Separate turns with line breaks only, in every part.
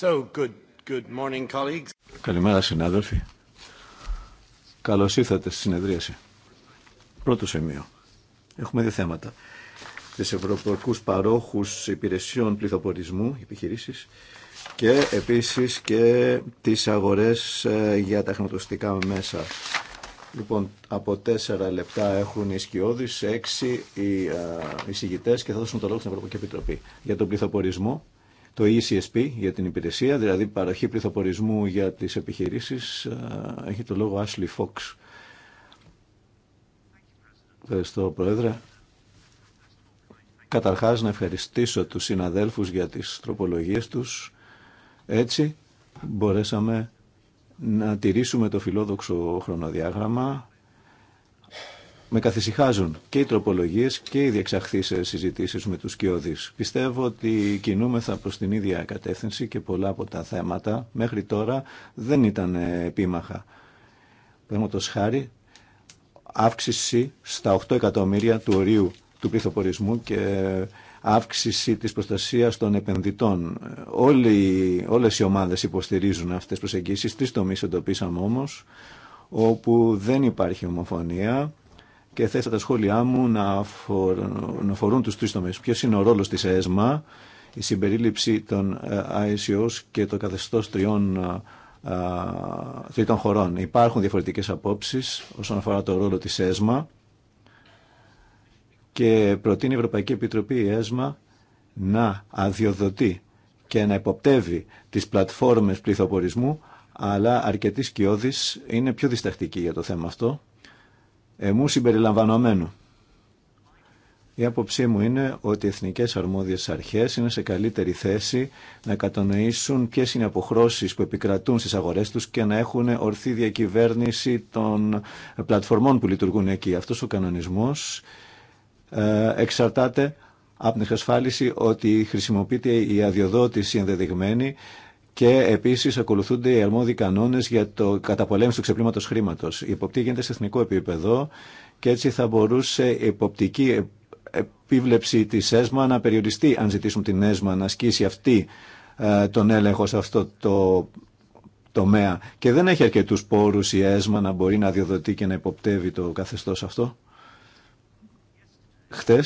So, good, good morning, colleagues.
Καλημέρα συνάδελφοι. Καλώ ήρθατε στη συνεδρίαση. Πρώτο σημείο. Έχουμε δύο θέματα. Τι Ευρωπαϊκού παρόχους υπηρεσιών πληθοπορισμού, επιχειρήσεις και επίσης και τις αγορές ε, για τα χρηματοστικά μέσα. Λοιπόν, από τέσσερα λεπτά έχουν οι σκιώδεις, έξι οι ε, εισηγητές και θα δώσουν το λόγο στην Ευρωπαϊκή Επιτροπή. Για τον πληθοπορισμό, το ECSP για την υπηρεσία, δηλαδή παροχή πληθοπορισμού για τις επιχειρήσεις, ε, έχει το λόγο Ashley Fox. Ευχαριστώ, Πρόεδρε. Καταρχάς, να ευχαριστήσω τους συναδέλφους για τις τροπολογίες τους. Έτσι, μπορέσαμε να τηρήσουμε το φιλόδοξο χρονοδιάγραμμα με καθησυχάζουν και οι τροπολογίε και οι διεξαχθεί ε, συζητήσει με τους κοιόδης. Πιστεύω ότι κινούμεθα προ την ίδια κατεύθυνση και πολλά από τα θέματα μέχρι τώρα δεν ήταν επίμαχα. το χάρη, αύξηση στα 8 εκατομμύρια του ορίου του πληθοπορισμού και ε, αύξηση της προστασίας των επενδυτών. Όλοι, όλες οι ομάδες υποστηρίζουν αυτές τις προσεγγίσεις. Τρεις τομεί εντοπίσαμε όμως, όπου δεν υπάρχει ομοφωνία και θέσα τα σχόλιά μου να, αφορούν, να αφορούν τους τρεις τομείς. Ποιος είναι ο ρόλος της ΕΣΜΑ, η συμπερίληψη των ε, ICOs και το καθεστώς τριών ε, ε, τρίτων χωρών. Υπάρχουν διαφορετικές απόψεις όσον αφορά το ρόλο της ΕΣΜΑ και προτείνει η Ευρωπαϊκή Επιτροπή η ΕΣΜΑ να αδειοδοτεί και να υποπτεύει τις πλατφόρμες πληθοπορισμού αλλά αρκετοί σκιώδεις είναι πιο διστακτικοί για το θέμα αυτό εμού συμπεριλαμβανομένου. Η άποψή μου είναι ότι οι εθνικές αρμόδιες αρχές είναι σε καλύτερη θέση να κατανοήσουν ποιες είναι οι αποχρώσεις που επικρατούν στις αγορές τους και να έχουν ορθή διακυβέρνηση των πλατφορμών που λειτουργούν εκεί. Αυτός ο κανονισμός ε, εξαρτάται από την εξασφάλιση ότι χρησιμοποιείται η αδειοδότηση ενδεδειγμένη και επίση ακολουθούνται οι αρμόδιοι κανόνε για το καταπολέμηση του ξεπλήματο χρήματο. Η υποπτή γίνεται σε εθνικό επίπεδο και έτσι θα μπορούσε η υποπτική επίβλεψη τη ΕΣΜΑ να περιοριστεί, αν ζητήσουν την ΕΣΜΑ να ασκήσει αυτή ε, τον έλεγχο σε αυτό το τομέα. Και δεν έχει αρκετού πόρου η ΕΣΜΑ να μπορεί να διοδοτεί και να υποπτεύει το καθεστώ αυτό. Χθε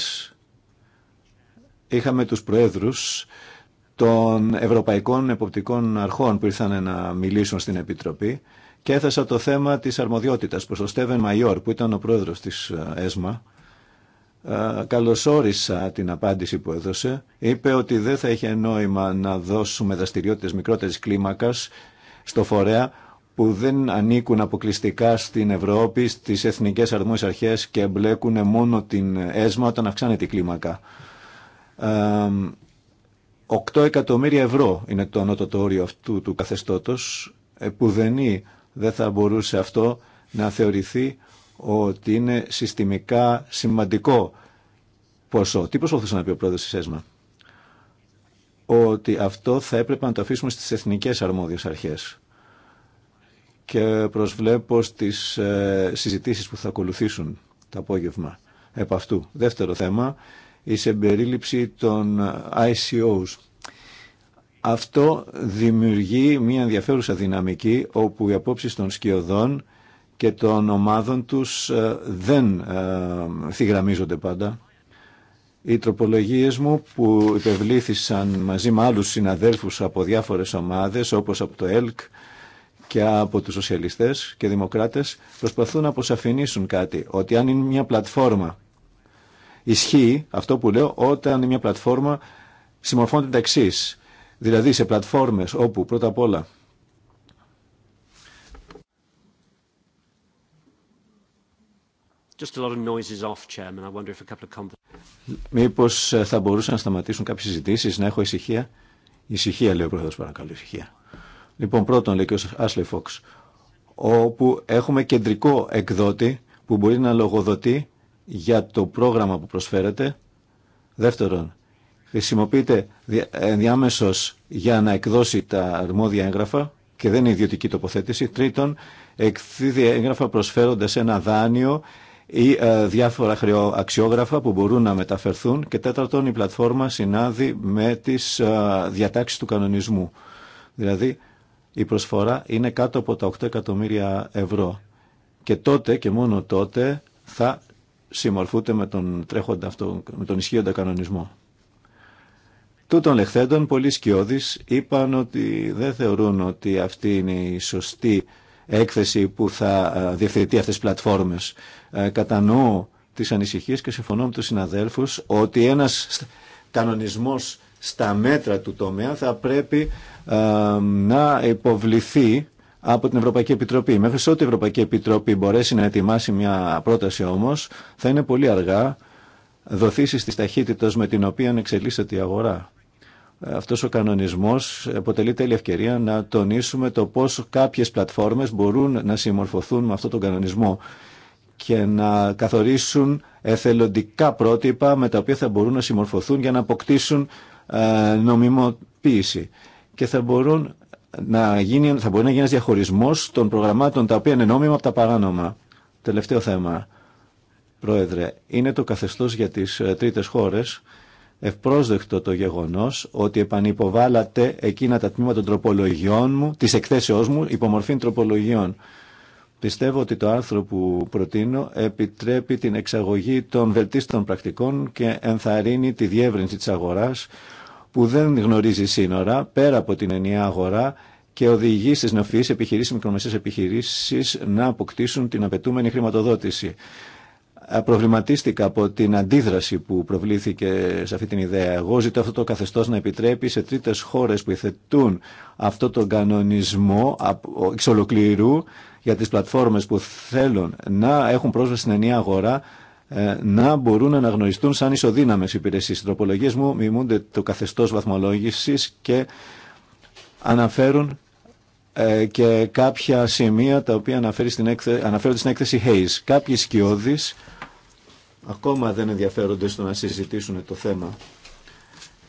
είχαμε τους προέδρους των Ευρωπαϊκών Εποπτικών Αρχών που ήρθαν να μιλήσουν στην Επιτροπή και έθεσα το θέμα της αρμοδιότητας προς τον Στέβεν Μαϊόρ που ήταν ο πρόεδρος της ε, ΕΣΜΑ. Ε, καλωσόρισα την απάντηση που έδωσε. Είπε ότι δεν θα είχε νόημα να δώσουμε δραστηριότητες μικρότερης κλίμακας στο φορέα που δεν ανήκουν αποκλειστικά στην Ευρώπη, στις εθνικές αρμόδιες αρχές και εμπλέκουν μόνο την ΕΣΜΑ όταν αυξάνεται η κλίμακα. Ε, 8 εκατομμύρια ευρώ είναι το ανώτατο όριο αυτού του καθεστώτος. που δεν θα μπορούσε αυτό να θεωρηθεί ότι είναι συστημικά σημαντικό ποσό. Τι προσπαθούσε να πει ο πρόεδρος της ΕΣΜΑ. Ότι αυτό θα έπρεπε να το αφήσουμε στις εθνικές αρμόδιες αρχές. Και προσβλέπω στις ε, συζητήσεις που θα ακολουθήσουν το απόγευμα επ' αυτού. Δεύτερο θέμα, η συμπερίληψη των ICOs. Αυτό δημιουργεί μια ενδιαφέρουσα δυναμική όπου οι απόψεις των σκιωδών και των ομάδων τους ε, δεν ε, θυγραμμίζονται πάντα. Οι τροπολογίες μου που υπευλήθησαν μαζί με άλλους συναδέλφους από διάφορες ομάδες όπως από το ΕΛΚ και από τους σοσιαλιστές και δημοκράτες προσπαθούν να αποσαφηνίσουν κάτι ότι αν είναι μια πλατφόρμα Ισχύει αυτό που λέω όταν μια πλατφόρμα συμμορφώνεται τα εξή. Δηλαδή σε πλατφόρμες όπου πρώτα απ' όλα Μήπως θα μπορούσαν να σταματήσουν κάποιες συζητήσεις, να έχω ησυχία. Ησυχία, λέει ο Πρόεδρος, παρακαλώ, ησυχία. Λοιπόν, πρώτον, λέει και ο Άσλε Φόξ, όπου έχουμε κεντρικό εκδότη που μπορεί να λογοδοτεί για το πρόγραμμα που προσφέρετε. Δεύτερον, χρησιμοποιείται ενδιάμεσος για να εκδώσει τα αρμόδια έγγραφα και δεν είναι ιδιωτική τοποθέτηση. Τρίτον, εκδίδει έγγραφα προσφέροντας ένα δάνειο ή ε, διάφορα αξιόγραφα που μπορούν να μεταφερθούν και τέταρτον η διαφορα αξιογραφα που μπορουν να συνάδει με τις ε, διατάξεις του κανονισμού. Δηλαδή η προσφορά είναι κάτω από τα 8 εκατομμύρια ευρώ και τότε και μόνο τότε θα συμμορφούνται με τον τρέχοντα αυτό, με τον ισχύοντα κανονισμό. Τούτων λεχθέντων, πολλοί σκιώδεις είπαν ότι δεν θεωρούν ότι αυτή είναι η σωστή έκθεση που θα ε, διευθετεί αυτές τις πλατφόρμες. Ε, Κατανοώ τις ανησυχίες και συμφωνώ με τους συναδέλφους ότι ένας κανονισμός στα μέτρα του τομέα θα πρέπει ε, να υποβληθεί από την Ευρωπαϊκή Επιτροπή. Μέχρι ό,τι η Ευρωπαϊκή Επιτροπή μπορέσει να ετοιμάσει μια πρόταση όμω, θα είναι πολύ αργά δοθήσει τη ταχύτητα με την οποία εξελίσσεται η αγορά. Ε, Αυτό ο κανονισμό αποτελεί τέλεια ευκαιρία να τονίσουμε το πώ κάποιε πλατφόρμες μπορούν να συμμορφωθούν με αυτόν τον κανονισμό και να καθορίσουν εθελοντικά πρότυπα με τα οποία θα μπορούν να συμμορφωθούν για να αποκτήσουν ε, νομιμοποίηση και θα μπορούν να γίνει, θα μπορεί να γίνει ένα διαχωρισμός των προγραμμάτων τα οποία είναι νόμιμα από τα παράνομα. Τελευταίο θέμα, Πρόεδρε, είναι το καθεστώς για τις ε, τρίτες χώρες ευπρόσδεκτο το γεγονός ότι επανυποβάλλατε εκείνα τα τμήματα των τροπολογιών μου, της εκθέσεώς μου, υπομορφή τροπολογιών. Πιστεύω ότι το άρθρο που προτείνω επιτρέπει την εξαγωγή των βελτίστων πρακτικών και ενθαρρύνει τη διεύρυνση της αγοράς που δεν γνωρίζει σύνορα πέρα από την ενιαία αγορά και οδηγεί στι νεοφυεί επιχειρήσει, μικρομεσαίε επιχειρήσει να αποκτήσουν την απαιτούμενη χρηματοδότηση. Ε, προβληματίστηκα από την αντίδραση που προβλήθηκε σε αυτή την ιδέα. Εγώ ζητώ αυτό το καθεστώ να επιτρέπει σε τρίτε χώρε που υθετούν αυτό τον κανονισμό εξ ολοκληρού για τι πλατφόρμες που θέλουν να έχουν πρόσβαση στην ενιαία αγορά ε, να μπορούν να αναγνωριστούν σαν ισοδύναμες υπηρεσίε. Οι τροπολογίε μου μιμούνται το καθεστώ βαθμολόγηση και αναφέρουν ε, και κάποια σημεία τα οποία αναφέρει στην έκθε... αναφέρονται στην έκθεση Hayes. Κάποιοι σκιώδεις ακόμα δεν ενδιαφέρονται στο να συζητήσουν το θέμα.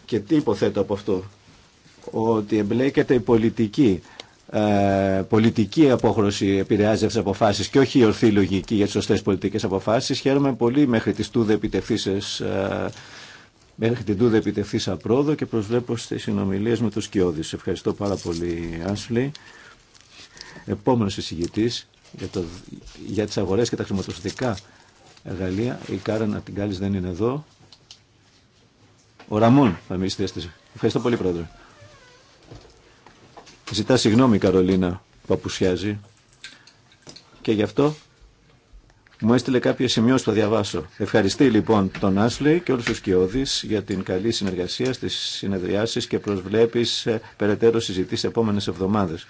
Και τι υποθέτω από αυτό. Ότι εμπλέκεται η πολιτική ε, πολιτική απόχρωση επηρεάζει αυτέ τι αποφάσει και όχι η ορθή λογική για τι σωστέ πολιτικέ αποφάσει. Χαίρομαι πολύ μέχρι, τούδε ε, την τούδε επιτευθύσα πρόοδο και προσβλέπω στι συνομιλίε με του Σκιώδη. Ευχαριστώ πάρα πολύ, Άσλι. Επόμενο εισηγητή για, το, για τι αγορέ και τα χρηματοσυντικά εργαλεία. Η Κάρα Νατιγκάλη δεν είναι εδώ. Ο Ραμόν θα μιλήσει. Ευχαριστώ πολύ, Πρόεδρε. Ζητά συγγνώμη η Καρολίνα που απουσιάζει και γι' αυτό μου έστειλε κάποια σημείο στο θα διαβάσω. Ευχαριστεί λοιπόν τον Άσλεϊ και όλους τους κοιόδης για την καλή συνεργασία στις συνεδριάσεις και προσβλέπει σε περαιτέρω συζητήσεις επόμενες εβδομάδες.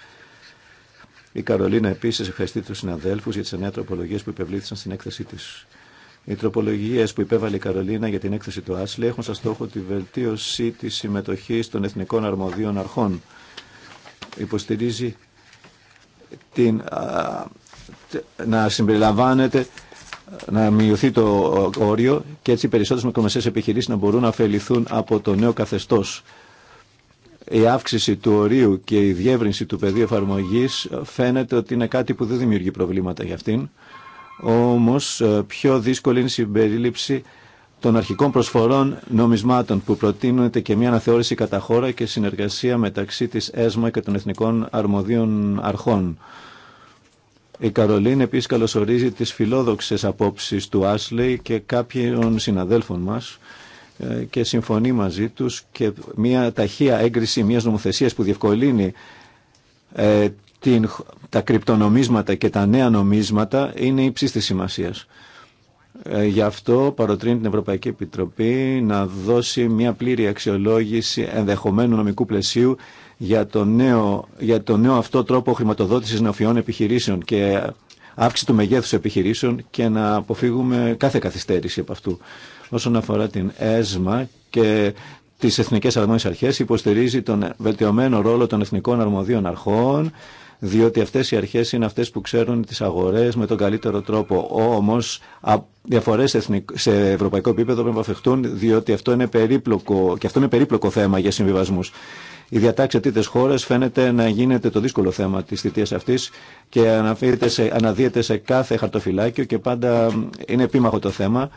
Η Καρολίνα επίσης ευχαριστεί τους συναδέλφους για τις νέα τροπολογίες που υπευλήθησαν στην έκθεσή της. Οι τροπολογίε που υπέβαλε η Καρολίνα για την έκθεση του Άσλε έχουν σαν στόχο τη βελτίωση τη συμμετοχή των εθνικών αρμοδίων αρχών υποστηρίζει την, να συμπεριλαμβάνεται να μειωθεί το όριο και έτσι οι περισσότερες μικρομεσαίες επιχειρήσεις να μπορούν να αφεληθούν από το νέο καθεστώς. Η αύξηση του ορίου και η διεύρυνση του πεδίου εφαρμογή φαίνεται ότι είναι κάτι που δεν δημιουργεί προβλήματα για αυτήν. Όμως ε, πιο δύσκολη είναι η συμπερίληψη των αρχικών προσφορών νομισμάτων που προτείνεται και μια αναθεώρηση κατά χώρα και συνεργασία μεταξύ της ΕΣΜΑ και των Εθνικών Αρμοδίων Αρχών. Η Καρολίν επίσης καλωσορίζει τις φιλόδοξες απόψεις του Άσλεϊ και κάποιων συναδέλφων μας ε, και συμφωνεί μαζί τους και μια ταχεία έγκριση μιας νομοθεσίας που διευκολύνει ε, την, τα κρυπτονομίσματα και τα νέα νομίσματα είναι ύψης της σημασίας. Ε, γι' αυτό παροτρύνει την Ευρωπαϊκή Επιτροπή να δώσει μια πλήρη αξιολόγηση ενδεχομένου νομικού πλαισίου για το νέο, για το νέο αυτό τρόπο χρηματοδότησης νοφιών επιχειρήσεων και αύξηση του μεγέθους επιχειρήσεων και να αποφύγουμε κάθε καθυστέρηση από αυτού. Όσον αφορά την ΕΣΜΑ και τις Εθνικές Αρμόνες Αρχές υποστηρίζει τον βελτιωμένο ρόλο των Εθνικών Αρμοδίων Αρχών διότι αυτές οι αρχές είναι αυτές που ξέρουν τις αγορές με τον καλύτερο τρόπο. Όμως διαφορές σε ευρωπαϊκό επίπεδο πρέπει να αφαιχτούν διότι αυτό είναι περίπλοκο, και αυτό είναι περίπλοκο θέμα για συμβιβασμούς. Η διατάξη τη χώρε φαίνεται να γίνεται το δύσκολο θέμα τη θητεία αυτή και σε, αναδύεται σε κάθε χαρτοφυλάκιο και πάντα είναι επίμαχο το θέμα.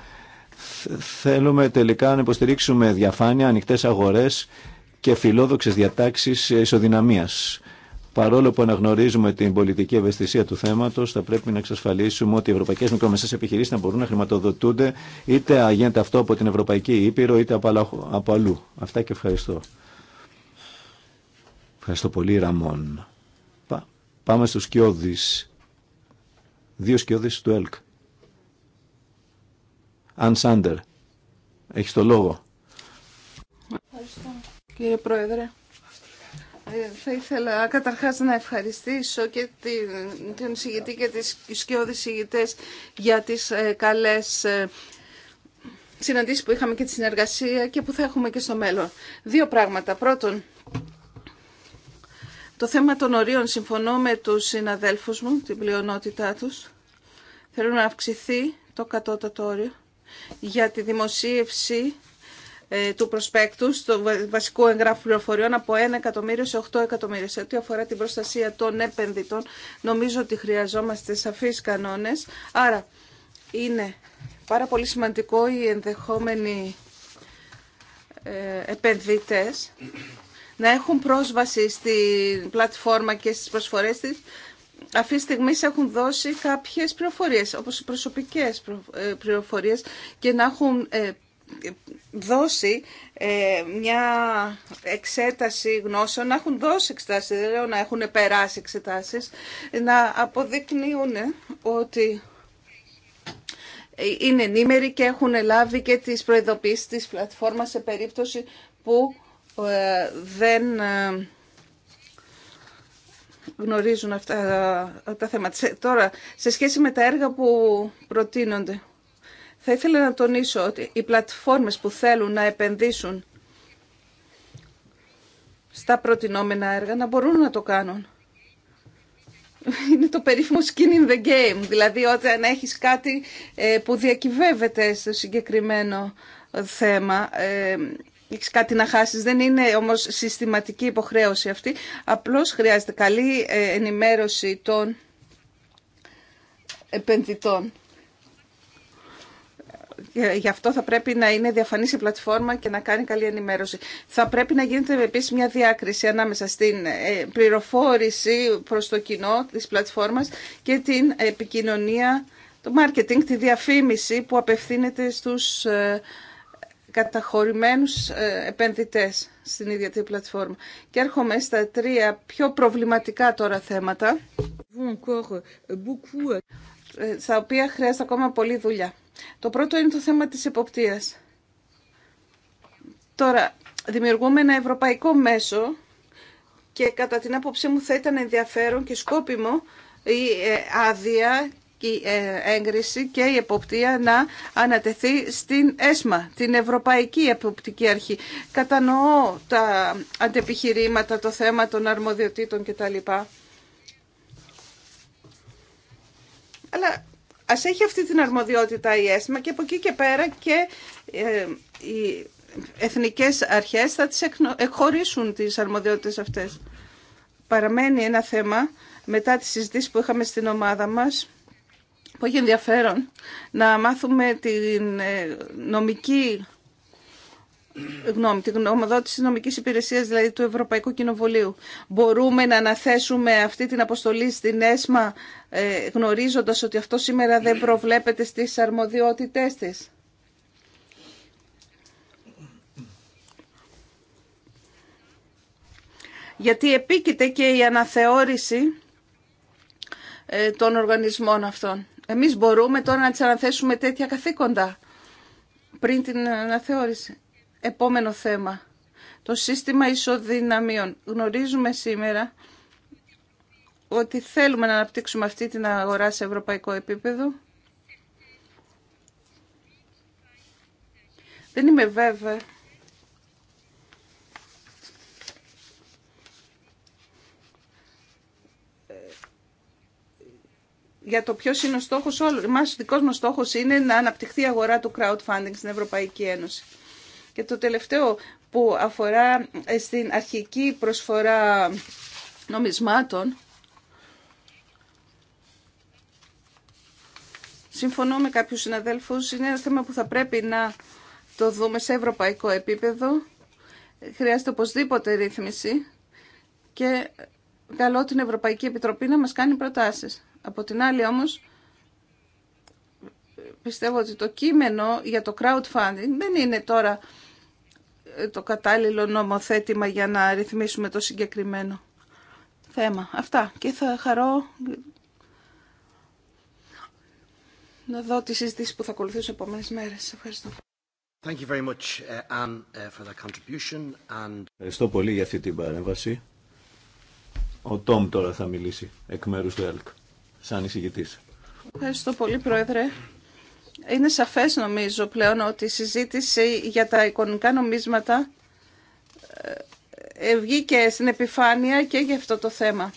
Θέλουμε τελικά να υποστηρίξουμε διαφάνεια, ανοιχτέ αγορέ και φιλόδοξε διατάξει ε, ισοδυναμία. Παρόλο που αναγνωρίζουμε την πολιτική ευαισθησία του θέματο, θα πρέπει να εξασφαλίσουμε ότι οι ευρωπαϊκέ μικρομεσαίε επιχειρήσει να μπορούν να χρηματοδοτούνται είτε αγέντα αυτό από την Ευρωπαϊκή Ήπειρο είτε από αλλού. Αυτά και ευχαριστώ. Ευχαριστώ πολύ, Ραμόν. πάμε στους σκιώδεις. Δύο σκιώδεις του ΕΛΚ. Αν Σάντερ, έχεις το λόγο.
Ευχαριστώ, κύριε Πρόεδρε θα ήθελα καταρχάς να ευχαριστήσω και την, τον συγητή και τις σκιώδεις συγητές για τις ε, καλές ε, συναντήσεις που είχαμε και τη συνεργασία και που θα έχουμε και στο μέλλον. Δύο πράγματα. Πρώτον, το θέμα των ορίων συμφωνώ με τους συναδέλφους μου, την πλειονότητά τους. Θέλω να αυξηθεί το κατώτατο όριο για τη δημοσίευση ε, του προσπέκτου στο βασικό εγγράφου πληροφοριών από 1 εκατομμύριο σε 8 εκατομμύρια. Σε ό,τι αφορά την προστασία των επενδυτών, νομίζω ότι χρειαζόμαστε σαφείς κανόνες. Άρα, είναι πάρα πολύ σημαντικό οι ενδεχόμενοι ε, επενδυτές να έχουν πρόσβαση στην πλατφόρμα και στις προσφορές της. Αυτή τη στιγμή έχουν δώσει κάποιες πληροφορίες, όπως οι προσωπικές ε, πληροφορίες και να έχουν δώσει ε, μια εξέταση γνώσεων, να έχουν δώσει εξετάσεις, δεν να έχουν περάσει εξετάσεις, να αποδεικνύουν ότι είναι ενήμεροι και έχουν λάβει και τις προειδοποίησεις της πλατφόρμας σε περίπτωση που ε, δεν ε, γνωρίζουν αυτά τα θέματα. Τώρα, σε σχέση με τα έργα που προτείνονται. Θα ήθελα να τονίσω ότι οι πλατφόρμες που θέλουν να επενδύσουν στα προτινόμενα έργα να μπορούν να το κάνουν. Είναι το περίφημο skin in the game, δηλαδή όταν έχεις κάτι ε, που διακυβεύεται στο συγκεκριμένο θέμα, ε, έχεις κάτι να χάσεις. Δεν είναι όμως συστηματική υποχρέωση αυτή, απλώς χρειάζεται καλή ε, ενημέρωση των επενδυτών. Ε, γι' αυτό θα πρέπει να είναι διαφανή η πλατφόρμα και να κάνει καλή ενημέρωση. Θα πρέπει να γίνεται επίσης μια διάκριση ανάμεσα στην ε, πληροφόρηση προς το κοινό της πλατφόρμας και την επικοινωνία, το marketing, τη διαφήμιση που απευθύνεται στους ε, καταχωρημένους επενδυτές στην ίδια την πλατφόρμα. Και έρχομαι στα τρία πιο προβληματικά τώρα θέματα, euh, στα οποία χρειάζεται ακόμα πολλή δουλειά. Το πρώτο είναι το θέμα της εποπτείας. Τώρα, δημιουργούμε ένα ευρωπαϊκό μέσο και κατά την άποψή μου θα ήταν ενδιαφέρον και σκόπιμο η ε, άδεια η ε, έγκριση και η εποπτεία να ανατεθεί στην ΕΣΜΑ, την Ευρωπαϊκή Εποπτική Αρχή. Κατανοώ τα αντεπιχειρήματα, το θέμα των αρμοδιοτήτων κτλ. Αλλά Ας έχει αυτή την αρμοδιότητα η ΕΣΜΑ και από εκεί και πέρα και ε, οι εθνικές αρχές θα τις εκχωρήσουν τις αρμοδιότητες αυτές. Παραμένει ένα θέμα μετά τη συζήτηση που είχαμε στην ομάδα μας που έχει ενδιαφέρον να μάθουμε την ε, νομική γνώμη, τη γνωμοδότηση της νομικής υπηρεσίας, δηλαδή του Ευρωπαϊκού Κοινοβουλίου. Μπορούμε να αναθέσουμε αυτή την αποστολή στην ΕΣΜΑ ε, γνωρίζοντας ότι αυτό σήμερα δεν προβλέπεται στις αρμοδιότητές της. Γιατί επίκειται και η αναθεώρηση ε, των οργανισμών αυτών. Εμείς μπορούμε τώρα να τις αναθέσουμε τέτοια καθήκοντα πριν την αναθεώρηση. Επόμενο θέμα. Το σύστημα ισοδυναμίων. Γνωρίζουμε σήμερα ότι θέλουμε να αναπτύξουμε αυτή την αγορά σε ευρωπαϊκό επίπεδο. Δεν είμαι βέβαια. για το ποιο είναι ο στόχος. όλων. ο δικός μας στόχος είναι να αναπτυχθεί η αγορά του crowdfunding στην Ευρωπαϊκή Ένωση. Και το τελευταίο που αφορά ε, στην αρχική προσφορά νομισμάτων, συμφωνώ με κάποιους συναδέλφους, είναι ένα θέμα που θα πρέπει να το δούμε σε ευρωπαϊκό επίπεδο. Χρειάζεται οπωσδήποτε ρύθμιση και καλό την Ευρωπαϊκή Επιτροπή να μας κάνει προτάσεις. Από την άλλη όμως, πιστεύω ότι το κείμενο για το crowdfunding δεν είναι τώρα το κατάλληλο νομοθέτημα για να ρυθμίσουμε το συγκεκριμένο θέμα. Αυτά. Και θα χαρώ να δω τις συζητήσεις που θα ακολουθήσω τις επόμενες μέρες. Ευχαριστώ.
Thank you very much, uh, uh, for contribution and... Ευχαριστώ πολύ για αυτή την παρέμβαση. Ο Τόμ τώρα θα μιλήσει εκ μέρους του ΕΛΚ, σαν εισηγητής.
Ευχαριστώ πολύ, Πρόεδρε. Είναι σαφές νομίζω πλέον ότι η συζήτηση για τα εικονικά νομίσματα ε, βγήκε στην επιφάνεια και για αυτό το θέμα.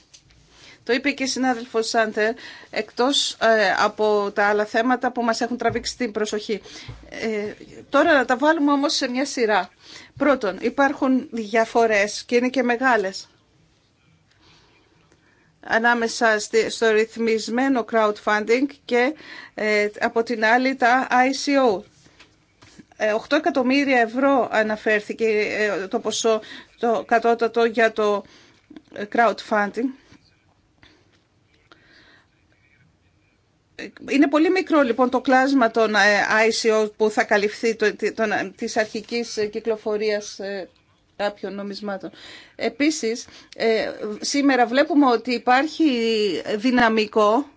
Το είπε και η συνάδελφος Σάντερ, εκτός ε, από τα άλλα θέματα που μας έχουν τραβήξει την προσοχή. Ε, τώρα να τα βάλουμε όμως σε μια σειρά. Πρώτον, υπάρχουν διαφορές και είναι και μεγάλες ανάμεσα στο ρυθμισμένο crowdfunding και ε, από την άλλη τα ICO. 8 ε, εκατομμύρια ευρώ αναφέρθηκε ε, το ποσό το κατώτατο για το crowdfunding. Είναι πολύ μικρό λοιπόν το κλάσμα των ICO που θα καλυφθεί της αρχικής κυκλοφορίας κάποιων νομισμάτων. Επίσης, ε, σήμερα βλέπουμε ότι υπάρχει δυναμικό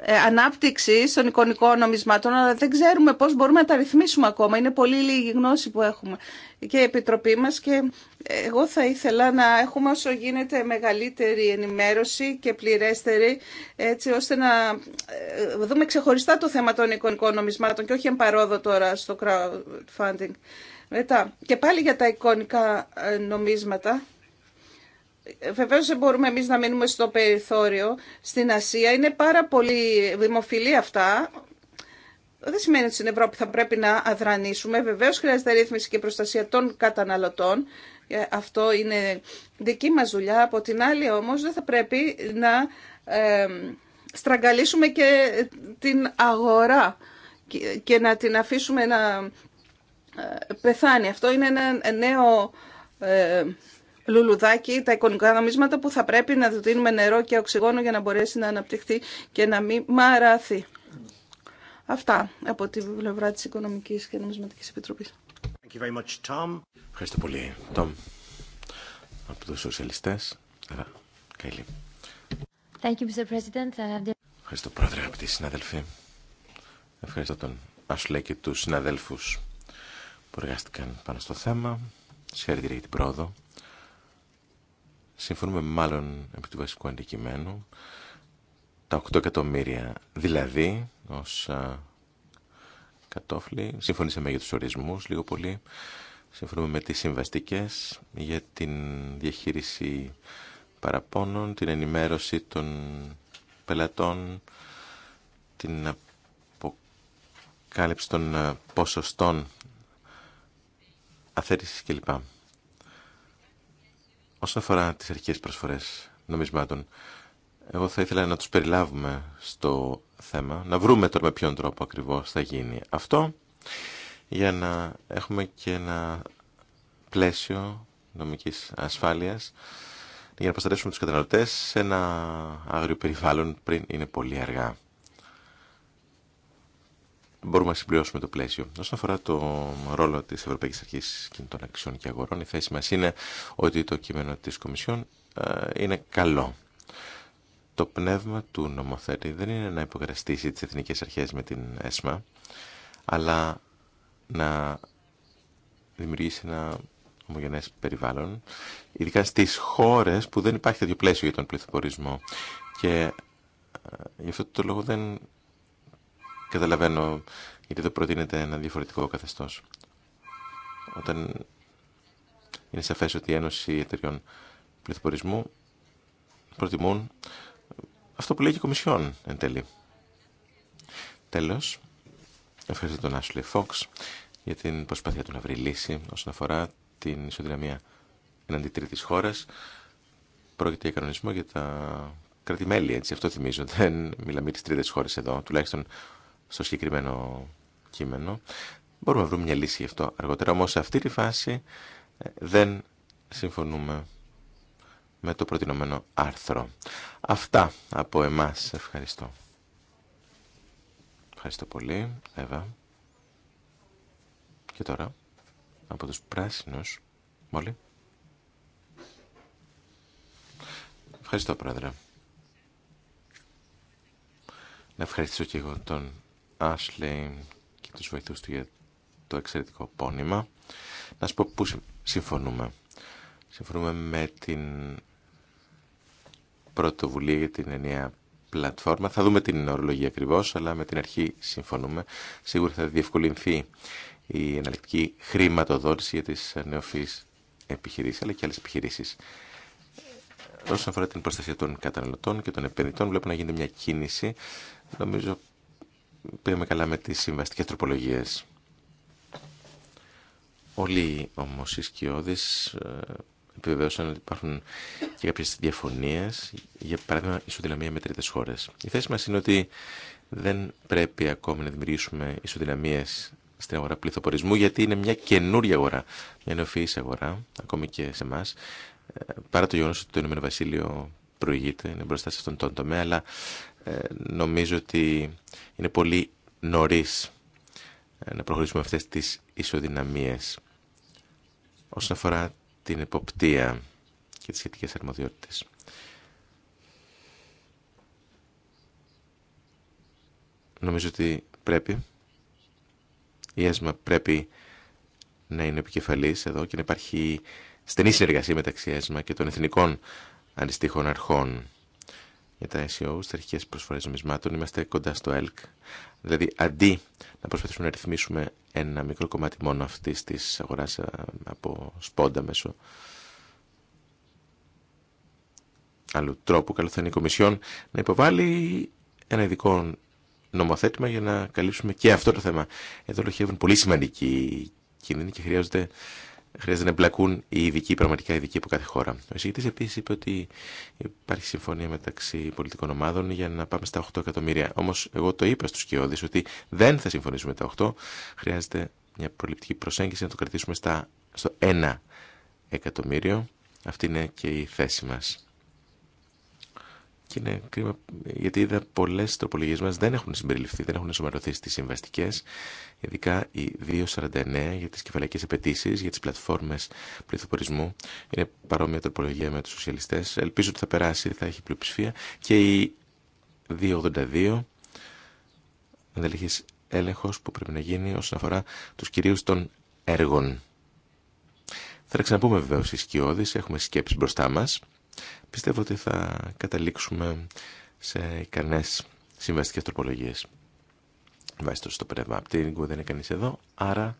ε, ανάπτυξη των εικονικών νομισμάτων, αλλά δεν ξέρουμε πώς μπορούμε να τα ρυθμίσουμε ακόμα. Είναι πολύ λίγη γνώση που έχουμε και η Επιτροπή μας και εγώ θα ήθελα να έχουμε όσο γίνεται μεγαλύτερη ενημέρωση και πληρέστερη έτσι ώστε να ε, δούμε ξεχωριστά το θέμα των εικονικών νομισμάτων και όχι εμπαρόδο τώρα στο crowdfunding και πάλι για τα εικονικά ε, νομίσματα. Βεβαίω δεν μπορούμε εμεί να μείνουμε στο περιθώριο. Στην Ασία είναι πάρα πολύ δημοφιλή αυτά. Δεν σημαίνει ότι στην Ευρώπη θα πρέπει να αδρανίσουμε. Βεβαίω χρειάζεται ρύθμιση και προστασία των καταναλωτών. Ε, αυτό είναι δική μας δουλειά. Από την άλλη όμως δεν θα πρέπει να ε, στραγγαλίσουμε και την αγορά και να την αφήσουμε να ε, πεθάνει. Αυτό είναι ένα νέο ε, λουλουδάκι, τα εικονικά νομίσματα που θα πρέπει να του νερό και οξυγόνο για να μπορέσει να αναπτυχθεί και να μην μαράθει. Αυτά από τη πλευρά της Οικονομικής και Νομισματικής Επιτροπής.
Ευχαριστώ πολύ,
Τόμ. Από τους σοσιαλιστές, Καϊλή. Ε, Ευχαριστώ, Πρόεδρε, αγαπητοί συνάδελφοι. Ευχαριστώ τον Ασλέ και τους συναδέλφους που πάνω στο θέμα. Συγχαρητήρια για την πρόοδο. Συμφωνούμε μάλλον επί του βασικού αντικειμένου. Τα 8 εκατομμύρια δηλαδή ως α, Συμφωνήσαμε για τους ορισμούς λίγο πολύ. Συμφωνούμε με τις συμβαστικές για την διαχείριση παραπώνων, την ενημέρωση των πελατών, την αποκάλυψη των ποσοστών αφαίρεσης κλπ. Όσον αφορά τις αρχικές προσφορές νομισμάτων, εγώ θα ήθελα να τους περιλάβουμε στο θέμα, να βρούμε τώρα με ποιον τρόπο ακριβώς θα γίνει αυτό, για να έχουμε και ένα πλαίσιο νομικής ασφάλειας, για να προστατεύσουμε τους καταναλωτές σε ένα άγριο περιβάλλον πριν είναι πολύ αργά μπορούμε να συμπληρώσουμε το πλαίσιο. Όσον αφορά το ρόλο της Ευρωπαϊκής Αρχής Κινητών Αξιών και Αγορών, η θέση μα είναι ότι το κείμενο της Κομισιόν ε, είναι καλό. Το πνεύμα του νομοθέτη δεν είναι να υποκραστήσει τι εθνικέ αρχές με την ΕΣΜΑ, αλλά να δημιουργήσει ένα ομογενέ περιβάλλον, ειδικά στι χώρε που δεν υπάρχει τέτοιο πλαίσιο για τον πληθυπορισμό. Και ε, γι' αυτό το λόγο δεν Καταλαβαίνω γιατί το προτείνεται ένα διαφορετικό καθεστώς. Όταν είναι σαφές ότι η Ένωση Εταιριών Πληθυπορισμού προτιμούν αυτό που λέει και η Κομισιόν εν τέλει. Τέλος, ευχαριστώ τον Ashley Φόξ για την προσπάθεια του να βρει λύση όσον αφορά την ισοδυναμία εναντί τρίτης χώρας. Πρόκειται για κανονισμό για τα κρατημέλη, έτσι, αυτό θυμίζω. Δεν μιλάμε για τις τρίτες χώρες εδώ, τουλάχιστον στο συγκεκριμένο κείμενο. Μπορούμε να βρούμε μια λύση γι' αυτό αργότερα. Όμως σε αυτή τη φάση ε, δεν συμφωνούμε με το προτινόμενο άρθρο. Αυτά από εμάς. Ευχαριστώ. Ευχαριστώ πολύ, Εύα. Και τώρα, από τους πράσινους, μόλι. Ευχαριστώ, Πρόεδρε. Να ευχαριστήσω και εγώ τον Ashley και τους βοηθούς του για το εξαιρετικό πόνιμα. Να σου πω πού συμφωνούμε. Συμφωνούμε με την πρωτοβουλία για την ενιαία πλατφόρμα. Θα δούμε την ορολογία ακριβώ, αλλά με την αρχή συμφωνούμε. Σίγουρα θα διευκολυνθεί η εναλλεκτική χρηματοδότηση για τις νεοφυείς επιχειρήσεις, αλλά και άλλες επιχειρήσεις. Ε, όσον αφορά την προστασία των καταναλωτών και των επενδυτών, βλέπω να γίνεται μια κίνηση. Νομίζω πήγαμε καλά με τις συμβαστικές τροπολογίες. Όλοι όμως οι σκιώδεις ε, επιβεβαίωσαν ότι υπάρχουν και κάποιες διαφωνίες, για παράδειγμα ισοδυναμία με τρίτες χώρες. Η θέση μας είναι ότι δεν πρέπει ακόμη να δημιουργήσουμε ισοδυναμίες στην αγορά πληθοπορισμού, γιατί είναι μια καινούρια αγορά, μια νεοφυής αγορά, ακόμη και σε εμά, ε, παρά το γεγονό ότι το Ηνωμένο Βασίλειο προηγείται, είναι μπροστά σε αυτόν τον τομέα, αλλά ε, νομίζω ότι είναι πολύ ε, να προχωρήσουμε αυτές τις ισοδυναμίες. Όσον αφορά την εποπτεία και τις σχετικές αρμοδιότητες. Νομίζω ότι πρέπει, η ΕΣΜΑ πρέπει να είναι επικεφαλής εδώ και να υπάρχει στενή συνεργασία μεταξύ ΕΣΜΑ και των εθνικών αντιστοίχων αρχών. Για τα SEO, στι αρχικέ προσφορέ νομισμάτων, είμαστε κοντά στο ΕΛΚ. Δηλαδή, αντί να προσπαθήσουμε να ρυθμίσουμε ένα μικρό κομμάτι μόνο αυτή τη αγορά ε, από σπόντα μέσω άλλου τρόπου, καλό θα είναι η Κομισιόν να υποβάλει ένα ειδικό νομοθέτημα για να καλύψουμε και αυτό το θέμα. Εδώ λοχεύουν πολύ σημαντικοί κίνδυνοι και χρειάζονται χρειάζεται να εμπλακούν οι ειδικοί, πραγματικά ειδικοί από κάθε χώρα. Ο εισηγητή επίση είπε ότι υπάρχει συμφωνία μεταξύ πολιτικών ομάδων για να πάμε στα 8 εκατομμύρια. Όμω, εγώ το είπα στου Κιώδη ότι δεν θα συμφωνήσουμε τα 8. Χρειάζεται μια προληπτική προσέγγιση να το κρατήσουμε στα, στο 1 εκατομμύριο. Αυτή είναι και η θέση μας. Και είναι κρίμα γιατί είδα πολλέ τροπολογίε μα δεν έχουν συμπεριληφθεί, δεν έχουν ενσωματωθεί στι συμβαστικέ, ειδικά η 249 για τι κεφαλαϊκέ απαιτήσει, για τι πλατφόρμε πληθοπορισμού. Είναι παρόμοια τροπολογία με του σοσιαλιστέ. Ελπίζω ότι θα περάσει, θα έχει πλειοψηφία. Και η 282, ανταλλαγή έλεγχο που πρέπει να γίνει όσον αφορά του κυρίου των έργων. Θα ξαναπούμε βεβαίω οι σκιώδει, έχουμε σκέψει μπροστά μα πιστεύω ότι θα καταλήξουμε σε ικανές συμβαστικέ τροπολογίε. Βάσει το στο πνεύμα από την δεν είναι κανείς εδώ, άρα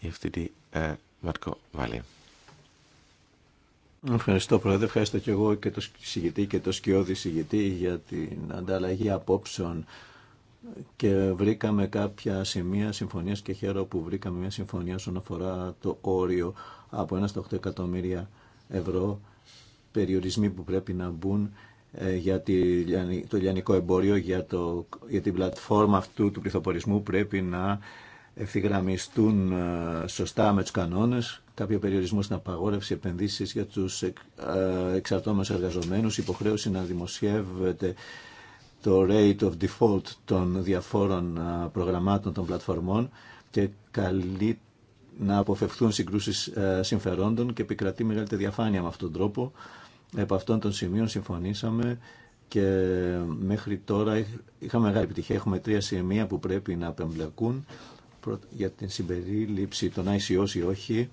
η ευθύνη ε, Μαρκο Βάλη.
Ευχαριστώ Πρόεδρε, ευχαριστώ και εγώ και το συγητή και το σκιώδη συγητή για την ανταλλαγή απόψεων και βρήκαμε κάποια σημεία συμφωνίας και χαίρομαι που βρήκαμε μια συμφωνία όσον αφορά το όριο από 1 στα 8 εκατομμύρια ευρώ περιορισμοί που πρέπει να μπουν ε, για το λιανικό εμπόριο, για, το, για την πλατφόρμα αυτού του πληθοπορισμού πρέπει να ευθυγραμμιστούν ε, σωστά με τους κανόνες, κάποιο περιορισμό στην απαγόρευση επενδύσεις για τους ε, εξαρτώμενους εργαζομένους, υποχρέωση να δημοσιεύεται το rate of default των διαφόρων προγραμμάτων των πλατφορμών και καλύτερα να αποφευθούν συγκρούσεις ε, συμφερόντων και επικρατεί μεγαλύτερη διαφάνεια με αυτόν τον τρόπο. Επ' αυτών των σημείων συμφωνήσαμε και μέχρι τώρα είχαμε μεγάλη επιτυχία. Έχουμε τρία σημεία που πρέπει να απεμπλακούν για την συμπερίληψη των ICOs ή όχι,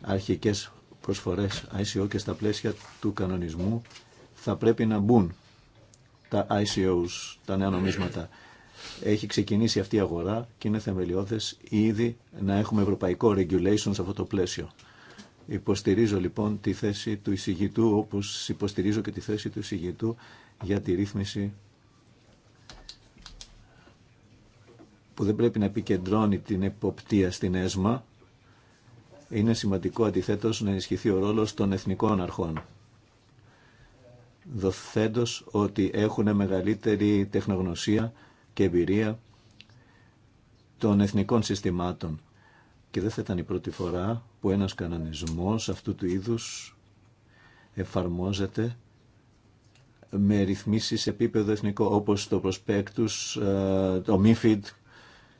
αρχικές προσφορές ICO και στα πλαίσια του κανονισμού θα πρέπει να μπουν τα ICOs, τα νέα νομίσματα έχει ξεκινήσει αυτή η αγορά και είναι θεμελιώδες ήδη να έχουμε ευρωπαϊκό regulation σε αυτό το πλαίσιο. Υποστηρίζω λοιπόν τη θέση του εισηγητού όπως υποστηρίζω και τη θέση του εισηγητού για τη ρύθμιση που δεν πρέπει να επικεντρώνει την εποπτεία στην ΕΣΜΑ. Είναι σημαντικό αντιθέτως να ενισχυθεί ο ρόλος των εθνικών αρχών δοθέντως ότι έχουν μεγαλύτερη τεχνογνωσία και εμπειρία των εθνικών συστημάτων. Και δεν θα ήταν η πρώτη φορά που ένας κανονισμός αυτού του είδους εφαρμόζεται με ρυθμίσεις σε επίπεδο εθνικό, όπως το προσπέκτους, ε, το MIFID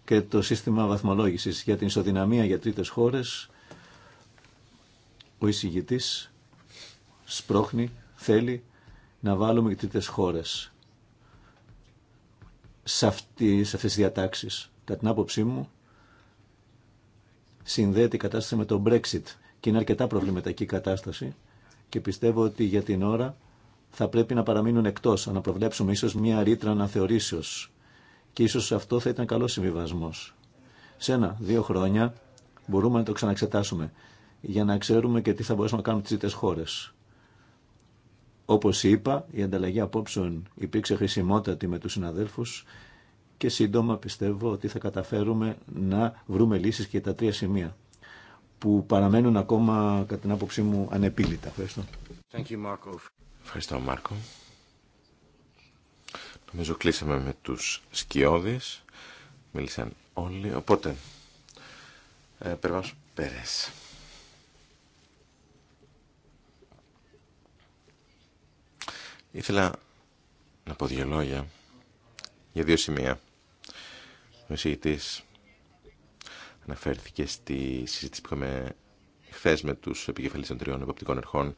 και το σύστημα βαθμολόγησης για την ισοδυναμία για τρίτες χώρες. Ο εισηγητής σπρώχνει, θέλει να βάλουμε και τρίτες χώρες σε, αυτή, σε αυτές τις διατάξεις. Κατά την άποψή μου, συνδέεται η κατάσταση με το Brexit και είναι αρκετά προβληματική η κατάσταση και πιστεύω ότι για την ώρα θα πρέπει να παραμείνουν εκτός, να προβλέψουμε ίσως μια ρήτρα αναθεωρήσεως και ίσως αυτό θα ήταν καλό συμβιβασμό. Σε ένα, δύο χρόνια μπορούμε να το ξαναξετάσουμε για να ξέρουμε και τι θα μπορέσουμε να κάνουμε τις ζήτες χώρες. Όπως είπα, η ανταλλαγή απόψεων υπήρξε χρησιμότατη με τους συναδέλφους και σύντομα πιστεύω ότι θα καταφέρουμε να βρούμε λύσεις και τα τρία σημεία που παραμένουν ακόμα, κατά την άποψή μου, ανεπίλητα. Ευχαριστώ. Thank you, Ευχαριστώ, Μάρκο. Νομίζω κλείσαμε με
τους σκιώδεις. Μίλησαν όλοι. Οπότε, ε, Περβάσου Πέρες. Ήθελα να πω δύο λόγια για δύο σημεία. Ο εισηγητής αναφέρθηκε στη συζήτηση που είχαμε χθε με τους επικεφαλής των τριών εποπτικών ερχών.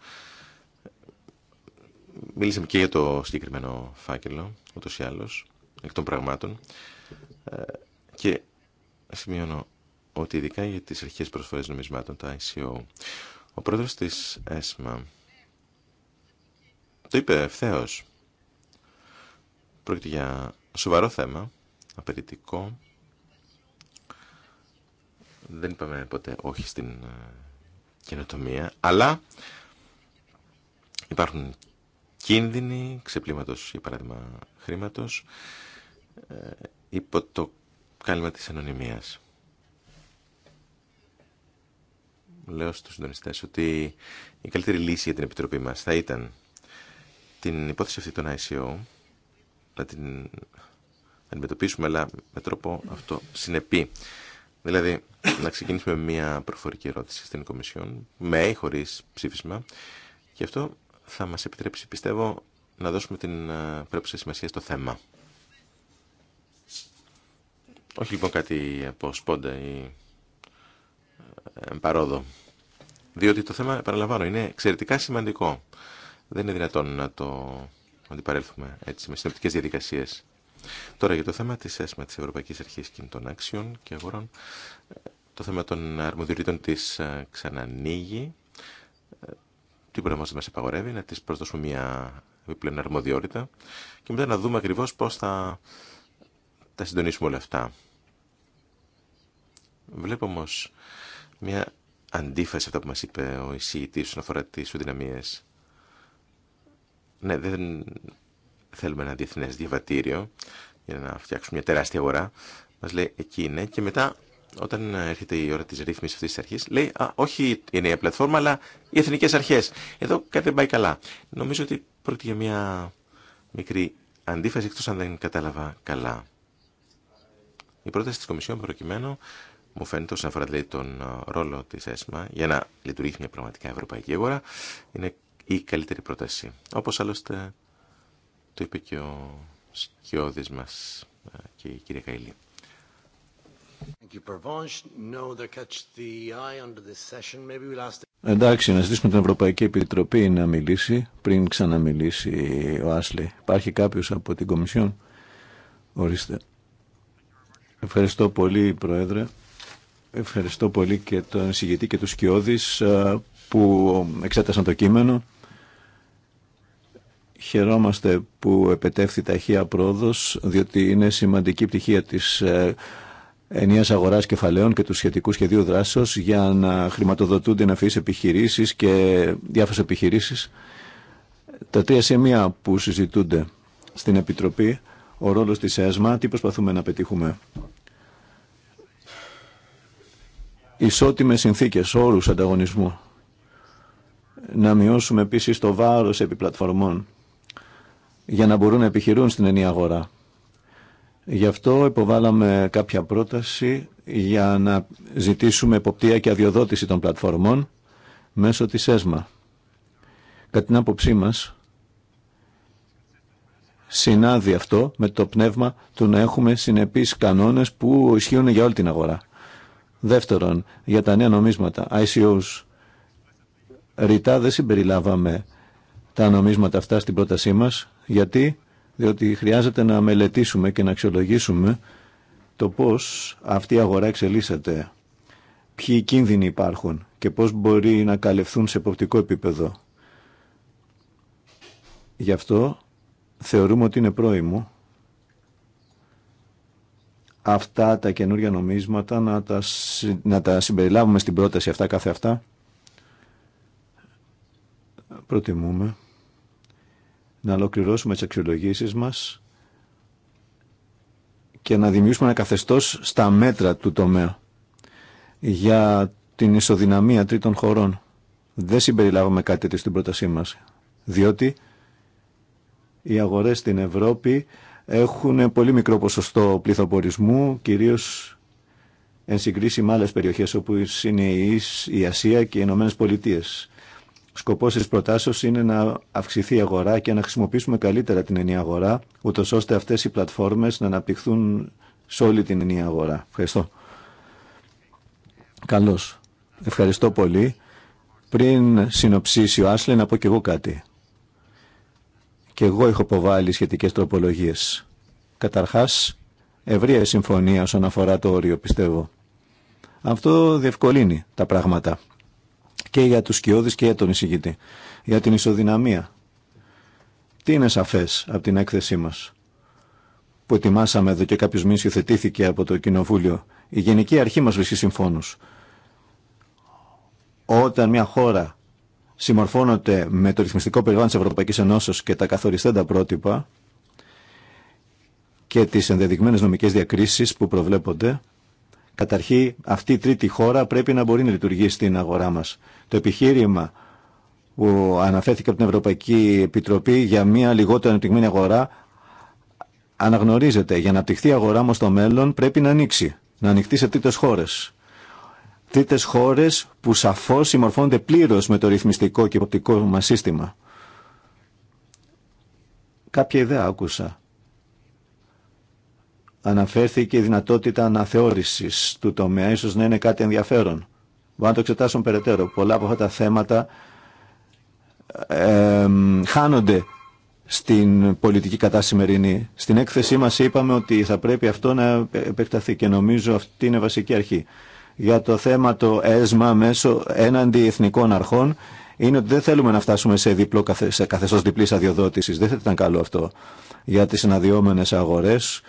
Μίλησαμε και για το συγκεκριμένο φάκελο, ούτως ή άλλως, εκ των πραγμάτων. Ε, και σημειώνω ότι ειδικά για τις αρχές προσφορές νομισμάτων, τα ICO, ο πρόεδρος της ΕΣΜΑ το είπε ευθέω. Πρόκειται για σοβαρό θέμα, απαιτητικό. Δεν είπαμε ποτέ όχι στην ε, καινοτομία, αλλά υπάρχουν κίνδυνοι ξεπλήματος, για παράδειγμα, χρήματος ε, υπό το κάλυμα της ανωνυμίας. Λέω στους συντονιστές ότι η καλύτερη λύση για την Επιτροπή μας θα ήταν την υπόθεση αυτή των ICO να την αντιμετωπίσουμε αλλά με τρόπο αυτό συνεπή. Δηλαδή να ξεκινήσουμε μια προφορική ερώτηση στην Κομισιόν με ή χωρί ψήφισμα και αυτό θα μας επιτρέψει πιστεύω να δώσουμε την ε, πρέπουσα σημασία στο θέμα. Όχι λοιπόν κάτι από σπόντα ή ε, παρόδο. Διότι το θέμα, επαναλαμβάνω, είναι εξαιρετικά σημαντικό. Δεν είναι δυνατόν να το αντιπαρέλθουμε έτσι με συνοπτικές διαδικασίες. Τώρα για το θέμα της ΕΣΜΑ, της Ευρωπαϊκής Αρχής Κινητών Άξιων και Αγορών, το θέμα των αρμοδιοτήτων της ε, ξανανοίγει. Ε, τι μπορεί να μας επαγορεύει να της προσδώσουμε μια επιπλέον αρμοδιότητα και μετά να δούμε ακριβώς πώς θα τα συντονίσουμε όλα αυτά. Βλέπω όμω μια αντίφαση αυτά που μας είπε ο εισηγητής όσον αφορά τις οδυναμίες ναι, δεν θέλουμε ένα διεθνές διαβατήριο για να φτιάξουμε μια τεράστια αγορά. Μας λέει εκεί είναι και μετά όταν έρχεται η ώρα της ρύθμισης αυτής της αρχής λέει α, όχι η νέα πλατφόρμα αλλά οι εθνικές αρχές. Εδώ κάτι δεν πάει καλά. Νομίζω ότι πρόκειται για μια μικρή αντίφαση εκτός αν δεν κατάλαβα καλά. Η πρόταση της Κομισιόν προκειμένου μου φαίνεται όσον αφορά δηλαδή, τον ρόλο της ΕΣΜΑ για να λειτουργήσει μια πραγματικά ευρωπαϊκή αγορά είναι η καλύτερη πρόταση. Όπως άλλωστε το είπε και ο σκιώδης μας ε, και η κυρία Καηλή.
Εντάξει, να ζητήσουμε την Ευρωπαϊκή Επιτροπή να μιλήσει πριν ξαναμιλήσει ο Άσλε. Υπάρχει κάποιο από την Κομισιόν. Ορίστε. Ευχαριστώ πολύ, Πρόεδρε. Ευχαριστώ πολύ και τον συγγετή και του Σκιώδη ε, που εξέτασαν το κείμενο. Χαιρόμαστε που επετεύθη ταχεία πρόοδος, διότι είναι σημαντική πτυχία της ε, ενίας αγοράς κεφαλαίων και του σχετικού σχεδίου δράσεως για να χρηματοδοτούνται ναφείς επιχειρήσεις και διάφορες επιχειρήσεις. Τα τρία σημεία που συζητούνται στην Επιτροπή, ο ρόλος της ΕΣΜΑ, τι προσπαθούμε να πετύχουμε. Ισότιμες συνθήκες, όρους ανταγωνισμού. Να μειώσουμε επίσης το βάρος επιπλατφορμών για να μπορούν να επιχειρούν στην ενή αγορά. Γι' αυτό υποβάλαμε κάποια πρόταση για να ζητήσουμε εποπτεία και αδειοδότηση των πλατφορμών μέσω της ΕΣΜΑ. Κατά την άποψή μας, συνάδει αυτό με το πνεύμα του να έχουμε συνεπείς κανόνες που ισχύουν για όλη την αγορά. Δεύτερον, για τα νέα νομίσματα, ICOs, ρητά δεν συμπεριλάβαμε τα νομίσματα αυτά στην πρότασή μας, γιατί, διότι χρειάζεται να μελετήσουμε και να αξιολογήσουμε το πώς αυτή η αγορά εξελίσσεται, ποιοι κίνδυνοι υπάρχουν και πώς μπορεί να καλευθούν σε εποπτικό επίπεδο. Γι' αυτό θεωρούμε ότι είναι πρόημο αυτά τα καινούργια νομίσματα να τα, να τα συμπεριλάβουμε στην πρόταση αυτά κάθε αυτά. Προτιμούμε να ολοκληρώσουμε τις αξιολογήσεις μας και να δημιουργήσουμε ένα καθεστώς στα μέτρα του τομέα για την ισοδυναμία τρίτων χωρών. Δεν συμπεριλάβουμε κάτι τέτοιο στην πρότασή μας, διότι οι αγορές στην Ευρώπη έχουν πολύ μικρό ποσοστό πληθοπορισμού, κυρίως εν συγκρίση με άλλες περιοχές όπου είναι η Ασία και οι Ηνωμένε Πολιτείες. Σκοπό τη προτάσεως είναι να αυξηθεί η αγορά και να χρησιμοποιήσουμε καλύτερα την ενιαία αγορά, ούτω ώστε αυτέ οι πλατφόρμες να αναπτυχθούν σε όλη την ενιαία αγορά. Ευχαριστώ. Καλώ. Ευχαριστώ πολύ. Πριν συνοψίσει ο Άσλε να πω κι εγώ κάτι. Και εγώ έχω αποβάλει σχετικέ τροπολογίες. Καταρχά ευρεία συμφωνία όσον αφορά το όριο, πιστεύω. Αυτό διευκολύνει τα πράγματα και για τους σκιώδεις και για τον εισηγητή, για την ισοδυναμία. Τι είναι σαφές από την έκθεσή μας που ετοιμάσαμε εδώ και κάποιος μήνες θετήθηκε από το Κοινοβούλιο. Η Γενική Αρχή μας βρίσκει συμφώνους. Όταν μια χώρα συμμορφώνονται με το ρυθμιστικό περιβάλλον της Ευρωπαϊκής Ενώσεως και τα καθοριστέντα πρότυπα και τις ενδεδειγμένες νομικές διακρίσεις που προβλέπονται, Καταρχή, αυτή η τρίτη χώρα πρέπει να μπορεί να λειτουργεί στην αγορά μας. Το επιχείρημα που αναφέρθηκε από την Ευρωπαϊκή Επιτροπή για μια λιγότερο ανεπτυγμένη αγορά αναγνωρίζεται. Για να αναπτυχθεί η αγορά μας στο μέλλον πρέπει να ανοίξει, να ανοιχτεί σε τρίτες χώρες. Τρίτες χώρες που σαφώς συμμορφώνονται πλήρως με το ρυθμιστικό και υποπτικό μας σύστημα. Κάποια ιδέα άκουσα αναφέρθηκε η δυνατότητα αναθεώρηση του τομέα, ίσως να είναι κάτι ενδιαφέρον. Μπορεί να το εξετάσουμε περαιτέρω. Πολλά από αυτά τα θέματα ε, χάνονται στην πολιτική κατάσημερινή. σημερινή. Στην έκθεσή μα είπαμε ότι θα πρέπει αυτό να επεκταθεί και νομίζω αυτή είναι βασική αρχή. Για το θέμα το έσμα μέσω έναντι εθνικών αρχών είναι ότι δεν θέλουμε να φτάσουμε σε, διπλό, σε καθεστώς διπλής αδειοδότησης. Δεν θα ήταν καλό αυτό για τις συναδειόμενες αγορές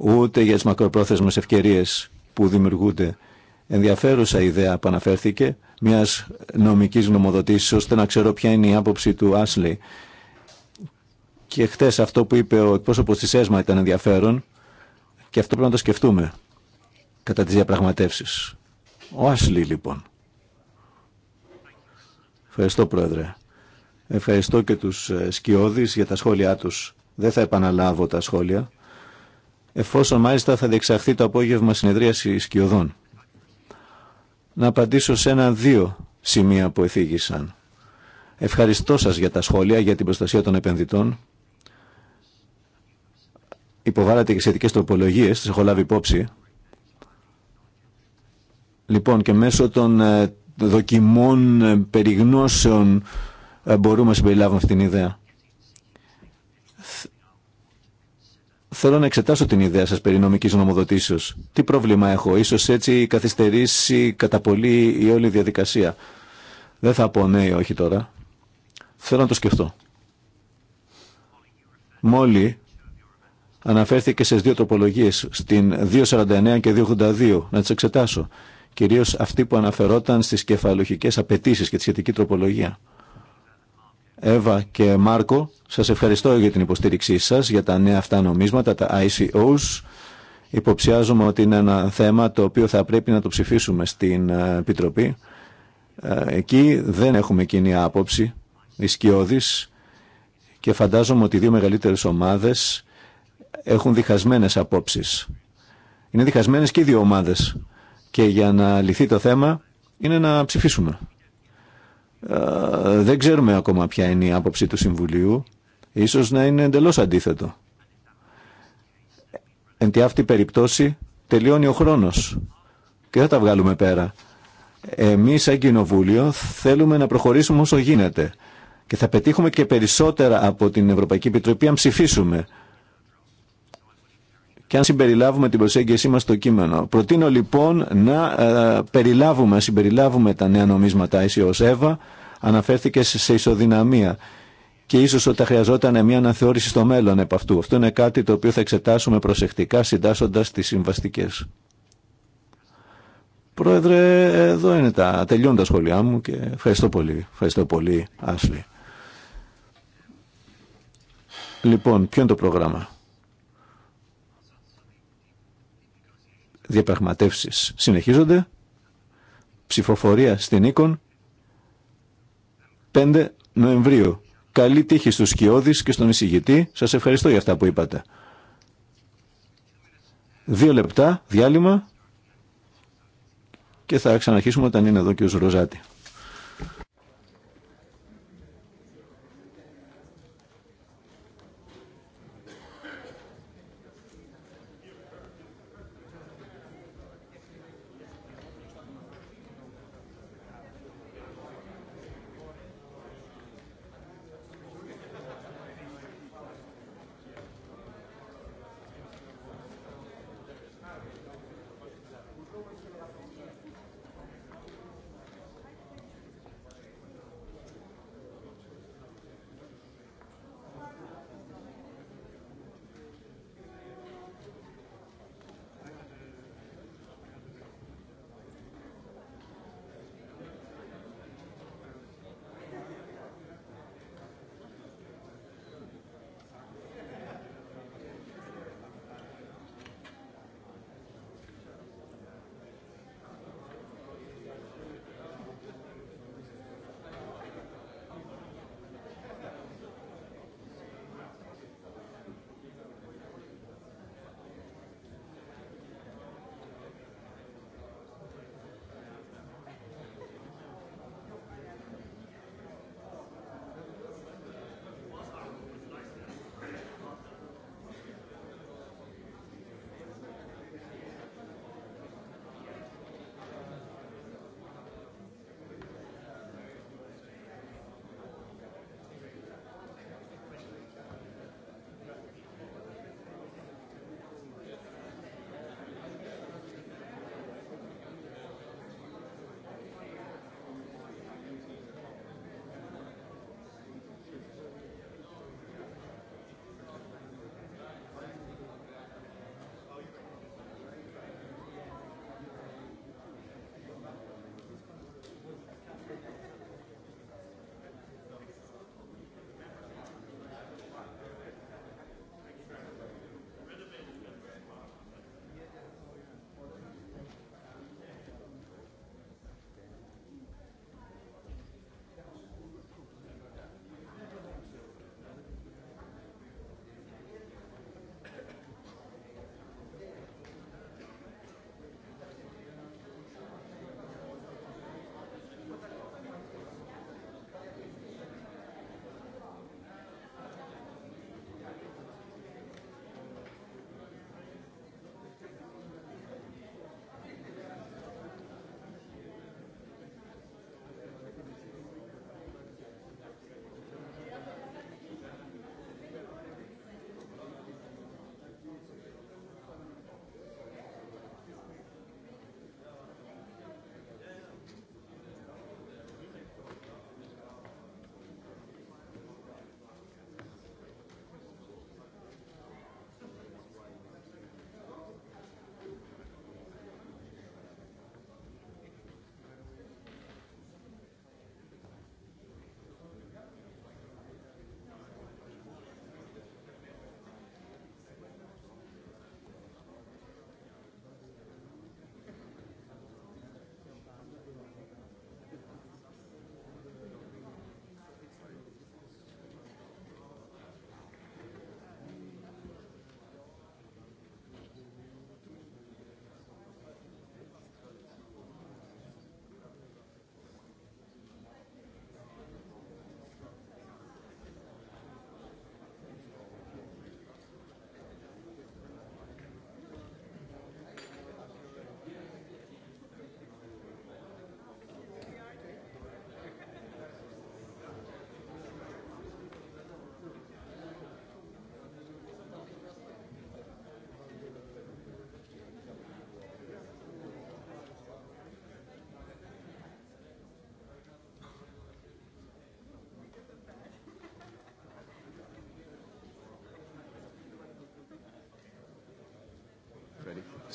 ούτε για τις μακροπρόθεσμες ευκαιρίες που δημιουργούνται. Ενδιαφέρουσα ιδέα που αναφέρθηκε, μιας νομικής γνωμοδοτήσης, ώστε να ξέρω ποια είναι η άποψη του Άσλι. Και χτες αυτό που είπε ο εκπρόσωπος της ΕΣΜΑ ήταν ενδιαφέρον και αυτό πρέπει να το σκεφτούμε κατά τις διαπραγματεύσεις. Ο Άσλι λοιπόν. Ευχαριστώ Πρόεδρε. Ευχαριστώ και τους ε, σκιώδεις για τα σχόλιά τους. Δεν θα επαναλάβω τα σχόλια εφόσον μάλιστα θα διεξαχθεί το απόγευμα συνεδρίαση σκιωδών. Να απαντήσω σε ένα-δύο σημεία που εθίγησαν. Ευχαριστώ σας για τα σχόλια για την προστασία των επενδυτών. Υποβάλλατε και σχετικές τροπολογίες, τις έχω λάβει υπόψη. Λοιπόν, και μέσω των ε, δοκιμών ε, περιγνώσεων ε, μπορούμε να συμπεριλάβουμε αυτήν την ιδέα. Θέλω να εξετάσω την ιδέα σας περί νομικής νομοδοτήσεως. Τι πρόβλημα έχω, ίσως έτσι καθυστερήσει κατά πολύ η όλη διαδικασία. Δεν θα πω ναι ή όχι τώρα. Θέλω να το σκεφτώ. Μόλι αναφέρθηκε σε δύο τροπολογίε, στην 249 και 282, να τι εξετάσω. Κυρίως αυτή που αναφερόταν στις κεφαλοχικέ απαιτήσει και τη σχετική τροπολογία. Εύα και Μάρκο, σας ευχαριστώ για την υποστήριξή σας, για τα νέα αυτά νομίσματα, τα ICOs. Υποψιάζομαι ότι είναι ένα θέμα το οποίο θα πρέπει να το ψηφίσουμε στην ε, Επιτροπή. Ε, εκεί δεν έχουμε κοινή άποψη, ισκιώδης, και φαντάζομαι ότι οι δύο μεγαλύτερες ομάδες έχουν διχασμένες απόψεις. Είναι διχασμένες και οι δύο ομάδες. Και για να λυθεί το θέμα είναι να ψηφίσουμε. Ε, δεν ξέρουμε ακόμα ποια είναι η άποψη του Συμβουλίου. Ίσως να είναι εντελώς αντίθετο. Εν τη αυτή περιπτώσει τελειώνει ο χρόνος και θα τα βγάλουμε πέρα. Εμείς σαν Κοινοβούλιο θέλουμε να προχωρήσουμε όσο γίνεται και θα πετύχουμε και περισσότερα από την Ευρωπαϊκή Επιτροπή αν ψηφίσουμε και αν συμπεριλάβουμε την προσέγγιση μας στο κείμενο. Προτείνω λοιπόν να ε, περιλάβουμε, συμπεριλάβουμε τα νέα νομίσματα Εσύ ως Εύα αναφέρθηκε σε ισοδυναμία και ίσως ότι θα χρειαζόταν μια αναθεώρηση στο μέλλον επ' αυτού. Αυτό είναι κάτι το οποίο θα εξετάσουμε προσεκτικά συντάσσοντας τις συμβαστικές. Πρόεδρε, εδώ είναι τα τελειώντα σχόλιά μου και ευχαριστώ πολύ. Ευχαριστώ πολύ, Άσλη. Λοιπόν, ποιο είναι το πρόγραμμα. διαπραγματεύσεις συνεχίζονται. Ψηφοφορία στην Ίκον 5 Νοεμβρίου. Καλή τύχη στους Σκιώδης και στον εισηγητή. Σας ευχαριστώ για αυτά που είπατε. Δύο λεπτά διάλειμμα και θα ξαναρχίσουμε όταν είναι εδώ και ο Ζουροζάτη.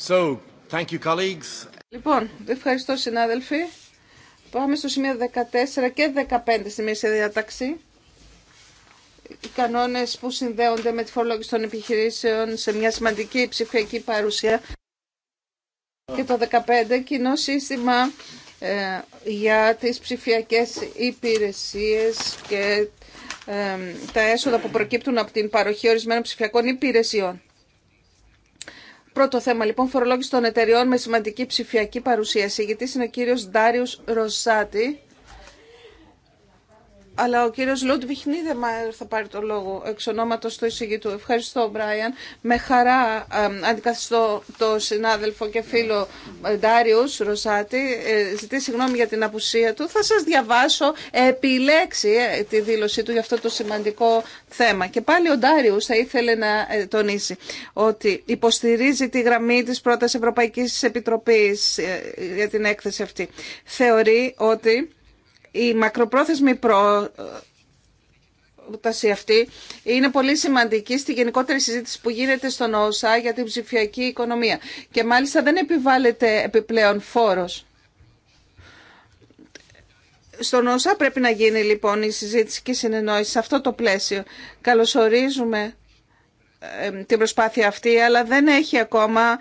So, thank you, colleagues.
Λοιπόν, ευχαριστώ συνάδελφοι. Πάμε στο σημείο 14 και 15 στη μέση διάταξη. Οι κανόνες που συνδέονται με τη φορολόγηση των επιχειρήσεων σε μια σημαντική ψηφιακή παρουσία. Και το 15 κοινό σύστημα ε, για τις ψηφιακές υπηρεσίες και ε, τα έσοδα που προκύπτουν από την παροχή ορισμένων ψηφιακών υπηρεσιών. Πρώτο θέμα λοιπόν, φορολόγηση των εταιριών με σημαντική ψηφιακή παρουσίαση. Γιατί είναι ο κύριο Ντάριο Ροσάτη αλλά ο κύριος Λούντβιχ θα πάρει το λόγο εξ ονόματος του εισηγητού. Ευχαριστώ, Μπράιαν. Με χαρά αντικαθιστώ το συνάδελφο και φίλο ε, Ντάριους Ροσάτη. Ε, ζητεί συγγνώμη για την απουσία του. Θα σας διαβάσω επιλέξει ε, τη δήλωσή του για αυτό το σημαντικό θέμα. Και πάλι ο Ντάριους θα ήθελε να τονίσει ότι υποστηρίζει τη γραμμή της πρώτας Ευρωπαϊκής Επιτροπής για την έκθεση αυτή. Θεωρεί ότι η μακροπρόθεσμη πρόταση αυτή είναι πολύ σημαντική στη γενικότερη συζήτηση που γίνεται στον ΩΣΑ για την ψηφιακή οικονομία. Και μάλιστα δεν επιβάλλεται επιπλέον φόρος. Στον ΩΣΑ πρέπει να γίνει λοιπόν η συζήτηση και η συνεννόηση σε αυτό το πλαίσιο. Καλωσορίζουμε την προσπάθεια αυτή, αλλά δεν έχει ακόμα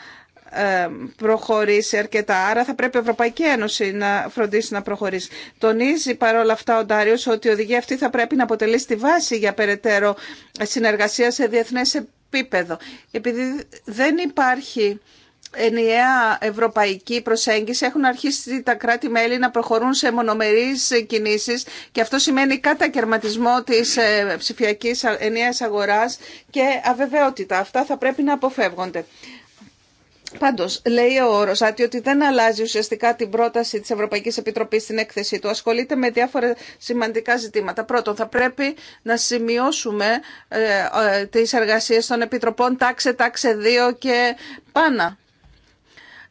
προχωρήσει αρκετά. Άρα θα πρέπει η Ευρωπαϊκή Ένωση να φροντίσει να προχωρήσει. Τονίζει παρόλα αυτά ο Ντάριο ότι η οδηγία αυτή θα πρέπει να αποτελεί στη βάση για περαιτέρω συνεργασία σε διεθνέ επίπεδο. Επειδή δεν υπάρχει ενιαία ευρωπαϊκή προσέγγιση έχουν αρχίσει τα κράτη-μέλη να προχωρούν σε μονομερείς κινήσεις και αυτό σημαίνει κατακαιρματισμό της ε, ψηφιακής ενιαίας αγοράς και αβεβαιότητα. Αυτά θα πρέπει να αποφεύγονται. Πάντω, λέει ο Ροζάτη ότι δεν αλλάζει ουσιαστικά την πρόταση τη Ευρωπαϊκή Επιτροπή στην έκθεσή του. Ασχολείται με διάφορα σημαντικά ζητήματα. Πρώτον, θα πρέπει να σημειώσουμε ε, ε, τι εργασίε των επιτροπών τάξε, τάξε 2 και πάνω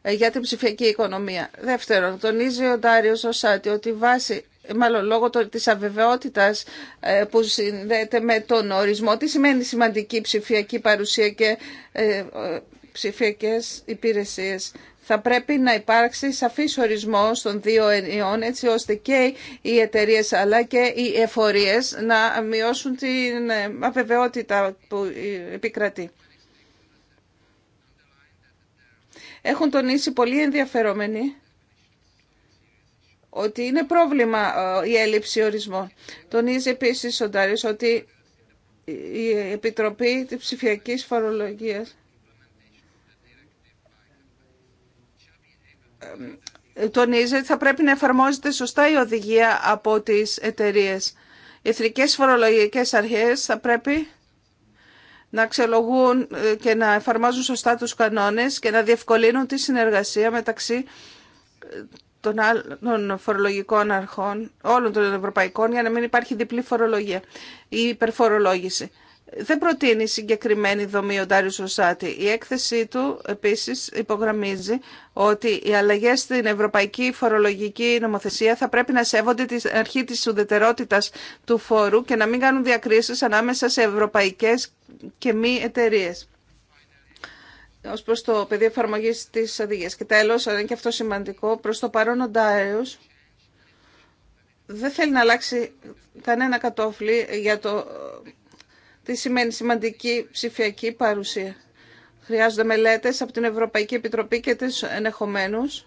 ε, για την ψηφιακή οικονομία. Δεύτερον, τονίζει ο Ντάριο Ροζάτη ότι βάσει μάλλον λόγω της αβεβαιότητας ε, που συνδέεται με τον ορισμό, τι σημαίνει σημαντική ψηφιακή παρουσία και ε, ε, ψηφιακές υπηρεσίες. Θα πρέπει να υπάρξει σαφής ορισμός των δύο ενιών έτσι ώστε και οι εταιρείες αλλά και οι εφορίες να μειώσουν την αβεβαιότητα που επικρατεί. Έχουν τονίσει πολύ ενδιαφερόμενοι ότι είναι πρόβλημα ε, η έλλειψη ορισμών. Τονίζει επίσης ο Ντάρης ότι η Επιτροπή της Ψηφιακής Φορολογίας Ε, τονίζει ότι θα πρέπει να εφαρμόζεται σωστά η οδηγία από τις εταιρείε. Οι εθνικές φορολογικές αρχές θα πρέπει να αξιολογούν ε, και να εφαρμόζουν σωστά τους κανόνες και να διευκολύνουν τη συνεργασία μεταξύ ε, των άλλων φορολογικών αρχών, όλων των ευρωπαϊκών, για να μην υπάρχει διπλή φορολογία ή υπερφορολόγηση δεν προτείνει συγκεκριμένη δομή ο Ντάριος Ρωσάτη. Η έκθεσή του επίσης υπογραμμίζει ότι οι αλλαγές στην ευρωπαϊκή φορολογική νομοθεσία θα πρέπει να σέβονται την αρχή της ουδετερότητας του φόρου και να μην κάνουν διακρίσεις ανάμεσα σε ευρωπαϊκές και μη εταιρείε. Ω προ το πεδίο εφαρμογή τη οδηγία. Και τέλο, αλλά είναι και αυτό σημαντικό, προ το παρόν ο Ντάριος δεν θέλει να αλλάξει κανένα κατόφλι για το τι σημαίνει σημαντική ψηφιακή παρουσία. Χρειάζονται μελέτες από την Ευρωπαϊκή Επιτροπή και του ενεχομένους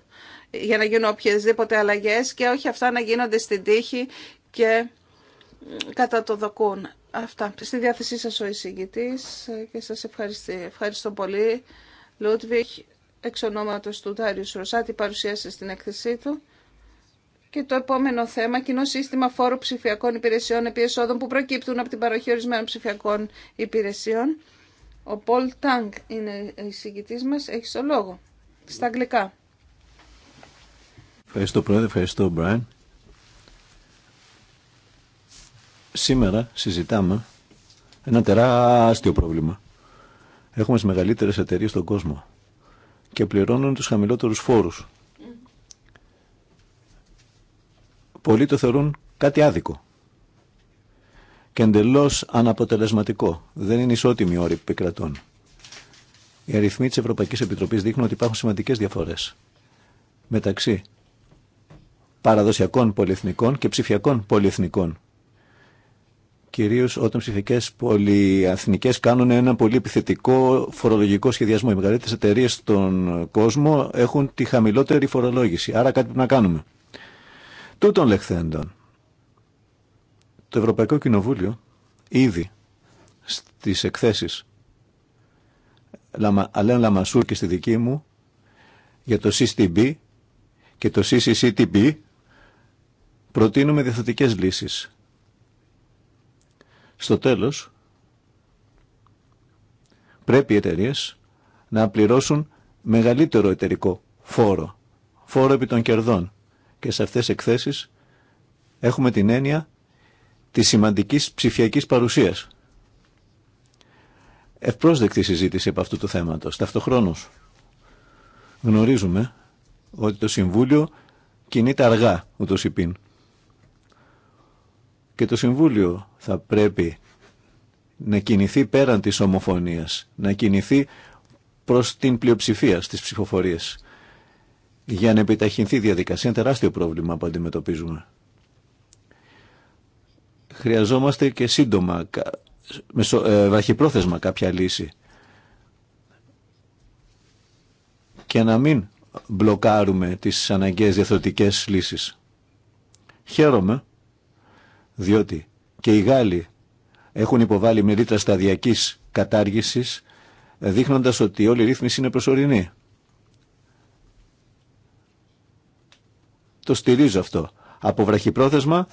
για να γίνουν οποιασδήποτε αλλαγέ και όχι αυτά να γίνονται στην τύχη και κατά το δοκούν. Αυτά. Στη διάθεσή σας ο εισηγητής και σας ευχαριστώ, ευχαριστώ πολύ. Λούτβιχ, εξ ονόματος του Τάριου Σροσάτη, παρουσίασε στην έκθεσή του. Και το επόμενο θέμα, κοινό σύστημα φόρου ψηφιακών υπηρεσιών επί εσόδων που προκύπτουν από την παροχή ορισμένων ψηφιακών υπηρεσιών. Ο Πολ Τάγκ είναι η συγκητής μας, έχει το λόγο, στα αγγλικά.
Ευχαριστώ Πρόεδρε, ευχαριστώ Μπράιν. Σήμερα συζητάμε ένα τεράστιο πρόβλημα. Έχουμε τις μεγαλύτερες εταιρείες στον κόσμο και πληρώνουν τους χαμηλότερους φόρους. πολλοί το θεωρούν κάτι άδικο και εντελώ αναποτελεσματικό. Δεν είναι ισότιμη όρη επικρατών. Οι αριθμοί τη Ευρωπαϊκή Επιτροπή δείχνουν ότι υπάρχουν σημαντικέ διαφορέ μεταξύ παραδοσιακών πολυεθνικών και ψηφιακών πολυεθνικών. Κυρίω όταν ψηφιακέ πολυαθνικέ κάνουν ένα πολύ επιθετικό φορολογικό σχεδιασμό. Οι μεγαλύτερε εταιρείε στον κόσμο έχουν τη χαμηλότερη φορολόγηση. Άρα κάτι πρέπει να κάνουμε. Τούτων λεχθέντων. Το Ευρωπαϊκό Κοινοβούλιο ήδη στις εκθέσεις Αλέν Λαμασούρ και στη δική μου για το CCTB και το CCCTB προτείνουμε διαθετικές λύσεις. Στο τέλος πρέπει οι εταιρείε να πληρώσουν μεγαλύτερο εταιρικό φόρο, φόρο επί των κερδών και σε αυτές τις εκθέσεις έχουμε την έννοια της σημαντικής ψηφιακής παρουσίας. Ευπρόσδεκτη συζήτηση από αυτού του θέματος. Ταυτοχρόνως γνωρίζουμε ότι το Συμβούλιο κινείται αργά, ούτως υπήν. Και το Συμβούλιο θα πρέπει να κινηθεί πέραν της ομοφωνίας, να κινηθεί προς την πλειοψηφία στις ψηφοφορίες για να επιταχυνθεί η διαδικασία. Είναι τεράστιο πρόβλημα που αντιμετωπίζουμε. Χρειαζόμαστε και σύντομα, ε, βαχυπρόθεσμα κάποια λύση. Και να μην μπλοκάρουμε τις αναγκαίες διαθροτικές λύσεις. Χαίρομαι, διότι και οι Γάλλοι έχουν υποβάλει με ρήτρα σταδιακής κατάργησης, δείχνοντας ότι όλη η ρύθμιση είναι προσωρινή. το στηρίζω αυτό. Από βραχυπρόθεσμα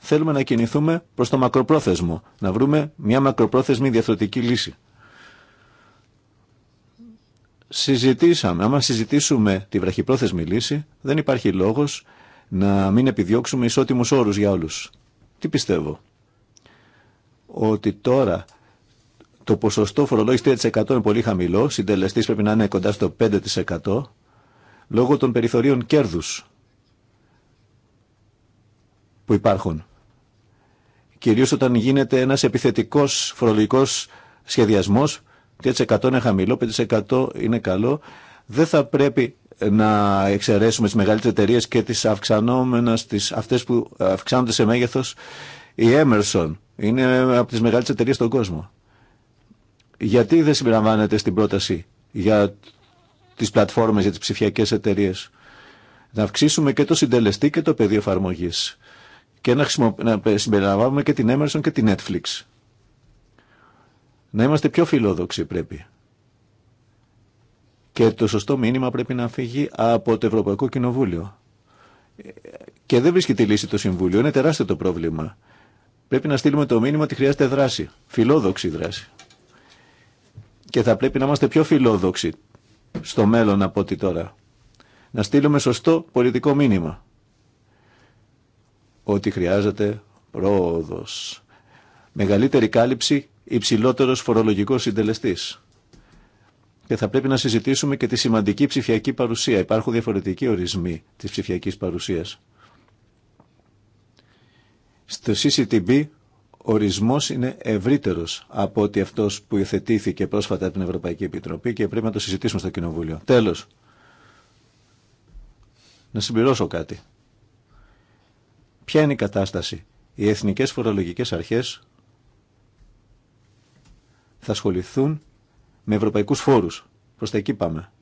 θέλουμε να κινηθούμε προς το μακροπρόθεσμο, να βρούμε μια μακροπρόθεσμη διαθροτική λύση. Συζητήσαμε, άμα συζητήσουμε τη βραχυπρόθεσμη λύση, δεν υπάρχει λόγος να μην επιδιώξουμε ισότιμους όρους για όλους. Τι πιστεύω. Ότι τώρα το ποσοστό φορολόγηση 3% είναι πολύ χαμηλό, συντελεστής πρέπει να είναι κοντά στο 5% λόγω των περιθωρίων κέρδους που υπάρχουν. Κυρίως όταν γίνεται ένας επιθετικός φορολογικός σχεδιασμός, 3% είναι χαμηλό, 5% είναι καλό, δεν θα πρέπει να εξαιρέσουμε τις μεγάλε εταιρείε και τις αυξανόμενες, τις, αυτές που αυξάνονται σε μέγεθος. Η Emerson είναι από τις μεγάλε εταιρείε στον κόσμο. Γιατί δεν συμπεριλαμβάνεται στην πρόταση για τις πλατφόρμες, για τις ψηφιακές εταιρείε. Να αυξήσουμε και το συντελεστή και το πεδίο εφαρμογή και να, να συμπεριλαμβάνουμε και την Emerson και την Netflix. Να είμαστε πιο φιλόδοξοι πρέπει. Και το σωστό μήνυμα πρέπει να φύγει από το Ευρωπαϊκό Κοινοβούλιο. Και δεν βρίσκει τη λύση το Συμβούλιο. Είναι τεράστιο το πρόβλημα. Πρέπει να στείλουμε το μήνυμα ότι χρειάζεται δράση. Φιλόδοξη δράση. Και θα πρέπει να είμαστε πιο φιλόδοξοι στο μέλλον από ό,τι τώρα. Να στείλουμε σωστό πολιτικό μήνυμα ότι χρειάζεται πρόοδος. Μεγαλύτερη κάλυψη, υψηλότερος φορολογικός συντελεστής. Και θα πρέπει να συζητήσουμε και τη σημαντική ψηφιακή παρουσία. Υπάρχουν διαφορετικοί ορισμοί της ψηφιακής παρουσίας. Στο CCTB ορισμός είναι ευρύτερος από ότι αυτός που υιοθετήθηκε πρόσφατα από την Ευρωπαϊκή Επιτροπή και πρέπει να το συζητήσουμε στο Κοινοβούλιο. Τέλος, να συμπληρώσω κάτι. Ποια είναι η κατάσταση. Οι εθνικές φορολογικές αρχές θα ασχοληθούν με ευρωπαϊκούς φόρους. Προς τα εκεί πάμε.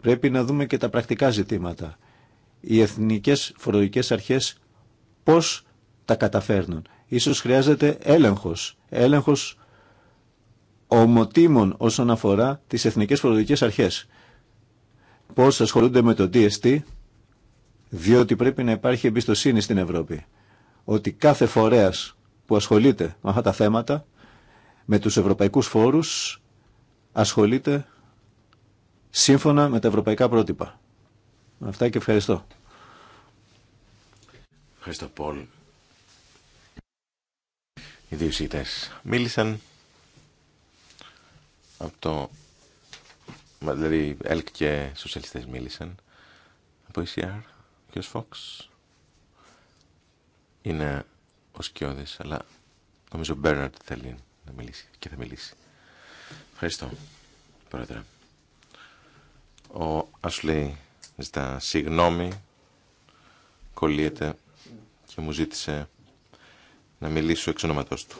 Πρέπει να δούμε και τα πρακτικά ζητήματα. Οι εθνικές φορολογικές αρχές πώς τα καταφέρνουν. Ίσως χρειάζεται έλεγχος. Έλεγχος ομοτήμων όσον αφορά τις εθνικές φορολογικές αρχές. Πώς ασχολούνται με το DST, διότι πρέπει να υπάρχει εμπιστοσύνη στην Ευρώπη. Ότι κάθε φορέας που ασχολείται με αυτά τα θέματα, με τους ευρωπαϊκούς φόρους, ασχολείται σύμφωνα με τα ευρωπαϊκά πρότυπα. Αυτά και ευχαριστώ.
Ευχαριστώ, Πολ. Οι δύο σύντες μίλησαν από το... Δηλαδή, ΕΛΚ και σοσιαλιστές μίλησαν από ECR. Ο κ. Φόξ είναι ο Σκιώδης, αλλά νομίζω ο Μπέρναρτ θέλει να μιλήσει και θα μιλήσει. Ευχαριστώ, Πρόεδρε. Ο Ασουλέη ζητά συγγνώμη, κολλείεται και μου ζήτησε να μιλήσω εξ ονόματός του.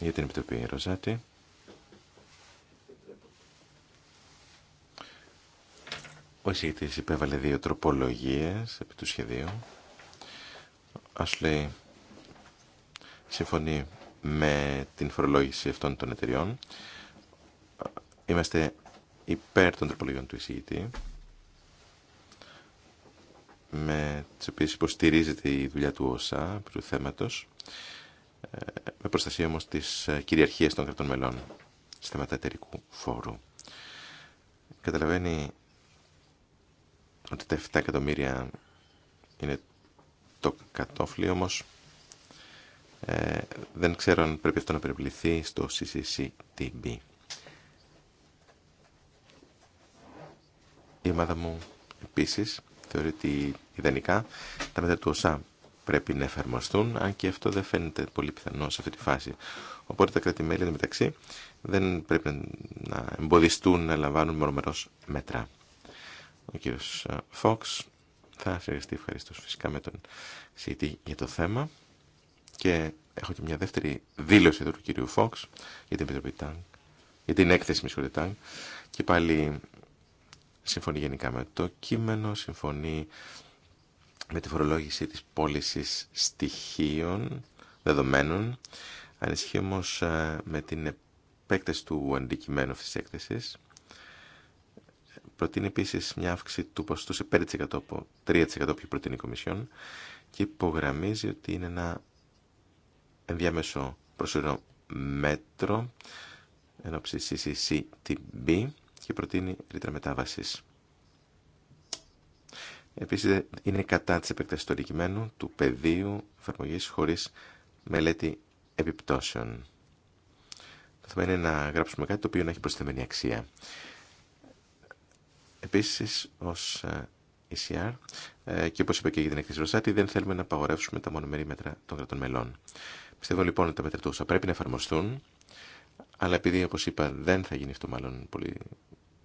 Για την Επιτροπή Ροζάτη. Ο εισηγητής υπέβαλε δύο τροπολογίες επί του σχεδίου. Ας λέει, συμφωνεί με την φορολόγηση αυτών των εταιριών. Είμαστε υπέρ των τροπολογιών του εισηγητή με τις οποίες υποστηρίζεται η δουλειά του ΩΣΑ του θέματος με προστασία όμως της κυριαρχίας των κρατών μελών στα θέματα εταιρικού φόρου. Καταλαβαίνει ότι τα 7 εκατομμύρια είναι το κατόφλι όμως ε, δεν ξέρω αν πρέπει αυτό να περιπληθεί στο CCCTB. Η ομάδα μου επίσης θεωρεί ότι ιδανικά τα μέτρα του ΩΣΑ πρέπει να εφαρμοστούν, αν και αυτό δεν φαίνεται πολύ πιθανό σε αυτή τη φάση. Οπότε τα κρατημέλη μεταξύ δεν πρέπει να εμποδιστούν να λαμβάνουν μονομερός μέτρα ο κύριος ε, Φόξ θα συνεργαστεί ευχαριστώ φυσικά με τον ΣΥΤΗ για το θέμα και έχω και μια δεύτερη δήλωση εδώ του κυρίου Φόξ για την Επιτροπή για την έκθεση με και πάλι συμφωνεί γενικά με το κείμενο, συμφωνεί με τη φορολόγηση της πώληση στοιχείων, δεδομένων, Ανισχύει όμω ε, με την επέκταση του αντικειμένου αυτής της έκθεσης Προτείνει επίσης μια αύξηση του ποστού σε 5% από 3% που προτείνει η Κομισιόν και υπογραμμίζει ότι είναι ένα ενδιάμεσο προσωρινό μέτρο εν CCCTB και προτείνει ρήτρα μετάβασης. Επίσης είναι κατά της επέκτασης του αντικειμένου του πεδίου εφαρμογή χωρίς μελέτη επιπτώσεων. Το θέμα είναι να γράψουμε κάτι το οποίο να έχει προσθεμένη αξία. Επίσης, ως ECR, ε, ε, και όπως είπα και για την έκθεση Ρωσάτη, δεν θέλουμε να απαγορεύσουμε τα μονομερή μέτρα των κρατών μελών. Πιστεύω λοιπόν ότι τα μέτρα του πρέπει να εφαρμοστούν, αλλά επειδή, όπως είπα, δεν θα γίνει αυτό μάλλον πολύ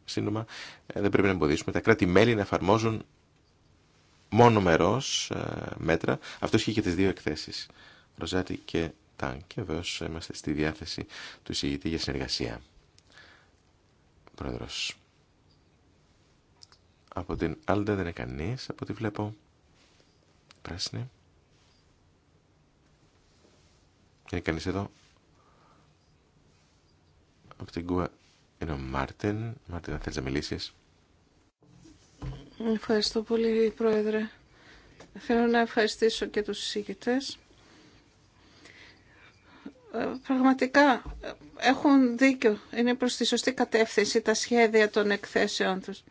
σύντομα, ε, δεν πρέπει να εμποδίσουμε τα κράτη-μέλη να εφαρμόζουν μόνο μέτρα. Αυτό ισχύει και τις δύο εκθέσεις, Ροζάτη και Τάν. Και βεβαίως είμαστε στη διάθεση του εισηγητή για συνεργασία. Πρόεδρος. Από την άλλη δεν είναι κανείς, από ό,τι βλέπω. Πράσινη. Είναι κανείς εδώ. Από την Κούα είναι ο Μάρτιν. Μάρτιν, αν θέλεις να μιλήσεις.
Ευχαριστώ πολύ, Πρόεδρε. Θέλω να ευχαριστήσω και τους συζήτητες. Ε, πραγματικά έχουν δίκιο. Είναι προς τη σωστή κατεύθυνση τα σχέδια των εκθέσεων τους.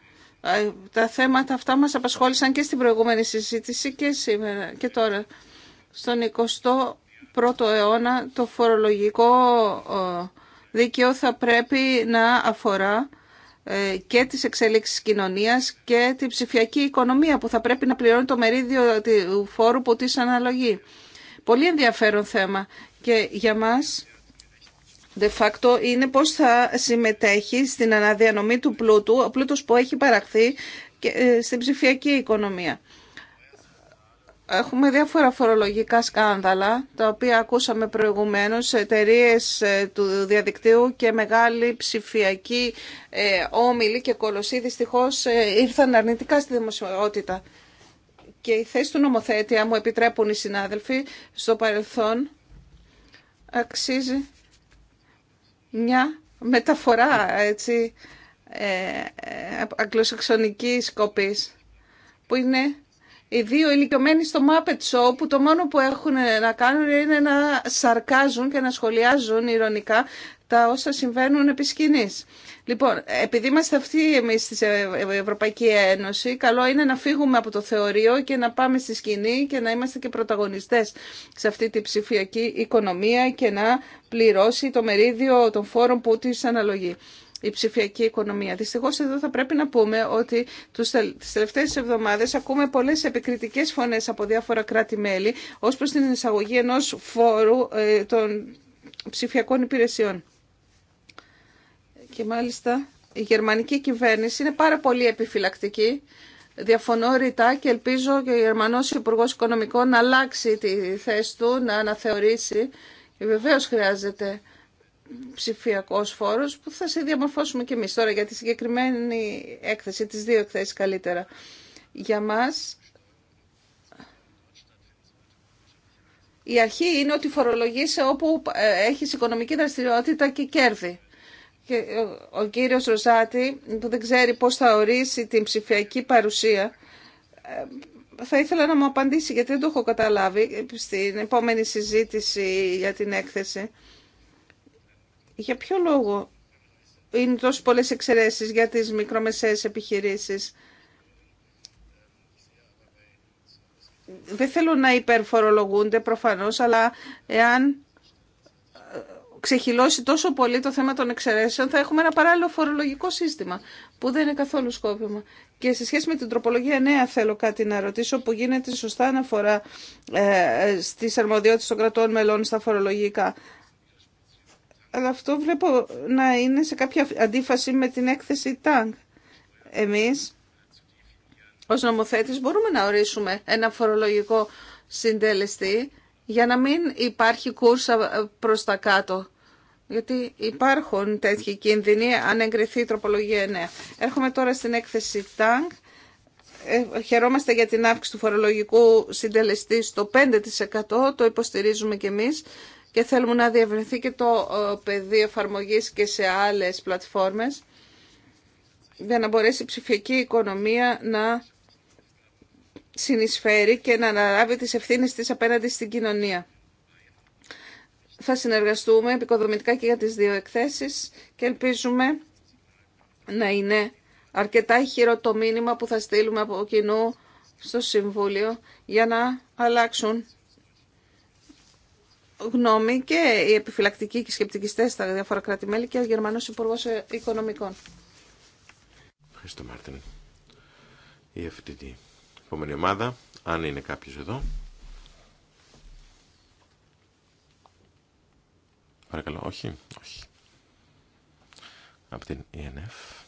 Τα θέματα αυτά μας απασχόλησαν και στην προηγούμενη συζήτηση και σήμερα και τώρα. Στον 21ο αιώνα το φορολογικό ε, δίκαιο θα πρέπει να αφορά ε, και τις εξέλιξεις κοινωνίας και την ψηφιακή οικονομία που θα πρέπει να πληρώνει το μερίδιο του φόρου που της αναλογεί. Πολύ ενδιαφέρον θέμα και για μας de facto είναι πώς θα συμμετέχει στην αναδιανομή του πλούτου, ο πλούτος που έχει παραχθεί και ε, στην ψηφιακή οικονομία. Έχουμε διάφορα φορολογικά σκάνδαλα, τα οποία ακούσαμε προηγουμένως, εταιρείε ε, του διαδικτύου και μεγάλη ψηφιακή ε, όμιλη και κολοσσή δυστυχώς ήρθαν αρνητικά στη δημοσιότητα. Και η θέση του νομοθέτη, αν μου επιτρέπουν οι συνάδελφοι, στο παρελθόν αξίζει μια μεταφορά έτσι, ε, αγγλοσαξονικής κοπής που είναι οι δύο ηλικιωμένοι στο Muppet Show που το μόνο που έχουν να κάνουν είναι να σαρκάζουν και να σχολιάζουν ηρωνικά τα όσα συμβαίνουν επί σκηνής. Λοιπόν, επειδή είμαστε αυτοί εμεί στη ε- ε- ε- Ευρωπαϊκή Ένωση, καλό είναι να φύγουμε από το θεωρείο και να πάμε στη σκηνή και να είμαστε και πρωταγωνιστέ σε αυτή τη ψηφιακή οικονομία και να πληρώσει το μερίδιο των φόρων που τη αναλογεί η ψηφιακή οικονομία. Δυστυχώ εδώ θα πρέπει να πούμε ότι τι τελευταίε εβδομάδε ακούμε πολλέ επικριτικέ φωνέ από διάφορα κράτη-μέλη ω προ την εισαγωγή ενό φόρου των ψηφιακών υπηρεσιών. Και μάλιστα η γερμανική κυβέρνηση είναι πάρα πολύ επιφυλακτική. Διαφωνώ ρητά και ελπίζω και ο Γερμανός Υπουργό Οικονομικών να αλλάξει τη θέση του, να αναθεωρήσει. Και βεβαίως χρειάζεται ψηφιακός φόρος που θα σε διαμορφώσουμε και εμεί. τώρα για τη συγκεκριμένη έκθεση, τις δύο εκθέσει καλύτερα. Για μας η αρχή είναι ότι φορολογεί όπου ε, έχεις οικονομική δραστηριότητα και κέρδη. Ε, ο κύριος Ροζάτη που δεν ξέρει πώς θα ορίσει την ψηφιακή παρουσία ε, θα ήθελα να μου απαντήσει γιατί δεν το έχω καταλάβει στην επόμενη συζήτηση για την έκθεση για ποιο λόγο είναι τόσο πολλές εξαιρέσεις για τις μικρομεσαίες επιχειρήσεις δεν θέλω να υπερφορολογούνται προφανώς αλλά εάν ξεχυλώσει τόσο πολύ το θέμα των εξαιρέσεων, θα έχουμε ένα παράλληλο φορολογικό σύστημα που δεν είναι καθόλου σκόπιμο Και σε σχέση με την τροπολογία νέα θέλω κάτι να ρωτήσω που γίνεται σωστά αναφορά ε, στις αρμοδιότητες των κρατών μελών στα φορολογικά. Αλλά αυτό βλέπω να είναι σε κάποια αντίφαση με την έκθεση ΤΑΝΚ. Εμεί, ω νομοθέτη, μπορούμε να ορίσουμε ένα φορολογικό συντελεστή για να μην υπάρχει κούρσα προς τα κάτω γιατί υπάρχουν τέτοιοι κίνδυνοι αν εγκριθεί η τροπολογία 9. Ναι. Έρχομαι τώρα στην έκθεση ΤΑΝΚ. Ε, χαιρόμαστε για την αύξηση του φορολογικού συντελεστή στο 5%. Το υποστηρίζουμε και εμείς και θέλουμε να διευρυνθεί και το ε, πεδίο εφαρμογή και σε άλλες πλατφόρμες για να μπορέσει η ψηφιακή οικονομία να συνεισφέρει και να αναλάβει τις ευθύνες της απέναντι στην κοινωνία θα συνεργαστούμε επικοδομητικά και για τις δύο εκθέσεις και ελπίζουμε να είναι αρκετά χειρό το μήνυμα που θα στείλουμε από κοινού στο Συμβούλιο για να αλλάξουν γνώμη και οι επιφυλακτικοί και οι σκεπτικιστές στα διάφορα κράτη-μέλη και ο Γερμανός υπουργό Οικονομικών.
Ευχαριστώ Μάρτιν. Η FTD. Επόμενη ομάδα, αν είναι κάποιος εδώ. Παρακαλώ, όχι, όχι. Από την ΕΝΕΦ. E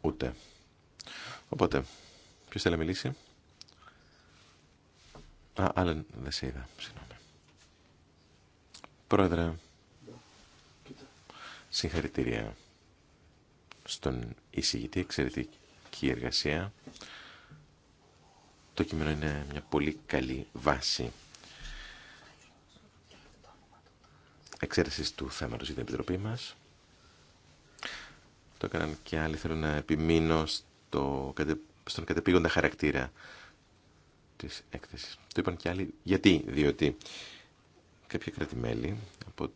Ούτε. Οπότε, ποιο θέλει να μιλήσει. Α, άλλον δεν σε είδα, συγγνώμη. Πρόεδρε, συγχαρητήρια στον εισηγητή, εξαιρετική εργασία. Το κείμενο είναι μια πολύ καλή βάση εξαίρεση του θέματος για την Επιτροπή μας. Το έκαναν και άλλοι. Θέλω να επιμείνω στον κατεπήγοντα χαρακτήρα της έκθεσης. Το είπαν και άλλοι. Γιατί, διότι κάποια κρατημέλη, από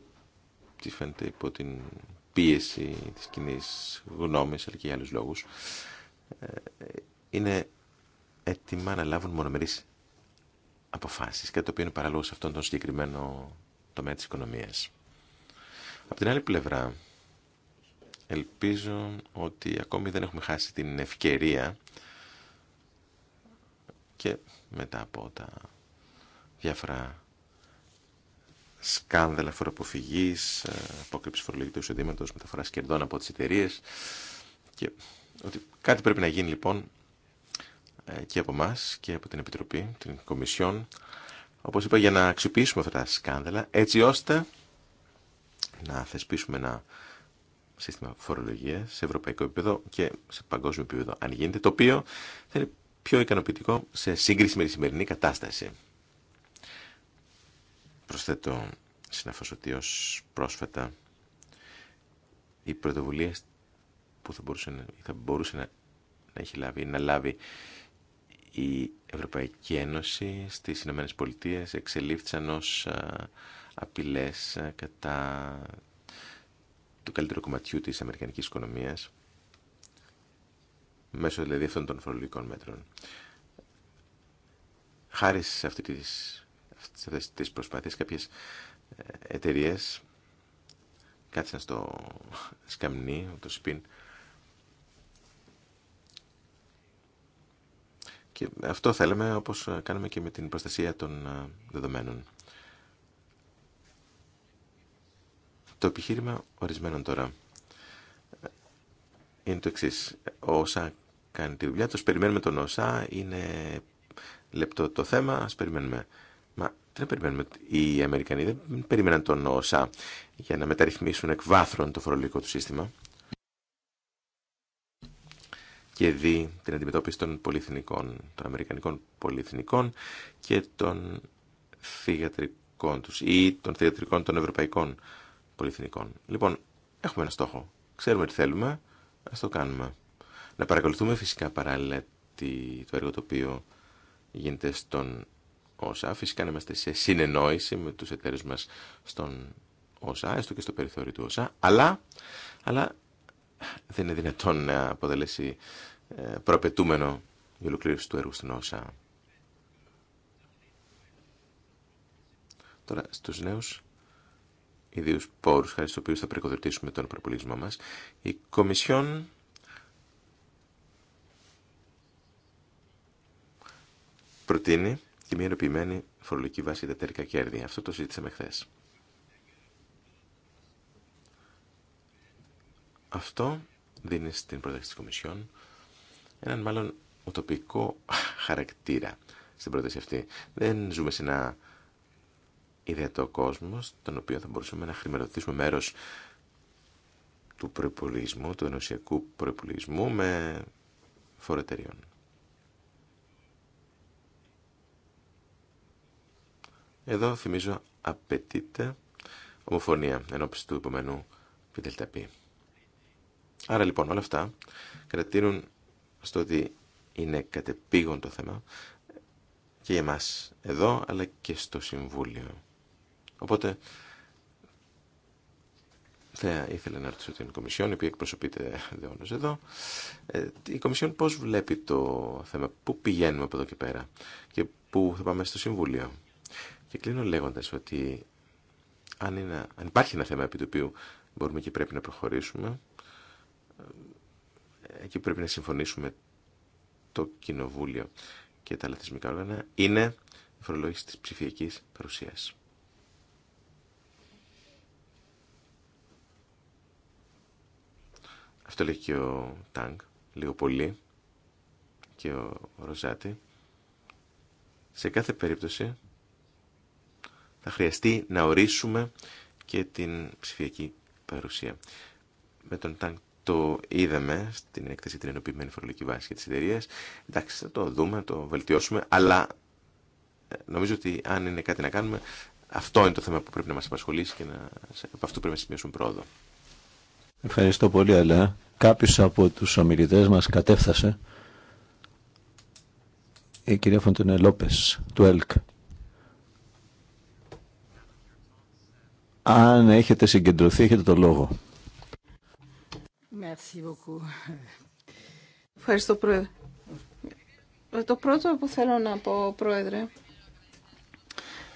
τι φαίνεται υπό την πίεση της κοινή γνώμης, αλλά και για άλλους λόγους, ε, είναι έτοιμα να λάβουν μονομερείς αποφάσεις, κάτι το οποίο είναι παραλόγω σε αυτόν τον συγκεκριμένο τομέα της οικονομίας. Από την άλλη πλευρά, ελπίζω ότι ακόμη δεν έχουμε χάσει την ευκαιρία και μετά από τα διάφορα σκάνδαλα φοροποφυγής, ε, απόκρυψη φορολογικού εισοδήματος, μεταφοράς κερδών από τις εταιρείε. και ότι κάτι πρέπει να γίνει λοιπόν ε, και από εμά και από την Επιτροπή, την Κομισιόν, όπως είπα για να αξιοποιήσουμε αυτά τα σκάνδαλα έτσι ώστε να θεσπίσουμε ένα σύστημα φορολογία σε ευρωπαϊκό επίπεδο και σε παγκόσμιο επίπεδο, αν γίνεται, το οποίο θα είναι πιο ικανοποιητικό σε σύγκριση με τη σημερινή κατάσταση. Προσθέτω συναφώς ότι ω πρόσφατα οι πρωτοβουλίε που θα μπορούσε, θα μπορούσε να, να έχει λάβει να λάβει η Ευρωπαϊκή Ένωση στις Ηνωμένες Πολιτείες εξελίφθησαν ως απειλές ε, κατά το καλύτερο κομματιού της αμερικανικής οικονομίας μέσω δηλαδή αυτών των φορολογικών μέτρων. Χάρη σε, αυτή τις, αυτές κάποιες ε, εταιρείε κάτσαν στο σκαμνί, το σπιν και αυτό θέλαμε όπως κάνουμε και με την προστασία των ε, δεδομένων. Το επιχείρημα ορισμένων τώρα είναι το εξή. Ο ΩΣΑ κάνει τη δουλειά του. Περιμένουμε τον ΩΣΑ. Είναι λεπτό το θέμα. Α περιμένουμε. Μα δεν περιμένουμε. Οι Αμερικανοί δεν περίμεναν τον ΩΣΑ για να μεταρρυθμίσουν εκ βάθρων το φορολογικό του σύστημα και δει την αντιμετώπιση των πολυεθνικών, των Αμερικανικών πολυεθνικών και των θηγατρικών τους ή των θηγατρικών των Ευρωπαϊκών πολυεθνικών. Λοιπόν, έχουμε ένα στόχο. Ξέρουμε τι θέλουμε, α το κάνουμε. Να παρακολουθούμε φυσικά παράλληλα το έργο το οποίο γίνεται στον ΩΣΑ. Φυσικά να είμαστε σε συνεννόηση με τους εταίρους μα στον ΩΣΑ, έστω και στο περιθώριο του ΩΣΑ, αλλά, αλλά δεν είναι δυνατόν να αποτελέσει ε, προπετούμενο η ολοκλήρωση του έργου στον ΩΣΑ. Τώρα στους νέους ιδίου πόρου, χάρη στου οποίου θα πρεκοδοτήσουμε τον προπολισμό μα. Η Κομισιόν προτείνει και μια ενοποιημένη φορολογική βάση για τα τερικά κέρδη. Αυτό το συζήτησαμε χθε. Αυτό δίνει στην πρόταση τη Κομισιόν έναν μάλλον οτοπικό χαρακτήρα στην πρόταση αυτή. Δεν ζούμε σε ένα ιδιαίτερο κόσμο, τον οποίο θα μπορούσαμε να χρηματοδοτήσουμε μέρο του προπολογισμού, του ενωσιακού προπολογισμού με φορετεριών. Εδώ θυμίζω απαιτείται ομοφωνία ενώπιση του επομένου π. Άρα λοιπόν όλα αυτά κρατήρουν στο ότι είναι κατεπήγον το θέμα και για εμάς εδώ αλλά και στο Συμβούλιο. Οπότε θα ήθελα να ρωτήσω την Κομισιόν, η οποία εκπροσωπείται διόνως εδώ. Ε, η Κομισιόν πώς βλέπει το θέμα, πού πηγαίνουμε από εδώ και πέρα και πού θα πάμε στο Συμβούλιο. Και κλείνω λέγοντας ότι αν, είναι, αν υπάρχει ένα θέμα επί του οποίου μπορούμε και πρέπει να προχωρήσουμε, ε, εκεί πρέπει να συμφωνήσουμε το Κοινοβούλιο και τα λαθισμικά όργανα, είναι η φορολόγηση της ψηφιακής παρουσίας. Αυτό λέει και ο Τάγκ, λίγο πολύ, και ο Ροζάτη. Σε κάθε περίπτωση θα χρειαστεί να ορίσουμε και την ψηφιακή παρουσία. Με τον Τάγκ το είδαμε στην έκθεση την ενοποιημένη φορολογική βάση και τη εταιρεία. Εντάξει, θα το δούμε, το βελτιώσουμε, αλλά ε, νομίζω ότι αν είναι κάτι να κάνουμε, αυτό είναι το θέμα που πρέπει να μα απασχολήσει και να, από αυτού πρέπει να σημειώσουμε πρόοδο.
Ευχαριστώ πολύ, αλλά κάποιος από τους ομιλητέ μας κατέφθασε. Η κυρία Φοντινέ Λόπε του ΕΛΚ. Αν έχετε συγκεντρωθεί, έχετε το λόγο.
Ευχαριστώ, Πρόεδρε. Το πρώτο που θέλω να πω, Πρόεδρε,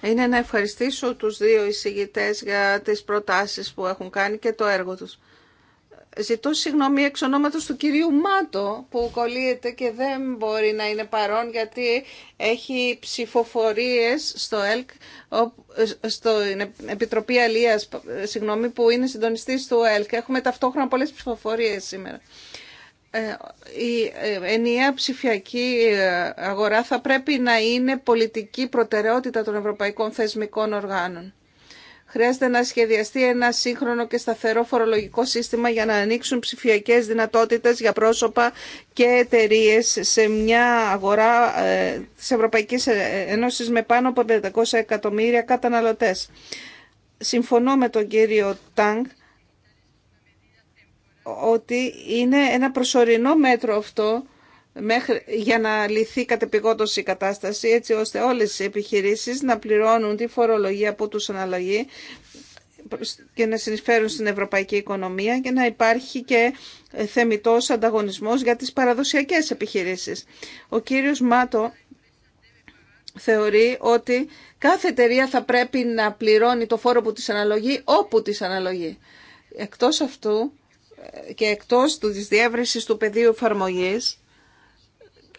είναι να ευχαριστήσω τους δύο εισηγητές για τις προτάσεις που έχουν κάνει και το έργο τους ζητώ συγγνώμη εξ ονόματος του κυρίου Μάτο που κολλείεται και δεν μπορεί να είναι παρόν γιατί έχει ψηφοφορίες στο ΕΛΚ, στο Επιτροπή Αλίας, συγγνώμη, που είναι συντονιστής του ΕΛΚ. Έχουμε ταυτόχρονα πολλές ψηφοφορίες σήμερα. Ε, η ε, ενιαία ψηφιακή ε, αγορά θα πρέπει να είναι πολιτική προτεραιότητα των ευρωπαϊκών θεσμικών οργάνων. Χρειάζεται να σχεδιαστεί ένα σύγχρονο και σταθερό φορολογικό σύστημα για να ανοίξουν ψηφιακές δυνατότητες για πρόσωπα και εταιρείε σε μια αγορά ε, τη ευρωπαϊκή Ένωση με πάνω από 500 εκατομμύρια καταναλωτές. Συμφωνώ με τον κύριο Τάνγκ ότι είναι ένα προσωρινό μέτρο αυτό μέχρι, για να λυθεί κατεπηγόντως η κατάσταση έτσι ώστε όλες οι επιχειρήσεις να πληρώνουν τη φορολογία που τους αναλογεί και να συνεισφέρουν στην ευρωπαϊκή οικονομία και να υπάρχει και θεμητός ανταγωνισμός για τις παραδοσιακές επιχειρήσεις. Ο κύριος Μάτο θεωρεί ότι κάθε εταιρεία θα πρέπει να πληρώνει το φόρο που της αναλογεί όπου της αναλογεί. Εκτός αυτού και εκτός της διεύρυνσης του πεδίου εφαρμογής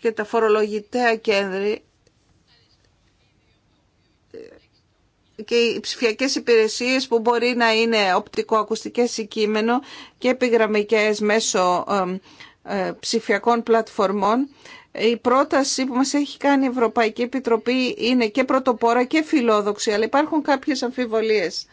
και τα φορολογητέα κέντρη και οι ψηφιακές υπηρεσίες που μπορεί να είναι οπτικοακουστικές ή κείμενο και επιγραμμικές μέσω ε, ψηφιακών πλατφορμών. Η πρόταση που μας έχει κάνει η Ευρωπαϊκή Επιτροπή είναι και πρωτοπόρα και φιλόδοξη, αλλά υπάρχουν κάποιες αμφιβολίες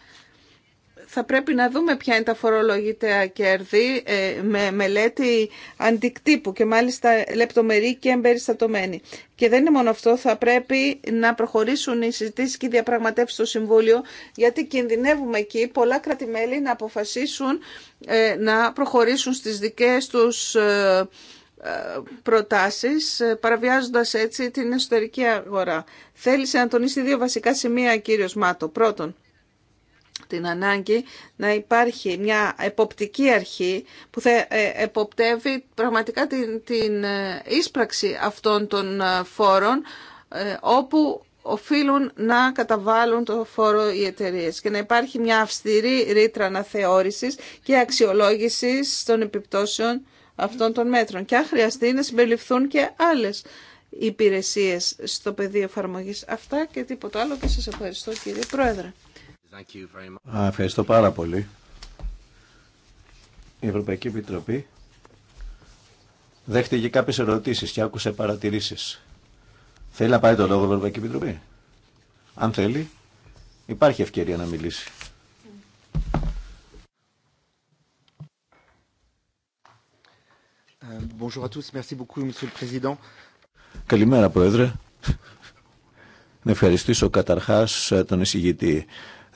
θα πρέπει να δούμε ποια είναι τα φορολογητέα κέρδη ε, με μελέτη αντικτύπου και μάλιστα λεπτομερή και εμπεριστατωμένη. Και δεν είναι μόνο αυτό, θα πρέπει να προχωρήσουν οι συζητήσει και οι διαπραγματεύσει στο Συμβούλιο, γιατί κινδυνεύουμε εκεί πολλά κρατημέλη να αποφασίσουν ε, να προχωρήσουν στις δικές τους ε, προτάσεις παραβιάζοντας έτσι την εσωτερική αγορά. Θέλησε να τονίσει δύο βασικά σημεία κύριος Μάτο. Πρώτον, την ανάγκη να υπάρχει μια εποπτική αρχή που θα ε, εποπτεύει πραγματικά την, την ε, ίσπραξη αυτών των ε, φόρων όπου οφείλουν να καταβάλουν το φόρο οι εταιρείε και να υπάρχει μια αυστηρή ρήτρα αναθεώρησης και αξιολόγησης των επιπτώσεων αυτών των μέτρων και αν χρειαστεί να συμπεριληφθούν και άλλες υπηρεσίες στο πεδίο εφαρμογή. Αυτά και τίποτα άλλο και σας ευχαριστώ κύριε Πρόεδρε
ευχαριστώ πάρα πολύ. Η Ευρωπαϊκή Επιτροπή δέχτηκε κάποιες ερωτήσεις και άκουσε παρατηρήσεις. Θέλει να πάρει το λόγο η Ευρωπαϊκή Επιτροπή. Αν θέλει, υπάρχει ευκαιρία να μιλήσει.
Ε, bonjour à tous. Merci beaucoup, Monsieur le Président.
Καλημέρα, Πρόεδρε. Να ευχαριστήσω καταρχάς ε, τον εισηγητή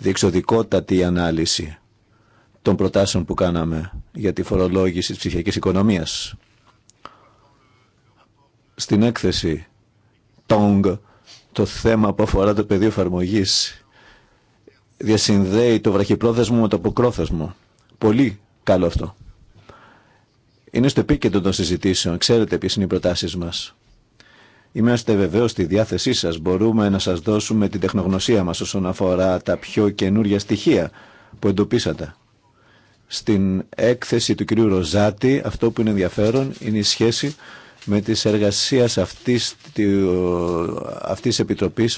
διεξοδικότατη ανάλυση των προτάσεων που κάναμε για τη φορολόγηση της ψηφιακής οικονομίας. Στην έκθεση TONG το θέμα που αφορά το πεδίο εφαρμογή διασυνδέει το βραχυπρόθεσμο με το αποκρόθεσμο. Πολύ καλό αυτό. Είναι στο επίκεντρο των συζητήσεων. Ξέρετε ποιε είναι οι προτάσει μας. Είμαστε βεβαίω στη διάθεσή σας. Μπορούμε να σας δώσουμε την τεχνογνωσία μας όσον αφορά τα πιο καινούργια στοιχεία που εντοπίσατε. Στην έκθεση του κυρίου Ροζάτη αυτό που είναι ενδιαφέρον είναι η σχέση με τις εργασίες αυτής, τη της Επιτροπής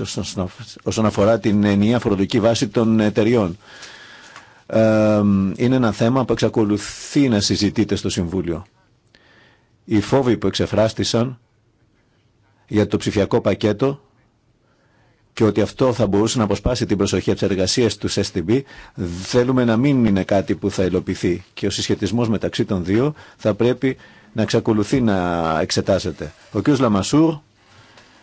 όσον αφορά την ενιαία φορολογική βάση των εταιριών. Είναι ένα θέμα που εξακολουθεί να συζητείται στο Συμβούλιο. Οι φόβοι που εξεφράστησαν για το ψηφιακό πακέτο και ότι αυτό θα μπορούσε να αποσπάσει την προσοχή από τι εργασίε του STB, θέλουμε να μην είναι κάτι που θα υλοποιηθεί. Και ο συσχετισμό μεταξύ των δύο θα πρέπει να εξακολουθεί να εξετάζεται. Ο κ. Λαμασούρ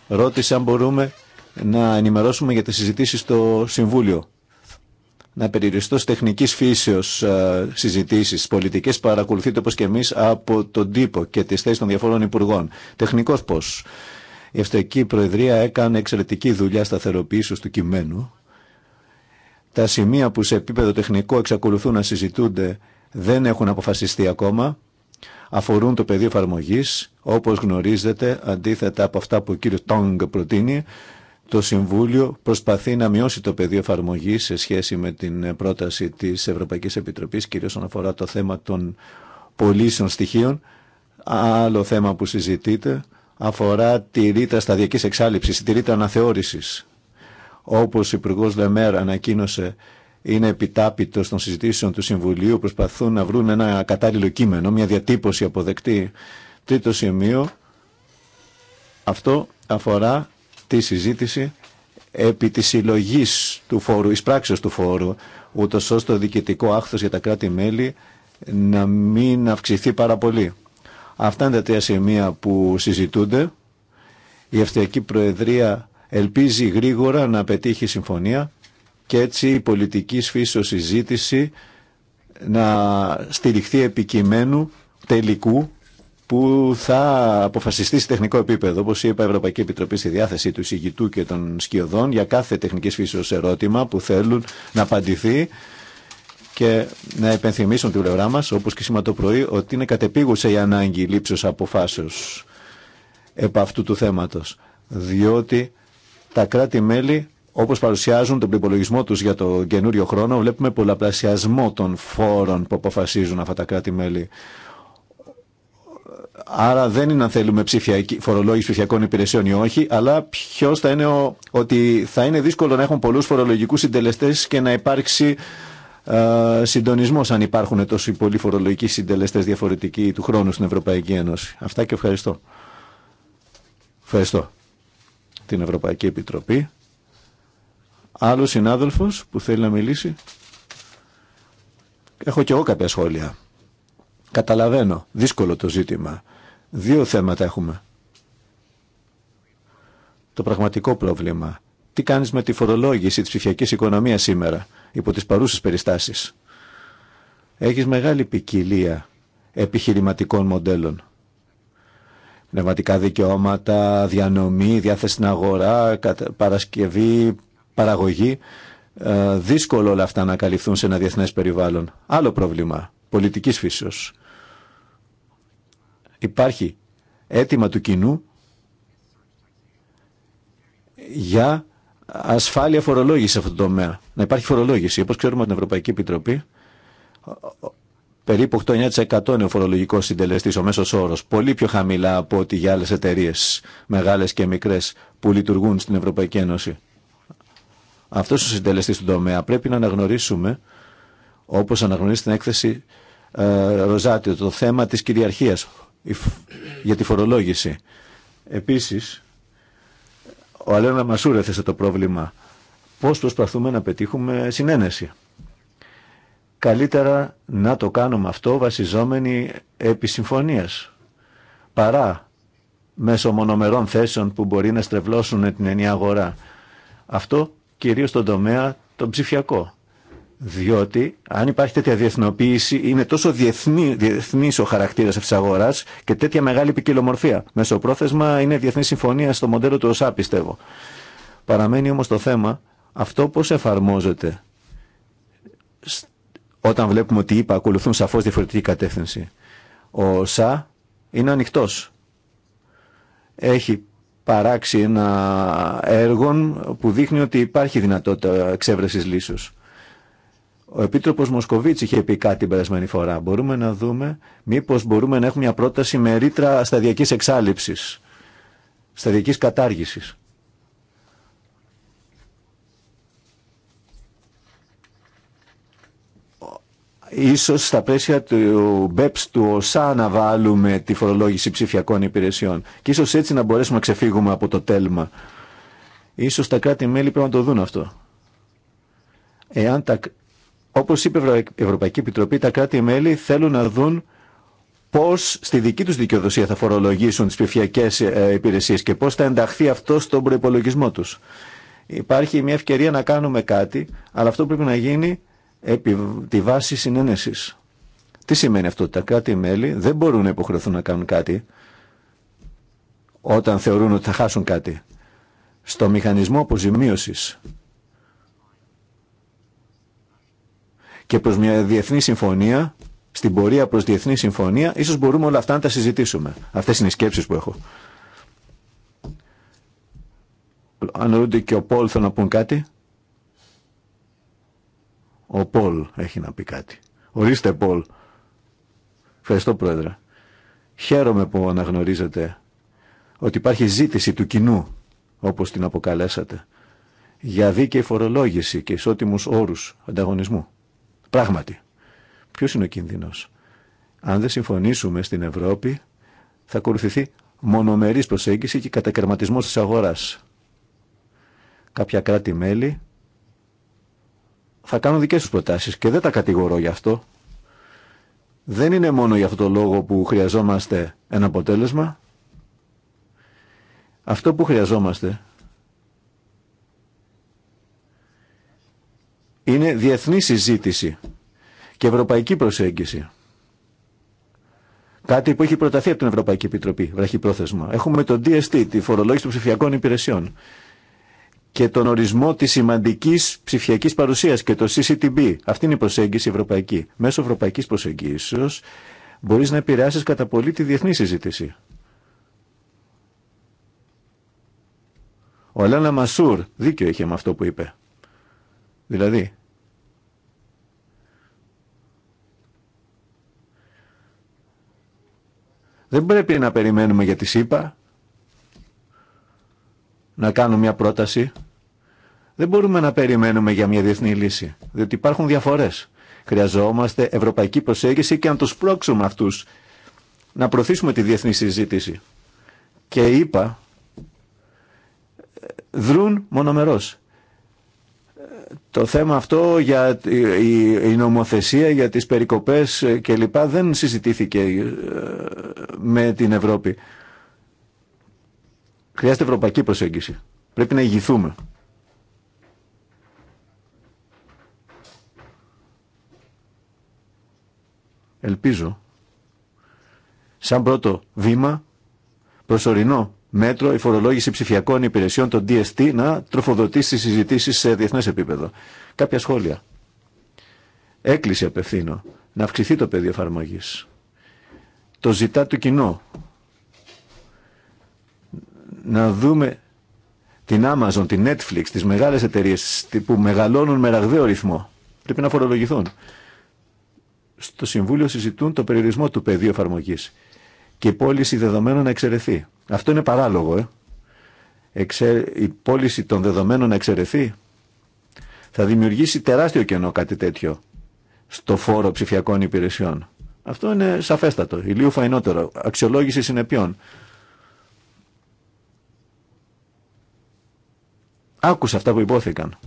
ρώτησε αν μπορούμε να ενημερώσουμε για τις συζητήσεις στο Συμβούλιο. Να περιοριστώ στις τεχνικής φύσεως ε, συζητήσεις πολιτικές παρακολουθείτε όπως και εμείς από τον τύπο και τις θέσεις των διαφόρων υπουργών. Τεχνικός πώς. Η Ευστρική Προεδρία έκανε εξαιρετική δουλειά σταθεροποίησης του κειμένου. Τα σημεία που σε επίπεδο τεχνικό εξακολουθούν να συζητούνται δεν έχουν αποφασιστεί ακόμα. Αφορούν το πεδίο εφαρμογή, όπως γνωρίζετε, αντίθετα από αυτά που ο κύριος Τόγκ προτείνει, το Συμβούλιο προσπαθεί να μειώσει το πεδίο εφαρμογή σε σχέση με την πρόταση τη Ευρωπαϊκή Επιτροπής, κυρίω όσον αφορά το θέμα των πωλήσεων στοιχείων. Άλλο θέμα που συζητείται αφορά τη ρήτρα σταδιακή εξάλληψη, τη ρήτρα αναθεώρησης. Όπως ο Υπουργό Λεμέρ ανακοίνωσε, είναι επιτάπητο των συζητήσεων του Συμβουλίου, προσπαθούν να βρουν ένα κατάλληλο κείμενο, μια διατύπωση αποδεκτή. Τρίτο σημείο, αυτό αφορά τη συζήτηση επί της συλλογή του φόρου, εις πράξεως του φόρου, ούτως ώστε το διοικητικό άχθος για τα κράτη-μέλη να μην αυξηθεί πάρα πολύ. Αυτά είναι τα τρία σημεία που συζητούνται. Η Αυστριακή Προεδρία ελπίζει γρήγορα να πετύχει συμφωνία και έτσι η πολιτική σφίσο συζήτηση να στηριχθεί επικειμένου τελικού που θα αποφασιστεί σε τεχνικό επίπεδο. Όπως είπα, η Ευρωπαϊκή Επιτροπή στη διάθεση του εισηγητού και των σκιωδών για κάθε τεχνική φύσεως ερώτημα που θέλουν να απαντηθεί και να επενθυμίσουν την πλευρά μα, όπω και σήμερα το πρωί, ότι είναι κατεπίγουσα η ανάγκη λήψεω αποφάσεω επ' αυτού του θέματο. Διότι τα κράτη-μέλη, όπω παρουσιάζουν τον προπολογισμό του για το καινούριο χρόνο, βλέπουμε πολλαπλασιασμό των φόρων που αποφασίζουν αυτά τα κράτη-μέλη. Άρα δεν είναι αν θέλουμε ψηφιακή, φορολόγηση ψηφιακών υπηρεσιών ή όχι, αλλά ποιο θα είναι ότι θα είναι δύσκολο να έχουν πολλού φορολογικού συντελεστέ και να υπάρξει ε, Συντονισμό αν υπάρχουν τόσοι πολλοί φορολογικοί συντελεστές διαφορετικοί του χρόνου στην Ευρωπαϊκή Ένωση. Αυτά και ευχαριστώ. Ευχαριστώ την Ευρωπαϊκή Επιτροπή. Άλλο συνάδελφος που θέλει να μιλήσει. Έχω και εγώ κάποια σχόλια. Καταλαβαίνω. Δύσκολο το ζήτημα. Δύο θέματα έχουμε. Το πραγματικό πρόβλημα. Τι κάνεις με τη φορολόγηση της ψηφιακής οικονομίας σήμερα υπό τις παρούσες περιστάσεις. Έχεις μεγάλη ποικιλία επιχειρηματικών μοντέλων. Πνευματικά δικαιώματα, διανομή, διάθεση στην αγορά, παρασκευή, παραγωγή. Ε, δύσκολο όλα αυτά να καλυφθούν σε ένα διεθνές περιβάλλον. Άλλο πρόβλημα, πολιτικής φύσεως. Υπάρχει αίτημα του κοινού για ασφάλεια φορολόγηση σε αυτό το τομέα. Να υπάρχει φορολόγηση. Όπω ξέρουμε την Ευρωπαϊκή Επιτροπή, περίπου 8-9% είναι ο φορολογικό συντελεστή, ο μέσο όρο. Πολύ πιο χαμηλά από ό,τι για άλλε εταιρείε, μεγάλε και μικρέ, που λειτουργούν στην Ευρωπαϊκή Ένωση. Αυτό ο συντελεστή του τομέα πρέπει να αναγνωρίσουμε, όπω αναγνωρίζει στην έκθεση ε, Ροζάτιο, το θέμα τη κυριαρχία για τη φορολόγηση. Επίσης, ο Αλένα Μασούρ έθεσε το πρόβλημα. Πώς προσπαθούμε να πετύχουμε συνένεση. Καλύτερα να το κάνουμε αυτό βασιζόμενοι επί συμφωνίας, παρά μέσω μονομερών θέσεων που μπορεί να στρεβλώσουν την ενιαία αγορά. Αυτό κυρίως στον τομέα τον ψηφιακό. Διότι αν υπάρχει τέτοια διεθνοποίηση, είναι τόσο διεθνή, διεθνής ο χαρακτήρας αυτής της αγοράς και τέτοια μεγάλη ποικιλομορφία. πρόθεσμα είναι διεθνή συμφωνία στο μοντέλο του ΟΣΑ, πιστεύω. Παραμένει όμως το θέμα αυτό πώς εφαρμόζεται όταν βλέπουμε ότι οι ακολουθούν σαφώς διαφορετική κατεύθυνση. Ο ΩΣΑ είναι ανοιχτό, Έχει παράξει ένα έργο που δείχνει ότι υπάρχει δυνατότητα εξέβρεση λύσεως. Ο Επίτροπος Μοσκοβίτς είχε πει κάτι την περασμένη φορά. Μπορούμε να δούμε μήπως μπορούμε να έχουμε μια πρόταση με ρήτρα σταδιακής εξάλληψης, σταδιακής κατάργησης. Ίσως στα πλαίσια του BEPS ε του ΟΣΑ να βάλουμε τη φορολόγηση ψηφιακών υπηρεσιών και ίσως έτσι να μπορέσουμε να ξεφύγουμε από το τέλμα. Ίσως τα κράτη-μέλη πρέπει να το δουν αυτό. Εάν τα όπως είπε η Ευρωπαϊκή Επιτροπή, τα κράτη-μέλη θέλουν να δουν πώς στη δική τους δικαιοδοσία θα φορολογήσουν τις ψηφιακές ε, υπηρεσίες και πώς θα ενταχθεί αυτό στον προϋπολογισμό τους. Υπάρχει μια ευκαιρία να κάνουμε κάτι, αλλά αυτό πρέπει να γίνει επί τη βάση συνένεσης. Τι σημαίνει αυτό, τα κράτη-μέλη δεν μπορούν να υποχρεωθούν να κάνουν κάτι όταν θεωρούν ότι θα χάσουν κάτι. Στο μηχανισμό αποζημίωσης και προς μια διεθνή συμφωνία, στην πορεία προς διεθνή συμφωνία, ίσως μπορούμε όλα αυτά να τα συζητήσουμε. Αυτές είναι οι σκέψεις που έχω. Αν Ρούντι και ο Πολ θέλουν να πούν κάτι. Ο Πολ έχει να πει κάτι. Ορίστε Πολ. Ευχαριστώ Πρόεδρε. Χαίρομαι που αναγνωρίζετε ότι υπάρχει ζήτηση του κοινού, όπως την αποκαλέσατε, για δίκαιη φορολόγηση και ισότιμους όρους ανταγωνισμού. Πράγματι, ποιο είναι ο κίνδυνο. Αν δεν συμφωνήσουμε στην Ευρώπη, θα ακολουθηθεί μονομερής προσέγγιση και κατακαιρματισμός της αγοράς. Κάποια κράτη-μέλη θα κάνουν δικές τους προτάσεις και δεν τα κατηγορώ γι' αυτό. Δεν είναι μόνο γι' αυτό το λόγο που χρειαζόμαστε ένα αποτέλεσμα. Αυτό που χρειαζόμαστε είναι διεθνή συζήτηση και ευρωπαϊκή προσέγγιση. Κάτι που έχει προταθεί από την Ευρωπαϊκή Επιτροπή, βραχυπρόθεσμα. Έχουμε το DST, τη φορολόγηση των ψηφιακών υπηρεσιών και τον ορισμό της σημαντικής ψηφιακής παρουσίας και το CCTB. Αυτή είναι η προσέγγιση ευρωπαϊκή. Μέσω ευρωπαϊκής προσεγγίσεως μπορείς να επηρεάσει κατά πολύ τη διεθνή συζήτηση. Ο Αλένα Μασούρ δίκιο είχε με αυτό που είπε. Δηλαδή, δεν πρέπει να περιμένουμε για τη ΣΥΠΑ να κάνουμε μια πρόταση. Δεν μπορούμε να περιμένουμε για μια διεθνή λύση, διότι υπάρχουν διαφορές. Χρειαζόμαστε ευρωπαϊκή προσέγγιση και να τους πρόξουμε αυτούς, να προωθήσουμε τη διεθνή συζήτηση. Και είπα, ε, δρούν μονομερός το θέμα αυτό για η νομοθεσία για τις περικοπές και λοιπά δεν συζητήθηκε ε, με την Ευρώπη. Χρειάζεται ευρωπαϊκή προσέγγιση. Πρέπει να ηγηθούμε. Ελπίζω σαν πρώτο βήμα προσωρινό μέτρο η φορολόγηση ψηφιακών υπηρεσιών, το DST, να τροφοδοτήσει συζητήσεις σε διεθνές επίπεδο. Κάποια σχόλια. Έκκληση απευθύνω. Να αυξηθεί το πεδίο εφαρμογή. Το ζητά το κοινό. Να δούμε την Amazon, την Netflix, τις μεγάλες εταιρείες που μεγαλώνουν με ραγδαίο ρυθμό. Πρέπει να φορολογηθούν. Στο Συμβούλιο συζητούν το περιορισμό του πεδίου εφαρμογή και η πώληση δεδομένων να εξαιρεθεί. Αυτό είναι παράλογο. Ε. Εξε... Η πώληση των δεδομένων να εξαιρεθεί θα δημιουργήσει τεράστιο κενό κάτι τέτοιο στο φόρο ψηφιακών υπηρεσιών. Αυτό είναι σαφέστατο, ηλίου φαϊνότερο. Αξιολόγηση συνεπειών. Άκουσα αυτά που υπόθηκαν.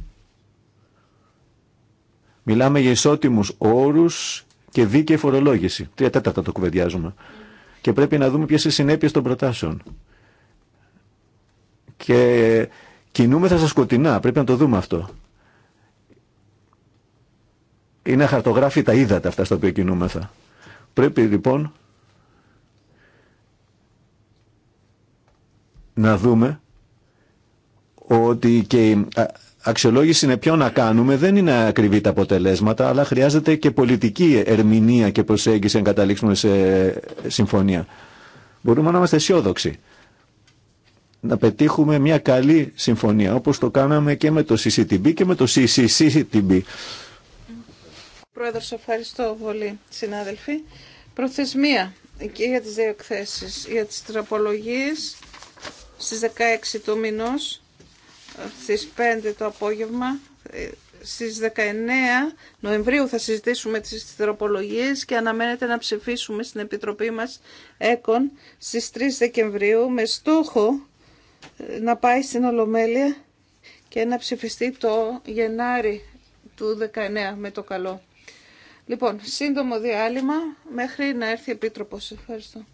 Μιλάμε για ισότιμους όρους και δίκαιη φορολόγηση. Τρία τέταρτα το κουβεντιάζουμε και πρέπει να δούμε ποιες είναι οι συνέπειες των προτάσεων. Και κινούμεθα στα σκοτεινά, πρέπει να το δούμε αυτό. Είναι χαρτογράφητα ύδατα αυτά στα οποία κινούμεθα. Πρέπει λοιπόν να δούμε ότι και αξιολόγηση είναι ποιο να κάνουμε δεν είναι ακριβή τα αποτελέσματα, αλλά χρειάζεται και πολιτική ερμηνεία και προσέγγιση να καταλήξουμε σε συμφωνία. Μπορούμε να είμαστε αισιόδοξοι. Να πετύχουμε μια καλή συμφωνία, όπως το κάναμε και με το CCTB και με το CCCTB.
Πρόεδρος, ευχαριστώ πολύ, συνάδελφοι. Προθεσμία και για τις δύο εκθέσεις, για τις τραπολογίες στις 16 του μηνός στις 5 το απόγευμα. Ε, στις 19 Νοεμβρίου θα συζητήσουμε τις τροπολογίες και αναμένεται να ψηφίσουμε στην Επιτροπή μας ΕΚΟΝ στις 3 Δεκεμβρίου με στόχο ε, να πάει στην Ολομέλεια και να ψηφιστεί το Γενάρη του 19 με το καλό. Λοιπόν, σύντομο διάλειμμα μέχρι να έρθει η Επίτροπος. Ευχαριστώ.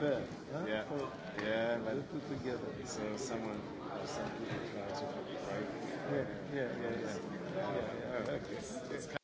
Yeah. Yeah, like
together. So someone some people try to Yeah, yeah. yeah. yeah. yeah.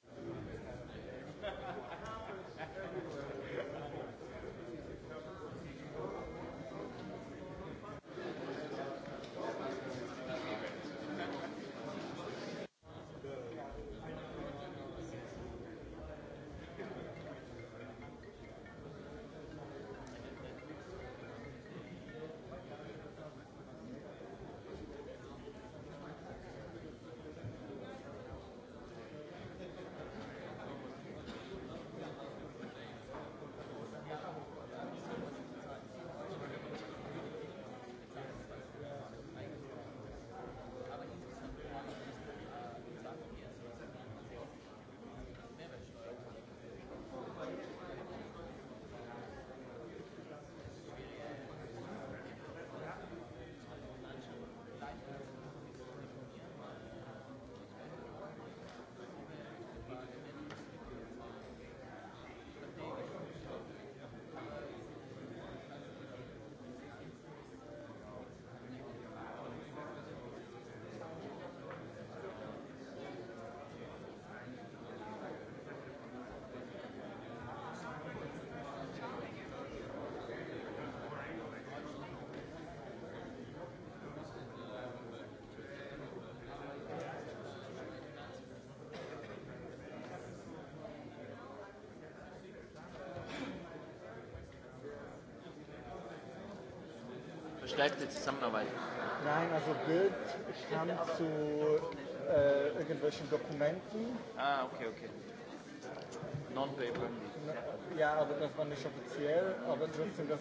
Zusammenarbeit?
Nein, also Bild kam zu äh,
irgendwelchen Dokumenten.
Ah, okay, okay. Non-paper.
Ja, aber das war nicht offiziell, aber trotzdem, das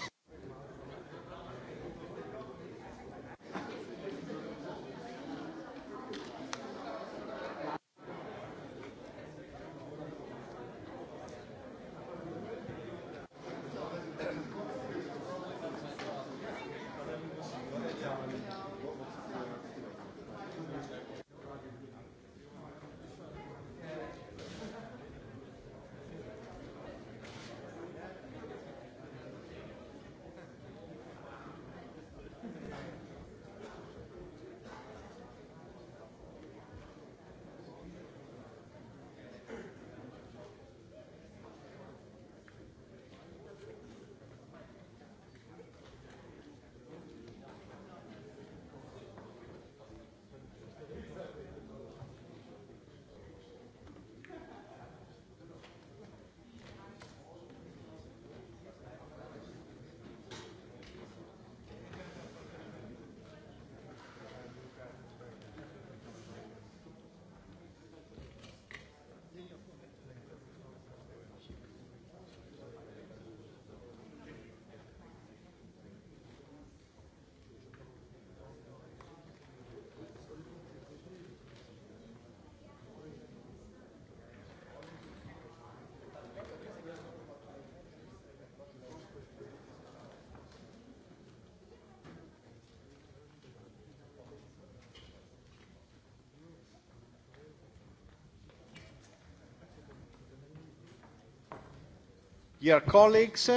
Dear colleagues,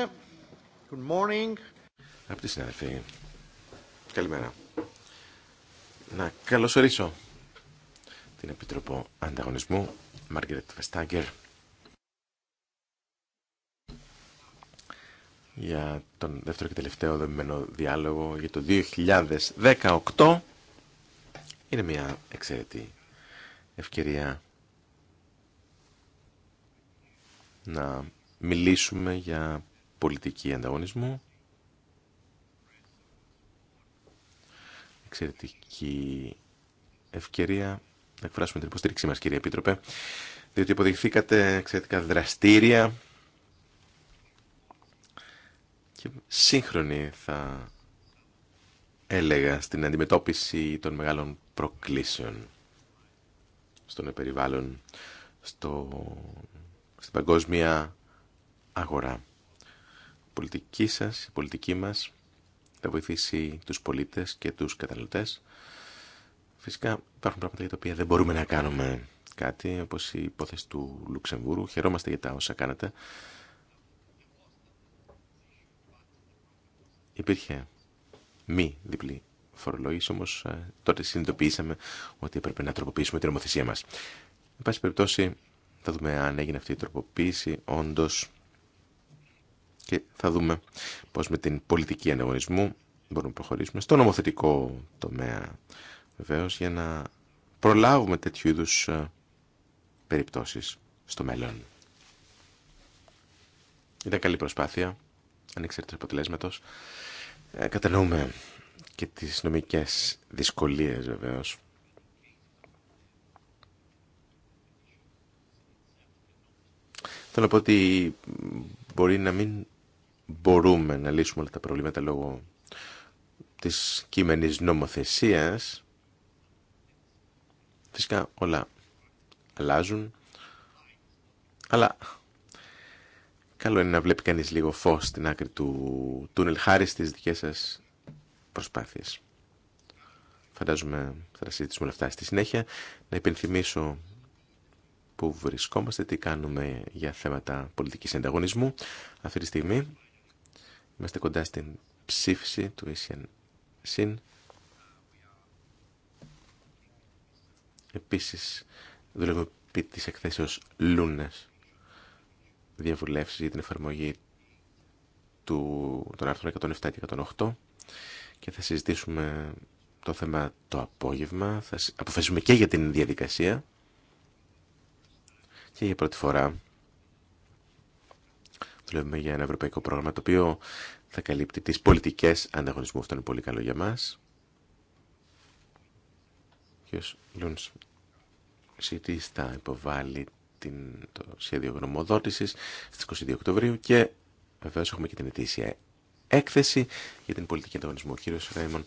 good
Αγαπητοί συνάδελφοι, καλημέρα. Να καλωσορίσω την Επιτροπό Ανταγωνισμού, Μάργκερετ Βεστάγκερ, για τον δεύτερο και τελευταίο δομημένο διάλογο για το 2018. Είναι μια εξαιρετή ευκαιρία να μιλήσουμε για πολιτική ανταγωνισμού, εξαιρετική ευκαιρία να εκφράσουμε την υποστήριξή μας, κύριε Επίτροπε, διότι αποδειχθήκατε εξαιρετικά δραστήρια και σύγχρονη θα έλεγα στην αντιμετώπιση των μεγάλων προκλήσεων στον περιβάλλον, στο, στην παγκόσμια αγορά. Η πολιτική σας, η πολιτική μας θα βοηθήσει τους πολίτες και τους καταναλωτές. Φυσικά υπάρχουν πράγματα για τα οποία δεν μπορούμε να κάνουμε κάτι, όπως η υπόθεση του Λουξεμβούρου. Χαιρόμαστε για τα όσα κάνατε. Υπήρχε μη διπλή φορολόγηση, όμως ε, τότε συνειδητοποιήσαμε ότι έπρεπε να τροποποιήσουμε την ομοθεσία μας. Εν πάση περιπτώσει, θα δούμε αν έγινε αυτή η τροποποίηση όντως και θα δούμε πώς με την πολιτική αναγωνισμού μπορούμε να προχωρήσουμε στο νομοθετικό τομέα βεβαίω για να προλάβουμε τέτοιου είδου ε, περιπτώσεις στο μέλλον. Ήταν καλή προσπάθεια, ανεξαρτήτως αποτελέσματο. Ε, κατανοούμε και τις νομικές δυσκολίες βεβαίως. Θέλω να πω ότι μπορεί να μην μπορούμε να λύσουμε όλα τα προβλήματα λόγω της κείμενης νομοθεσίας. Φυσικά όλα αλλάζουν, αλλά καλό είναι να βλέπει κανείς λίγο φως στην άκρη του τούνελ χάρη στις δικές σας προσπάθειες. Φαντάζομαι θα τα συζητήσουμε όλα αυτά στη συνέχεια. Να υπενθυμίσω που βρισκόμαστε, τι κάνουμε για θέματα πολιτικής ανταγωνισμού αυτή τη στιγμή. Είμαστε κοντά στην ψήφιση του Ίσιαν Συν. Επίσης, δουλεύουμε επί της εκθέσεως Λούνας. διαβουλεύσει για την εφαρμογή του, των άρθρων 107 και 108 και θα συζητήσουμε το θέμα το απόγευμα. Θα αποφασίσουμε και για την διαδικασία και για πρώτη φορά Δουλεύουμε για ένα ευρωπαϊκό πρόγραμμα το οποίο θα καλύπτει τις πολιτικές ανταγωνισμού. Αυτό είναι πολύ καλό για μας. Ο κ. Λούνς Σιτής θα υποβάλει την, το σχέδιο γνωμοδότησης στις 22 Οκτωβρίου και βεβαίως έχουμε και την ετήσια έκθεση για την πολιτική ανταγωνισμού. Ο κύριος Ρέιμον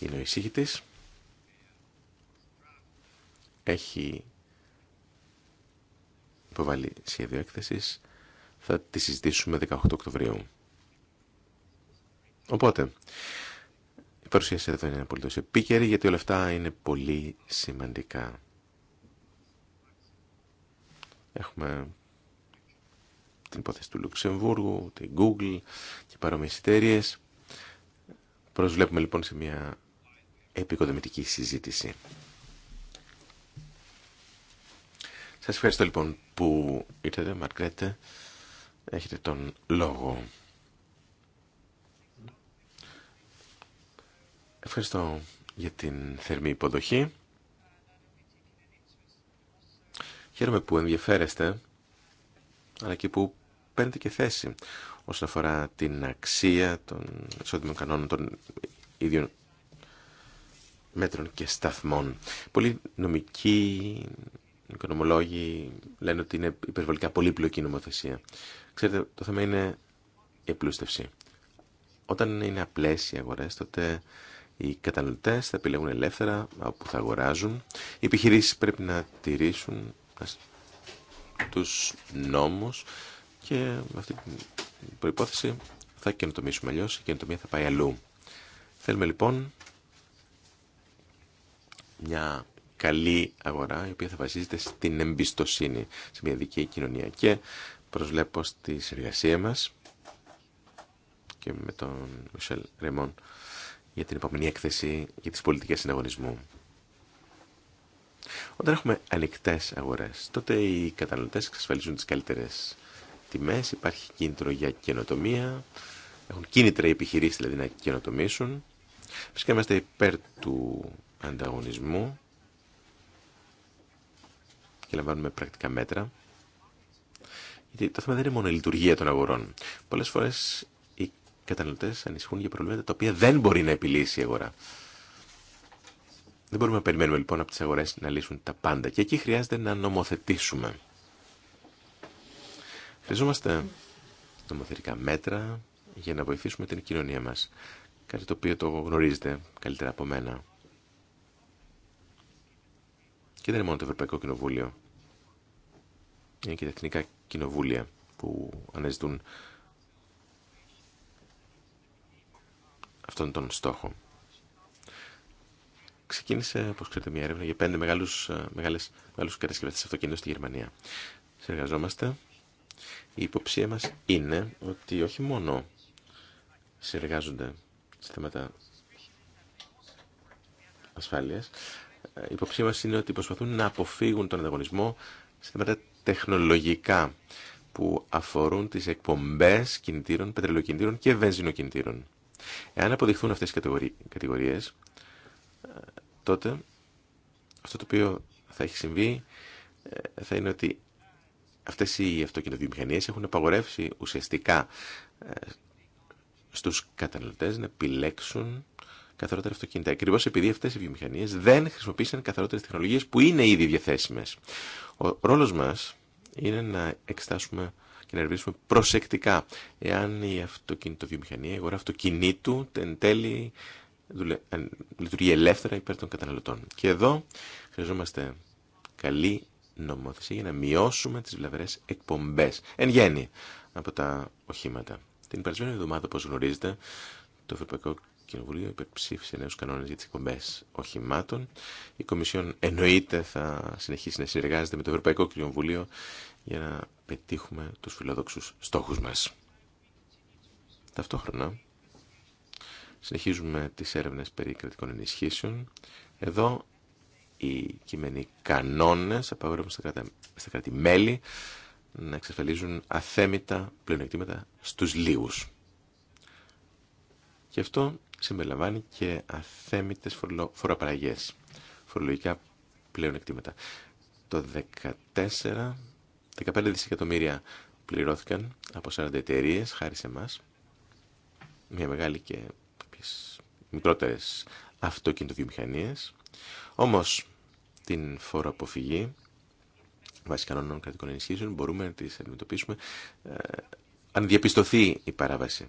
είναι ο εισήγητης. Έχει υποβάλει σχέδιο έκθεσης θα τη συζητήσουμε 18 Οκτωβρίου. Οπότε, η παρουσίαση εδώ είναι απολύτως επίκαιρη γιατί όλα αυτά είναι πολύ σημαντικά. Έχουμε την υπόθεση του Λουξεμβούργου, την Google και παρόμοιες εταιρείε. Προσβλέπουμε λοιπόν σε μια επικοδομητική συζήτηση. Σας ευχαριστώ λοιπόν που ήρθατε, Μαρκρέτε. Έχετε τον λόγο. Ευχαριστώ για την θερμή υποδοχή. Χαίρομαι που ενδιαφέρεστε, αλλά και που παίρνετε και θέση όσον αφορά την αξία των εισόδημων κανόνων των ίδιων μέτρων και σταθμών. Πολλοί νομικοί, οικονομολόγοι λένε ότι είναι υπερβολικά πολύπλοκη νομοθεσία. Ξέρετε, το θέμα είναι η απλούστευση. Όταν είναι απλές οι αγορές, τότε οι καταναλωτές θα επιλέγουν ελεύθερα όπου θα αγοράζουν. Οι επιχειρήσει πρέπει να τηρήσουν τους νόμους και με αυτή την προϋπόθεση θα καινοτομήσουμε αλλιώ η καινοτομία θα πάει αλλού. Θέλουμε λοιπόν μια καλή αγορά η οποία θα βασίζεται στην εμπιστοσύνη σε μια δική κοινωνία και Προσβλέπω στη συνεργασία μας και με τον Μισελ Ρεμόν για την επόμενη έκθεση για τις πολιτικές συναγωνισμού. Όταν έχουμε ανοιχτέ αγορές, τότε οι καταναλωτές εξασφαλίζουν τις καλύτερες τιμές, υπάρχει κίνητρο για καινοτομία, έχουν κίνητρα οι επιχειρήσεις δηλαδή να καινοτομήσουν. Φυσικά είμαστε υπέρ του ανταγωνισμού και λαμβάνουμε πρακτικά μέτρα. Γιατί το θέμα δεν είναι μόνο η λειτουργία των αγορών. Πολλέ φορέ οι καταναλωτέ ανησυχούν για προβλήματα τα οποία δεν μπορεί να επιλύσει η αγορά. Δεν μπορούμε να περιμένουμε λοιπόν από τι αγορέ να λύσουν τα πάντα. Και εκεί χρειάζεται να νομοθετήσουμε. Χρειαζόμαστε νομοθετικά μέτρα για να βοηθήσουμε την κοινωνία μα Κάτι το οποίο το γνωρίζετε καλύτερα από μένα. Και δεν είναι μόνο το Ευρωπαϊκό Κοινοβούλιο. Είναι και τα εθνικά κοινοβούλια που αναζητούν αυτόν τον στόχο. Ξεκίνησε, όπω ξέρετε, μια έρευνα για πέντε μεγάλους, ε, μεγάλες, μεγάλους κατασκευαστές αυτοκινήτων στη Γερμανία. Συνεργαζόμαστε. Η υποψία μας είναι ότι όχι μόνο συνεργάζονται σε θέματα ασφάλειας, ε, η υποψία μας είναι ότι προσπαθούν να αποφύγουν τον ανταγωνισμό σε θέματα τεχνολογικά που αφορούν τις εκπομπές κινητήρων, πετρελοκινητήρων και βενζινοκινητήρων. Εάν αποδειχθούν αυτές οι κατηγορίες, ε, τότε αυτό το οποίο θα έχει συμβεί ε, θα είναι ότι αυτές οι αυτοκινητοβιομηχανίες έχουν απαγορεύσει ουσιαστικά ε, στους καταναλωτές να επιλέξουν καθαρότερα αυτοκίνητα. Ακριβώ επειδή αυτέ οι βιομηχανίες δεν χρησιμοποίησαν καθαρότερες τεχνολογίες που είναι ήδη διαθέσιμε. Ο ρόλος μας είναι να εξετάσουμε και να ερευνήσουμε προσεκτικά εάν η αυτοκινητοβιομηχανία, η αγορά αυτοκινήτου, εν τέλει λειτουργεί ελεύθερα υπέρ των καταναλωτών. Και εδώ χρειαζόμαστε καλή νομοθεσία για να μειώσουμε τις βλαβερές εκπομπές, εν γέννη, από τα οχήματα. Την περασμένη εβδομάδα, όπως γνωρίζετε, το Ευρωπαϊκό Κοινοβουλίο υπερψήφισε νέου κανόνε για τι εκπομπέ οχημάτων. Η Κομισιόν εννοείται θα συνεχίσει να συνεργάζεται με το Ευρωπαϊκό Κοινοβουλίο για να πετύχουμε του φιλόδοξου στόχου μα. Ταυτόχρονα, συνεχίζουμε τι έρευνε περί κρατικών ενισχύσεων. Εδώ οι κείμενοι κανόνε απαγορεύουν στα κράτη-μέλη να εξασφαλίζουν αθέμητα πλεονεκτήματα στους λίγους. Και αυτό συμπεριλαμβάνει και αθέμητες φοροαπαραγές, φορολογικά πλέον εκτίματα. Το 14, 15 δισεκατομμύρια πληρώθηκαν από 40 εταιρείε χάρη σε εμάς. Μια μεγάλη και κάποιες μικρότερες αυτοκινητοβιομηχανίες. Όμως την φοροαποφυγή βάσει κανόνων κρατικών ενισχύσεων μπορούμε να τις αντιμετωπίσουμε ε, αν διαπιστωθεί η παράβαση.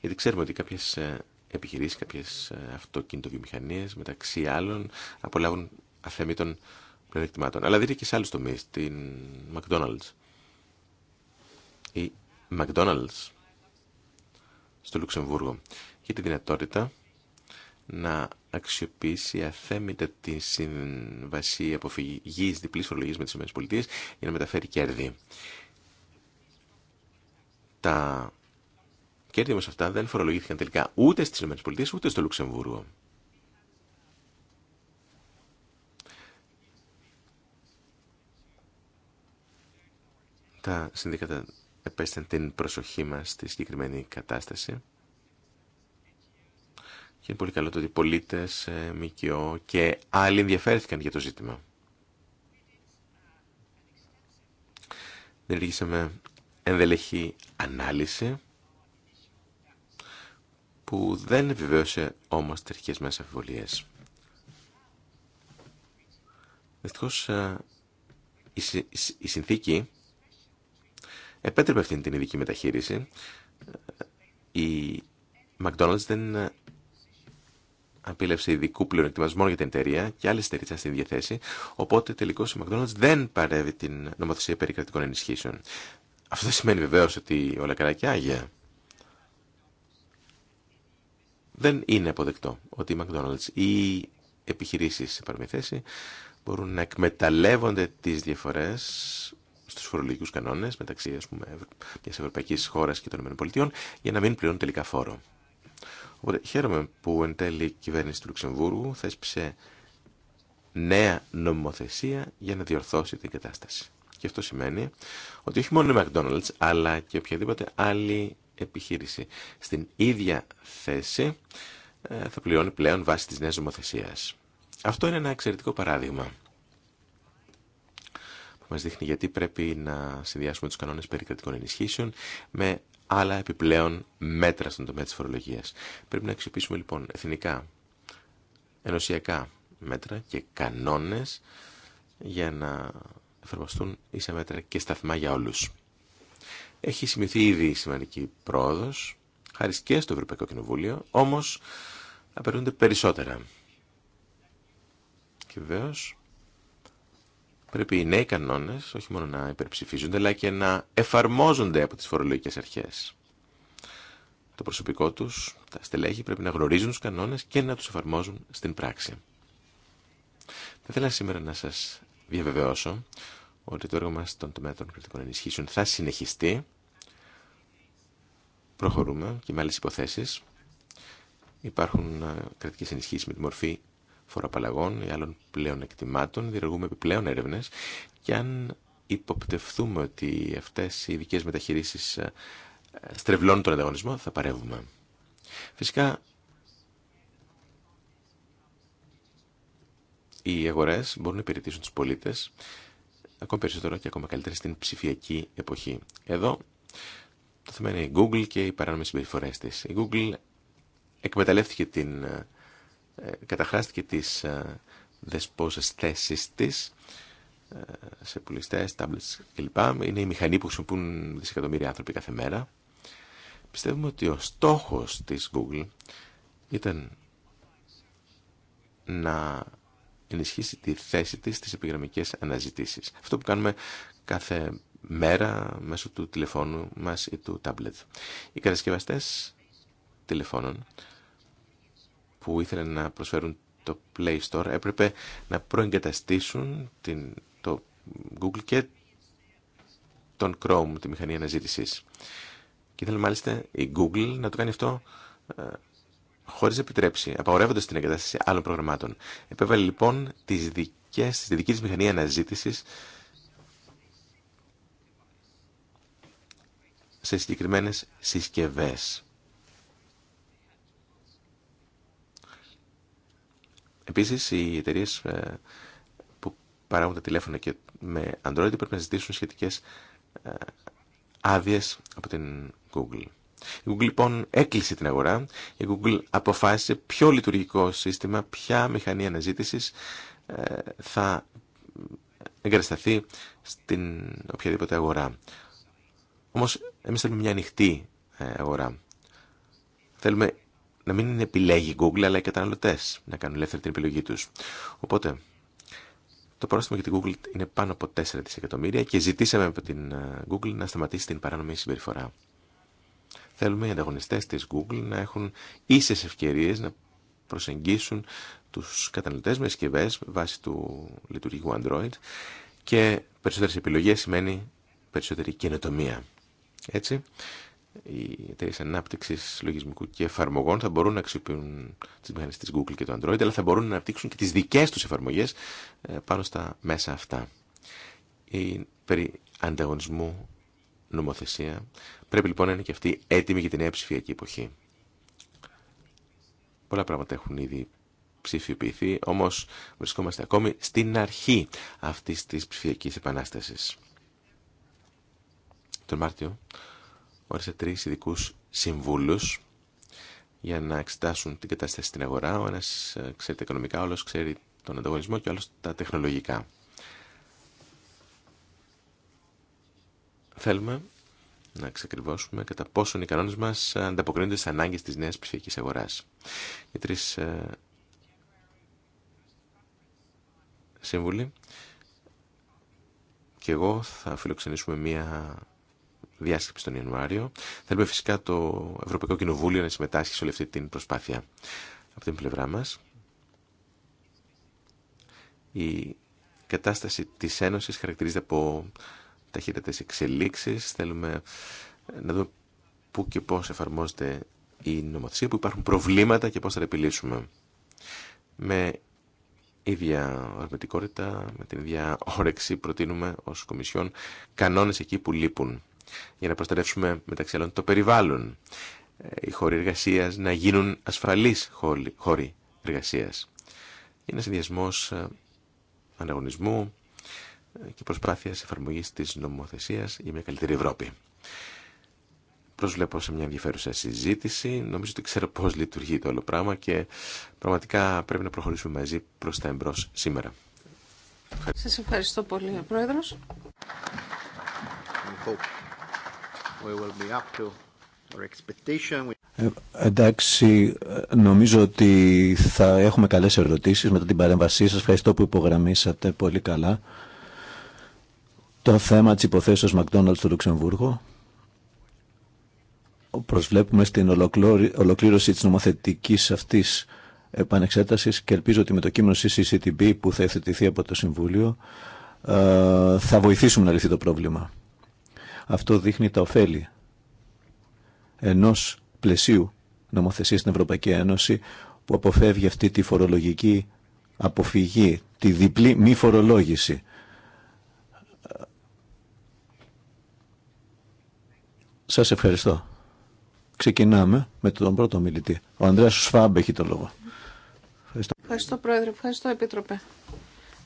Γιατί ξέρουμε ότι κάποιες ε, επιχειρήσει κάποιες ε, αυτοκινητοβιομηχανίες μεταξύ άλλων απολάβουν αθέμητων πλεονεκτημάτων. Αλλά δείτε και σε άλλους τομείς, την McDonald's. Η McDonald's στο Λουξεμβούργο έχει τη δυνατότητα να αξιοποιήσει αθέμητα τη συμβασή αποφυγής διπλής φορολογίας με τις ΗΠΑ για να μεταφέρει κέρδη. Τα κέρδη όμω αυτά δεν φορολογήθηκαν τελικά ούτε στις ΗΠΑ ούτε στο Λουξεμβούργο. Τα συνδικάτα επέστησαν την προσοχή μας στη συγκεκριμένη κατάσταση. Και είναι πολύ καλό το ότι πολίτες, ε, ΜΚΟ και άλλοι ενδιαφέρθηκαν για το ζήτημα. Δημιουργήσαμε ενδελεχή ανάλυση που δεν επιβεβαίωσε όμως τις μέσα μας Δυστυχώ, Δυστυχώς ε, η συνθήκη επέτρεπε αυτήν την ειδική μεταχείριση. Ε, η McDonald's δεν ε, απείλευσε ειδικού μόνο για την εταιρεία και άλλε εταιρείε στην ίδια θέση. Οπότε τελικώ η McDonald's δεν παρεύει την νομοθεσία περί κρατικών ενισχύσεων. Αυτό δεν σημαίνει βεβαίω ότι όλα καλά και άγια. Δεν είναι αποδεκτό ότι οι McDonald's ή οι επιχειρήσεις σε θέση μπορούν να εκμεταλλεύονται τις διαφορές στους φορολογικούς κανόνες μεταξύ ας πούμε, Χώρα ευρωπαϊκής χώρας και των ΗΠΑ για να μην πληρώνουν τελικά φόρο. Οπότε χαίρομαι που εν τέλει η κυβέρνηση του Λουξεμβούργου θέσπισε νέα νομοθεσία για να διορθώσει την κατάσταση. Και αυτό σημαίνει ότι όχι μόνο η McDonald's αλλά και οποιαδήποτε άλλη επιχείρηση στην ίδια θέση ε, θα πληρώνει πλέον βάσει της νέας νομοθεσία. Αυτό είναι ένα εξαιρετικό παράδειγμα που μας δείχνει γιατί πρέπει να συνδυάσουμε τους κανόνες περί κρατικών ενισχύσεων με άλλα επιπλέον μέτρα στον τομέα της φορολογίας. Πρέπει να αξιοποιήσουμε λοιπόν εθνικά, ενωσιακά μέτρα και κανόνες για να εφαρμοστούν ίσα μέτρα και σταθμά για όλους. Έχει σημειωθεί ήδη σημαντική πρόοδος, χάρη και στο Ευρωπαϊκό Κοινοβούλιο, όμως απαιτούνται περισσότερα. Και βεβαίω πρέπει οι νέοι κανόνες όχι μόνο να υπερψηφίζονται, αλλά και να εφαρμόζονται από τις φορολογικές αρχές. Το προσωπικό τους, τα στελέχη, πρέπει να γνωρίζουν τους κανόνες και να τους εφαρμόζουν στην πράξη. Θα ήθελα σήμερα να σας διαβεβαιώσω ότι το έργο μας στον τομέα των κρατικών ενισχύσεων θα συνεχιστεί. Προχωρούμε και με άλλε υποθέσεις. Υπάρχουν ε, κρατικέ ενισχύσεις με τη μορφή φοροαπαλλαγών ή άλλων πλέον εκτιμάτων. Διεργούμε επιπλέον έρευνες και αν υποπτευθούμε ότι αυτές οι ειδικέ μεταχειρήσει ε, στρεβλώνουν τον ανταγωνισμό, θα παρεύουμε. Φυσικά, οι αγορές μπορούν να υπηρετήσουν τους πολίτες ακόμα περισσότερο και ακόμα καλύτερα στην ψηφιακή εποχή. Εδώ το θέμα είναι η Google και οι παράνομε συμπεριφορέ τη. Η Google εκμεταλλεύτηκε την. Ε, καταχράστηκε τι ε, δεσπόσε θέσει τη ε, σε πουλιστέ, τάμπλετ κλπ. Είναι η μηχανή που χρησιμοποιούν δισεκατομμύρια άνθρωποι κάθε μέρα. Πιστεύουμε ότι ο στόχος τη Google ήταν να ενισχύσει τη θέση της στις επιγραμμικές αναζητήσεις. Αυτό που κάνουμε κάθε μέρα μέσω του τηλεφώνου μας ή του τάμπλετ. Οι κατασκευαστέ τηλεφώνων που ήθελαν να προσφέρουν το Play Store έπρεπε να προεγκαταστήσουν την, το Google και τον Chrome, τη μηχανή αναζήτησης. Και ήθελε μάλιστα η Google να το κάνει αυτό ε, χωρί επιτρέψει, απαγορεύοντα την εγκατάσταση άλλων προγραμμάτων. Επέβαλε λοιπόν τις δικές, δική τη μηχανή αναζήτηση σε συγκεκριμένε συσκευέ. Επίση, οι εταιρείε ε, που παράγουν τα τηλέφωνα και με Android πρέπει να ζητήσουν σχετικέ ε, άδειε από την Google. Η Google λοιπόν έκλεισε την αγορά. Η Google αποφάσισε ποιο λειτουργικό σύστημα, ποια μηχανή αναζήτησης ε, θα εγκατασταθεί στην οποιαδήποτε αγορά. Όμως εμείς θέλουμε μια ανοιχτή ε, αγορά. Θέλουμε να μην επιλέγει η Google αλλά οι καταναλωτέ να κάνουν ελεύθερη την επιλογή τους. Οπότε το πρόστιμο για την Google είναι πάνω από 4 δισεκατομμύρια και ζητήσαμε από την ε, Google να σταματήσει την παράνομη συμπεριφορά. Θέλουμε οι ανταγωνιστές της Google να έχουν ίσες ευκαιρίες να προσεγγίσουν τους καταναλωτές με συσκευέ βάσει του λειτουργικού Android και περισσότερες επιλογές σημαίνει περισσότερη καινοτομία. Έτσι, οι εταιρείε ανάπτυξη λογισμικού και εφαρμογών θα μπορούν να αξιοποιούν τι μηχανέ τη Google και του Android, αλλά θα μπορούν να αναπτύξουν και τι δικέ του εφαρμογέ ε, πάνω στα μέσα αυτά. Η περί ανταγωνισμού νομοθεσία. Πρέπει λοιπόν να είναι και αυτή έτοιμη για την νέα ψηφιακή εποχή. Πολλά πράγματα έχουν ήδη ψηφιοποιηθεί, όμως βρισκόμαστε ακόμη στην αρχή αυτής της ψηφιακής επανάστασης. Τον Μάρτιο όρισε τρεις ειδικού συμβούλους για να εξετάσουν την κατάσταση στην αγορά. Ο ένας ε, ξέρει τα οικονομικά, ο άλλος ξέρει τον ανταγωνισμό και ο τα τεχνολογικά. Θέλουμε να εξακριβώσουμε κατά πόσον οι κανόνες μας ανταποκρίνονται στι ανάγκε της νέας ψηφιακή αγορά. Οι τρεις ε, σύμβουλοι και εγώ θα φιλοξενήσουμε μία διάσκεψη τον Ιανουάριο. Θέλουμε φυσικά το Ευρωπαϊκό Κοινοβούλιο να συμμετάσχει σε όλη αυτή την προσπάθεια από την πλευρά μα, Η κατάσταση της Ένωσης χαρακτηρίζεται από ταχύτερες εξελίξει θέλουμε να δούμε πού και πώς εφαρμόζεται η νομοθεσία, που υπάρχουν προβλήματα και πώς θα τα επιλύσουμε. Με ίδια ορμητικότητα, με την ίδια όρεξη προτείνουμε ω Κομισιόν κανόνες εκεί που λείπουν για να προστατεύσουμε μεταξύ άλλων το περιβάλλον. Ε, οι χώροι εργασία να γίνουν ασφαλείς χώροι εργασία. Είναι συνδυασμό ε, ανταγωνισμού, και προσπάθεια εφαρμογή τη νομοθεσία για μια καλύτερη Ευρώπη. Προσβλέπω σε μια ενδιαφέρουσα συζήτηση. Νομίζω ότι ξέρω πώ λειτουργεί το όλο πράγμα και πραγματικά πρέπει να προχωρήσουμε μαζί προς τα εμπρό σήμερα.
Σας ευχαριστώ πολύ, Πρόεδρος.
Ε, εντάξει, νομίζω ότι θα έχουμε καλές ερωτήσεις μετά την παρέμβασή σας. Ευχαριστώ που υπογραμμίσατε πολύ καλά το θέμα της υποθέσεως Μακδόναλτ στο Λουξεμβούργο. Προσβλέπουμε στην ολοκλήρωση της νομοθετικής αυτής επανεξέτασης και ελπίζω ότι με το κείμενο CCTB που θα εθετηθεί από το Συμβούλιο ε, θα βοηθήσουμε να λυθεί το πρόβλημα. Αυτό δείχνει τα ωφέλη ενός πλαισίου νομοθεσίας στην Ευρωπαϊκή Ένωση που αποφεύγει αυτή τη φορολογική αποφυγή, τη διπλή μη φορολόγηση Σας ευχαριστώ. Ξεκινάμε με τον πρώτο μιλητή. Ο Ανδρέας Σφάμπ έχει το λόγο. Ευχαριστώ.
Ευχαριστώ Πρόεδρε, ευχαριστώ Επίτροπε.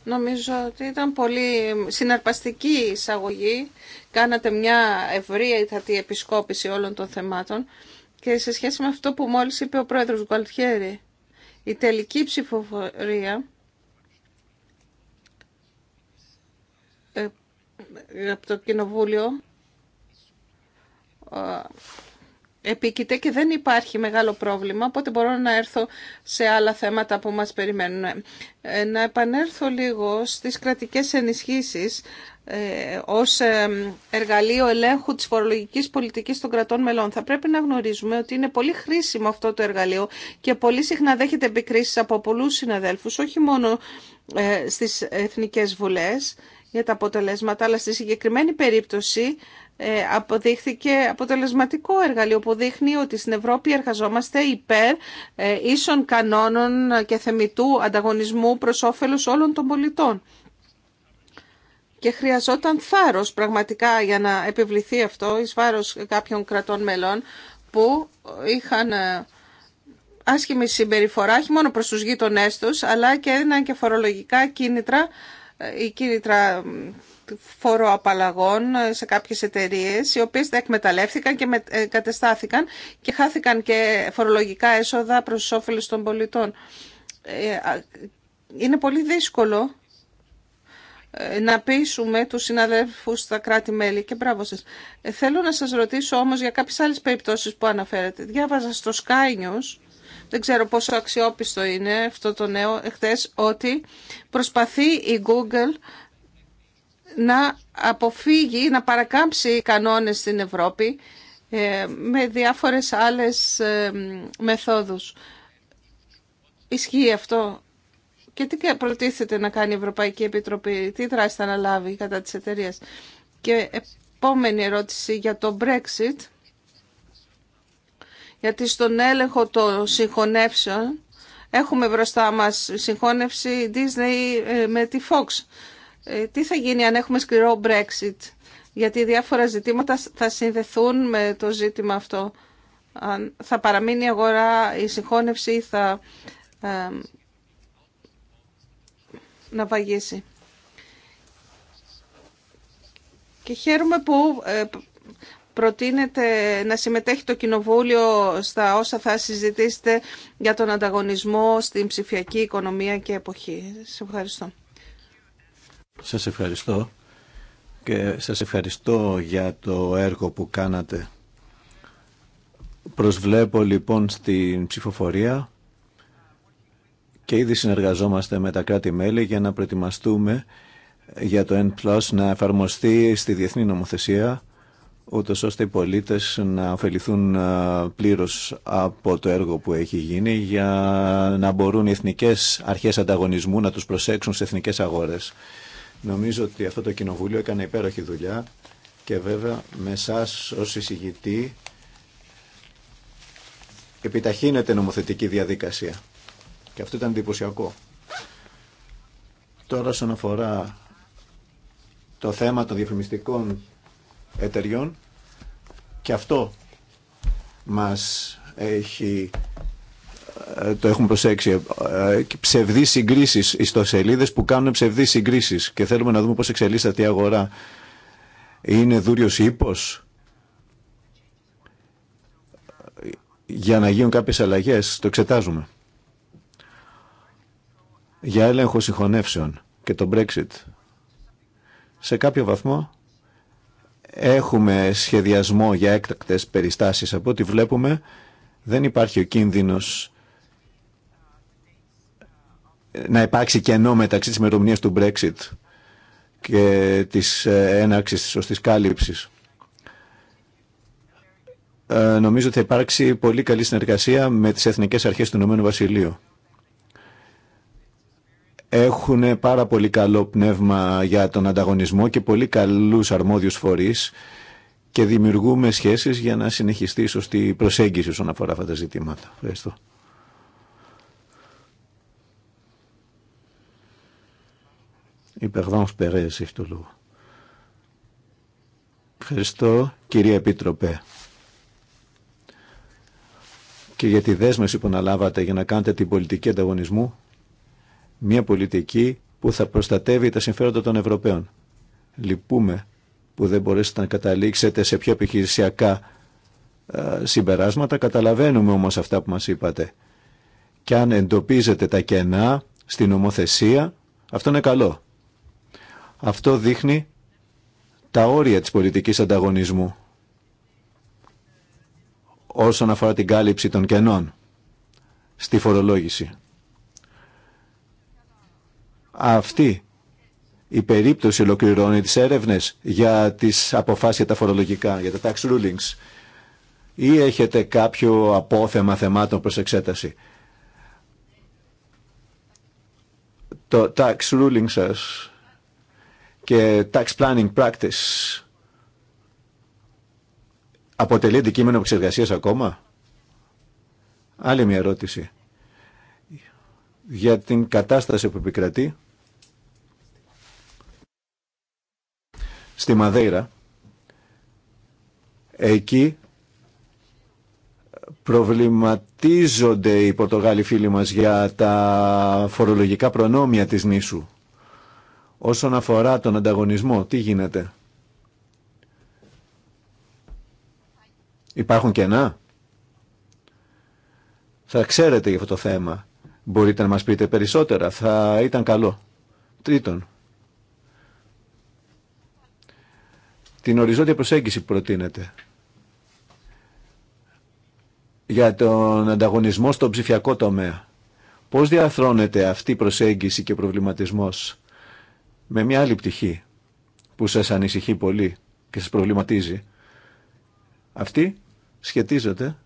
Νομίζω ότι ήταν πολύ συναρπαστική η εισαγωγή. Κάνατε μια ηθατή επισκόπηση όλων των θεμάτων και σε σχέση με αυτό που μόλις είπε ο πρόεδρος Γκουαλτιέρη, η τελική ψηφοφορία ε, από το Κοινοβούλιο ε, επίκειται και δεν υπάρχει μεγάλο πρόβλημα, οπότε μπορώ να έρθω σε άλλα θέματα που μας περιμένουν. Ε, να επανέλθω λίγο στις κρατικές ενισχύσεις ε, ως εργαλείο ελέγχου της φορολογικής πολιτικής των κρατών μελών. Θα πρέπει να γνωρίζουμε ότι είναι πολύ χρήσιμο αυτό το εργαλείο και πολύ συχνά δέχεται επικρίσεις από πολλούς συναδέλφους, όχι μόνο στις εθνικές βουλές, για τα αποτελέσματα, αλλά στη συγκεκριμένη περίπτωση ε, αποδείχθηκε αποτελεσματικό εργαλείο που δείχνει ότι στην Ευρώπη εργαζόμαστε υπέρ ε, ίσων κανόνων και θεμητού ανταγωνισμού προς όφελος όλων των πολιτών. Και χρειαζόταν θάρρος πραγματικά για να επιβληθεί αυτό εις βάρος κάποιων κρατών μελών που είχαν ε, άσχημη συμπεριφορά όχι μόνο προς τους γείτονές τους αλλά και έδιναν και φορολογικά κίνητρα ή ε, κίνητρα φοροαπαλλαγών ε, σε κάποιες εταιρείες οι οποίες τα εκμεταλλεύτηκαν και ε, κατεστάθηκαν και χάθηκαν και φορολογικά έσοδα προς όφελες των πολιτών. Είναι πολύ δύσκολο να πείσουμε τους συναδέλφους στα κράτη-μέλη και μπράβο σας. Θέλω να σας ρωτήσω όμως για κάποιες άλλες περιπτώσεις που αναφέρατε. Διάβαζα στο Sky News δεν ξέρω πόσο αξιόπιστο είναι αυτό το νέο εχθές, ότι προσπαθεί η Google να αποφύγει, να παρακάμψει οι κανόνες στην Ευρώπη ε, με διάφορες άλλες ε, μεθόδους. Ισχύει αυτό. Και τι προτίθεται να κάνει η Ευρωπαϊκή Επιτροπή, τι δράση θα αναλάβει κατά της εταιρείας. Και επόμενη ερώτηση για το Brexit γιατί στον έλεγχο των συγχωνεύσεων έχουμε μπροστά μας συγχώνευση Disney ε, με τη Fox. Ε, τι θα γίνει αν έχουμε σκληρό Brexit, γιατί διάφορα ζητήματα θα συνδεθούν με το ζήτημα αυτό. Αν θα παραμείνει η αγορά, η συγχώνευση θα ε, να βαγίσει. Και χαίρομαι που ε, Προτείνετε να συμμετέχει το Κοινοβούλιο στα όσα θα συζητήσετε για τον ανταγωνισμό στην ψηφιακή οικονομία και εποχή. Σας ευχαριστώ.
Σας ευχαριστώ και σας ευχαριστώ για το έργο που κάνατε. Προσβλέπω λοιπόν στην ψηφοφορία και ήδη συνεργαζόμαστε με τα κράτη-μέλη για να προετοιμαστούμε για το N+, να εφαρμοστεί στη διεθνή νομοθεσία ούτως ώστε οι πολίτες να ωφεληθούν ε, πλήρως από το έργο που έχει γίνει για να μπορούν οι εθνικές αρχές ανταγωνισμού να τους προσέξουν σε εθνικές αγορές. Νομίζω ότι αυτό το κοινοβούλιο έκανε υπέροχη δουλειά και βέβαια με εσά ως εισηγητή επιταχύνεται νομοθετική διαδικασία. Και αυτό ήταν εντυπωσιακό. Τώρα, όσον αφορά το θέμα των διαφημιστικών εταιριών και αυτό μας έχει ε, το έχουμε προσέξει ε, ε, ψευδείς συγκρίσεις ιστοσελίδες που κάνουν ψευδείς συγκρίσεις και θέλουμε να δούμε πώς εξελίσσεται η αγορά είναι δούριος ύπος για να γίνουν κάποιες αλλαγές το εξετάζουμε για έλεγχο συγχωνεύσεων και το Brexit σε κάποιο βαθμό Έχουμε σχεδιασμό για έκτακτες περιστάσεις. Από ό,τι βλέπουμε δεν υπάρχει ο κίνδυνος να υπάρξει κενό μεταξύ της ημερομηνία του Brexit και της ε, έναρξης της σωστής κάλυψης. Ε, νομίζω ότι θα υπάρξει πολύ καλή συνεργασία με τις Εθνικές Αρχές του Ηνωμένου Βασιλείου έχουν πάρα πολύ καλό πνεύμα για τον ανταγωνισμό και πολύ καλούς αρμόδιους φορείς και δημιουργούμε σχέσεις για να συνεχιστεί η σωστή προσέγγιση όσον αφορά αυτά τα ζητήματα. Ευχαριστώ. Ευχαριστώ κυρία Επίτροπε και για τη δέσμευση που αναλάβατε για να κάνετε την πολιτική ανταγωνισμού μια πολιτική που θα προστατεύει τα συμφέροντα των Ευρωπαίων. Λυπούμε που δεν μπορέσετε να καταλήξετε σε πιο επιχειρησιακά ε, συμπεράσματα. Καταλαβαίνουμε όμως αυτά που μας είπατε. Και αν εντοπίζετε τα κενά στην νομοθεσία, αυτό είναι καλό. Αυτό δείχνει τα όρια της πολιτικής ανταγωνισμού όσον αφορά την κάλυψη των κενών στη φορολόγηση. Αυτή η περίπτωση ολοκληρώνει τις έρευνες για τις αποφάσεις για τα φορολογικά, για τα tax rulings ή έχετε κάποιο απόθεμα θεμάτων προς εξέταση. Το tax ruling σας και tax planning practice αποτελεί αντικείμενο εξεργασίας ακόμα. Άλλη μια ερώτηση. Για την κατάσταση που επικρατεί στη Μαδέιρα. Εκεί προβληματίζονται οι Πορτογάλοι φίλοι μας για τα φορολογικά προνόμια της νήσου. Όσον αφορά τον ανταγωνισμό, τι γίνεται. Υπάρχουν κενά. Θα ξέρετε για αυτό το θέμα. Μπορείτε να μας πείτε περισσότερα. Θα ήταν καλό. Τρίτον, την οριζόντια προσέγγιση που προτείνεται για τον ανταγωνισμό στον ψηφιακό τομέα. Πώς διαθρώνεται αυτή η προσέγγιση και ο προβληματισμός με μια άλλη πτυχή που σας ανησυχεί πολύ και σας προβληματίζει. Αυτή σχετίζεται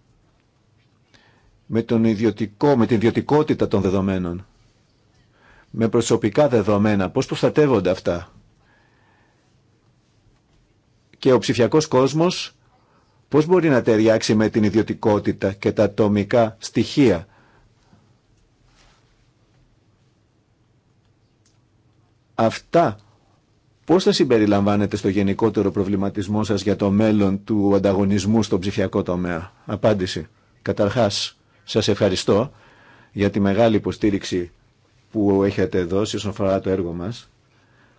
με, τον ιδιωτικό, με την ιδιωτικότητα των δεδομένων, με προσωπικά δεδομένα, πώς προστατεύονται αυτά και ο ψηφιακό κόσμος πώς μπορεί να ταιριάξει με την ιδιωτικότητα και τα ατομικά στοιχεία. Αυτά πώς θα συμπεριλαμβάνετε στο γενικότερο προβληματισμό σας για το μέλλον του ανταγωνισμού στον ψηφιακό τομέα. Απάντηση. Καταρχάς, σας ευχαριστώ για τη μεγάλη υποστήριξη που έχετε δώσει όσον αφορά το έργο μας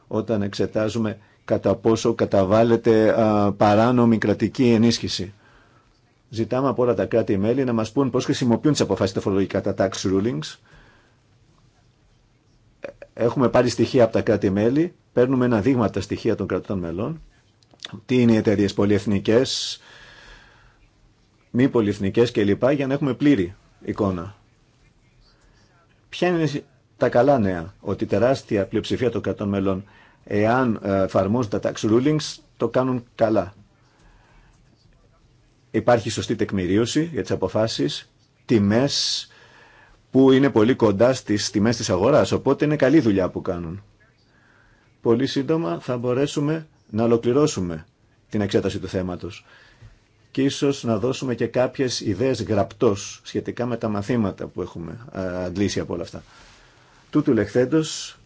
όταν εξετάζουμε κατά πόσο καταβάλλεται παράνομη κρατική ενίσχυση. Ζητάμε από όλα τα κράτη-μέλη να μας πούν πώς χρησιμοποιούν τις αποφάσεις τα τα tax rulings. Έχουμε πάρει στοιχεία από τα κράτη-μέλη, παίρνουμε ένα δείγμα από τα στοιχεία των κρατών μελών. Τι είναι οι εταιρείε πολυεθνικές, μη πολυεθνικές κλπ. για να έχουμε πλήρη εικόνα. Ποια είναι τα καλά νέα, ότι τεράστια πλειοψηφία των κρατών μελών Εάν ε, εφαρμόζουν τα tax rulings, το κάνουν καλά. Υπάρχει σωστή τεκμηρίωση για τις αποφάσεις, τιμές που είναι πολύ κοντά στις τιμές της αγοράς, οπότε είναι καλή δουλειά που κάνουν. Πολύ σύντομα θα μπορέσουμε να ολοκληρώσουμε την εξέταση του θέματος και ίσως να δώσουμε και κάποιες ιδέες γραπτός σχετικά με τα μαθήματα που έχουμε ε, αντλήσει από όλα αυτά. Τούτου λεχθέντος